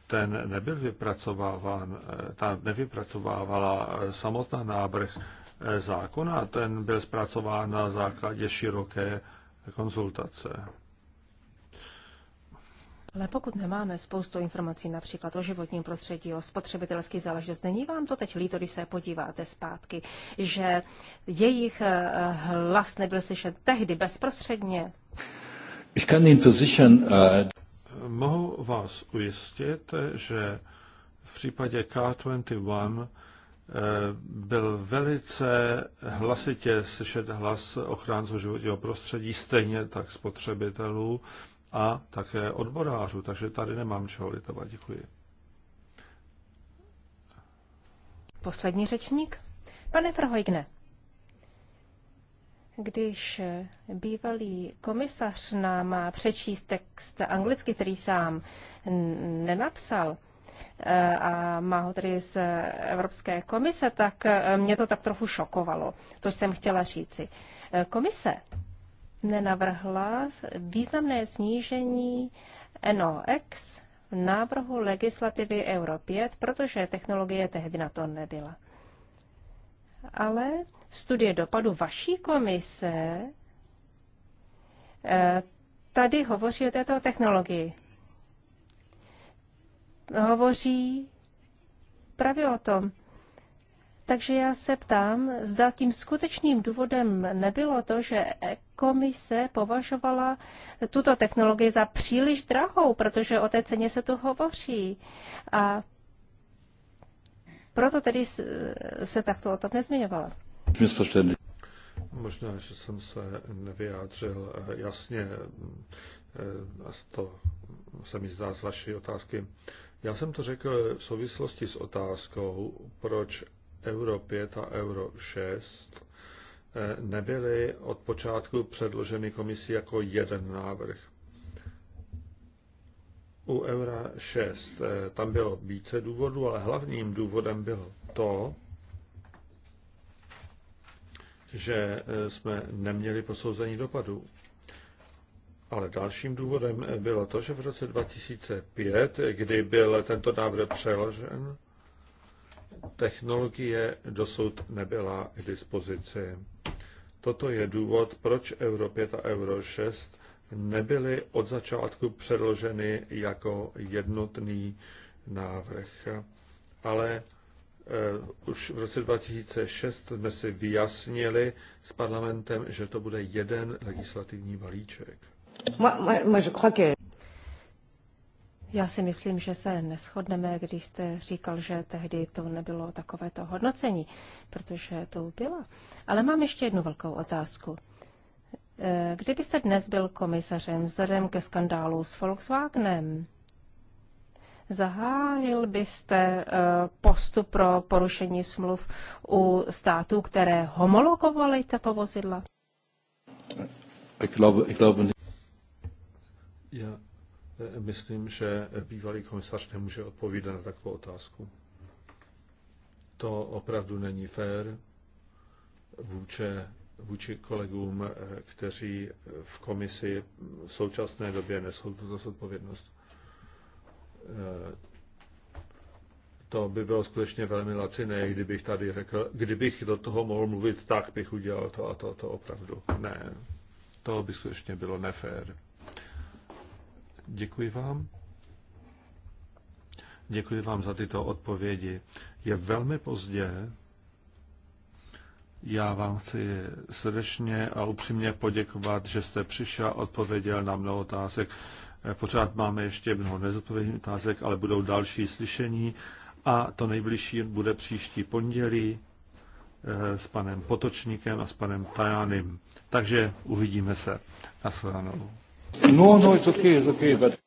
ten nebyl vypracováván, ta nevypracovávala samotná návrh zákona, ten byl zpracován na základě široké konzultace. Ale pokud nemáme spoustu informací například o životním prostředí, o spotřebitelský záležitost, není vám to teď líto, když se podíváte zpátky, že jejich eh, hlas nebyl slyšet tehdy bezprostředně? Ich kann Ihnen versichern, uh... Mohu vás ujistit, že v případě K21 eh, byl velice hlasitě slyšet hlas ochránců životního prostředí, stejně tak spotřebitelů a také odborářů, takže tady nemám čeho litovat. Děkuji. Poslední řečník? Pane Prohojgne, když bývalý komisař nám má přečíst text anglicky, který sám nenapsal, e, a má ho tedy z Evropské komise, tak e, mě to tak trochu šokovalo. To jsem chtěla říci. E, komise nenavrhla významné snížení NOx v návrhu legislativy Euro 5, protože technologie tehdy na to nebyla. Ale studie dopadu vaší komise eh, tady hovoří o této technologii. Hovoří právě o tom, takže já se ptám, zda tím skutečným důvodem nebylo to, že komise považovala tuto technologii za příliš drahou, protože o té ceně se tu hovoří. A proto tedy se takto o tom nezmiňovala. Možná, že jsem se nevyjádřil eh, jasně, eh, a to se mi zdá z vaší otázky. Já jsem to řekl v souvislosti s otázkou, proč Euro 5 a Euro 6 eh, nebyly od počátku předloženy komisí jako jeden návrh. U Eura 6 eh, tam bylo více důvodů, ale hlavním důvodem bylo to, že eh, jsme neměli posouzení dopadů. Ale dalším důvodem bylo to, že v roce 2005, kdy byl tento návrh přeložen, technologie dosud nebyla k dispozici. Toto je důvod, proč Euro 5 a Euro 6 nebyly od začátku předloženy jako jednotný návrh. Ale eh, už v roce 2006 jsme si vyjasnili s parlamentem, že to bude jeden legislativní balíček. Moi, moi, moi je crois que... Já si myslím, že se neschodneme, když jste říkal, že tehdy to nebylo takovéto hodnocení, protože to bylo. Ale mám ještě jednu velkou otázku. Eh, Kdybyste dnes byl komisařem vzhledem ke skandálu s Volkswagenem, zahájil byste eh, postup pro porušení smluv u států, které homologovaly tato vozidla? Já myslím, že bývalý komisař nemůže odpovídat na takovou otázku. To opravdu není fér vůči, vůči kolegům, kteří v komisi v současné době nesou tuto zodpovědnost. To by bylo skutečně velmi laciné, kdybych tady řekl, kdybych do toho mohl mluvit, tak bych udělal to a to, to opravdu ne. To by skutečně bylo nefér. Děkuji vám. Děkuji vám za tyto odpovědi. Je velmi pozdě. Já vám chci srdečně a upřímně poděkovat, že jste přišel a odpověděl na mnoho otázek. Eh, pořád máme ještě mnoho nezodpovědných otázek, ale budou další slyšení a to nejbližší bude příští pondělí eh, s panem Potočníkem a s panem Tajánem. Takže uvidíme se. Naschledanou. No, no, it's okay, it's okay, but...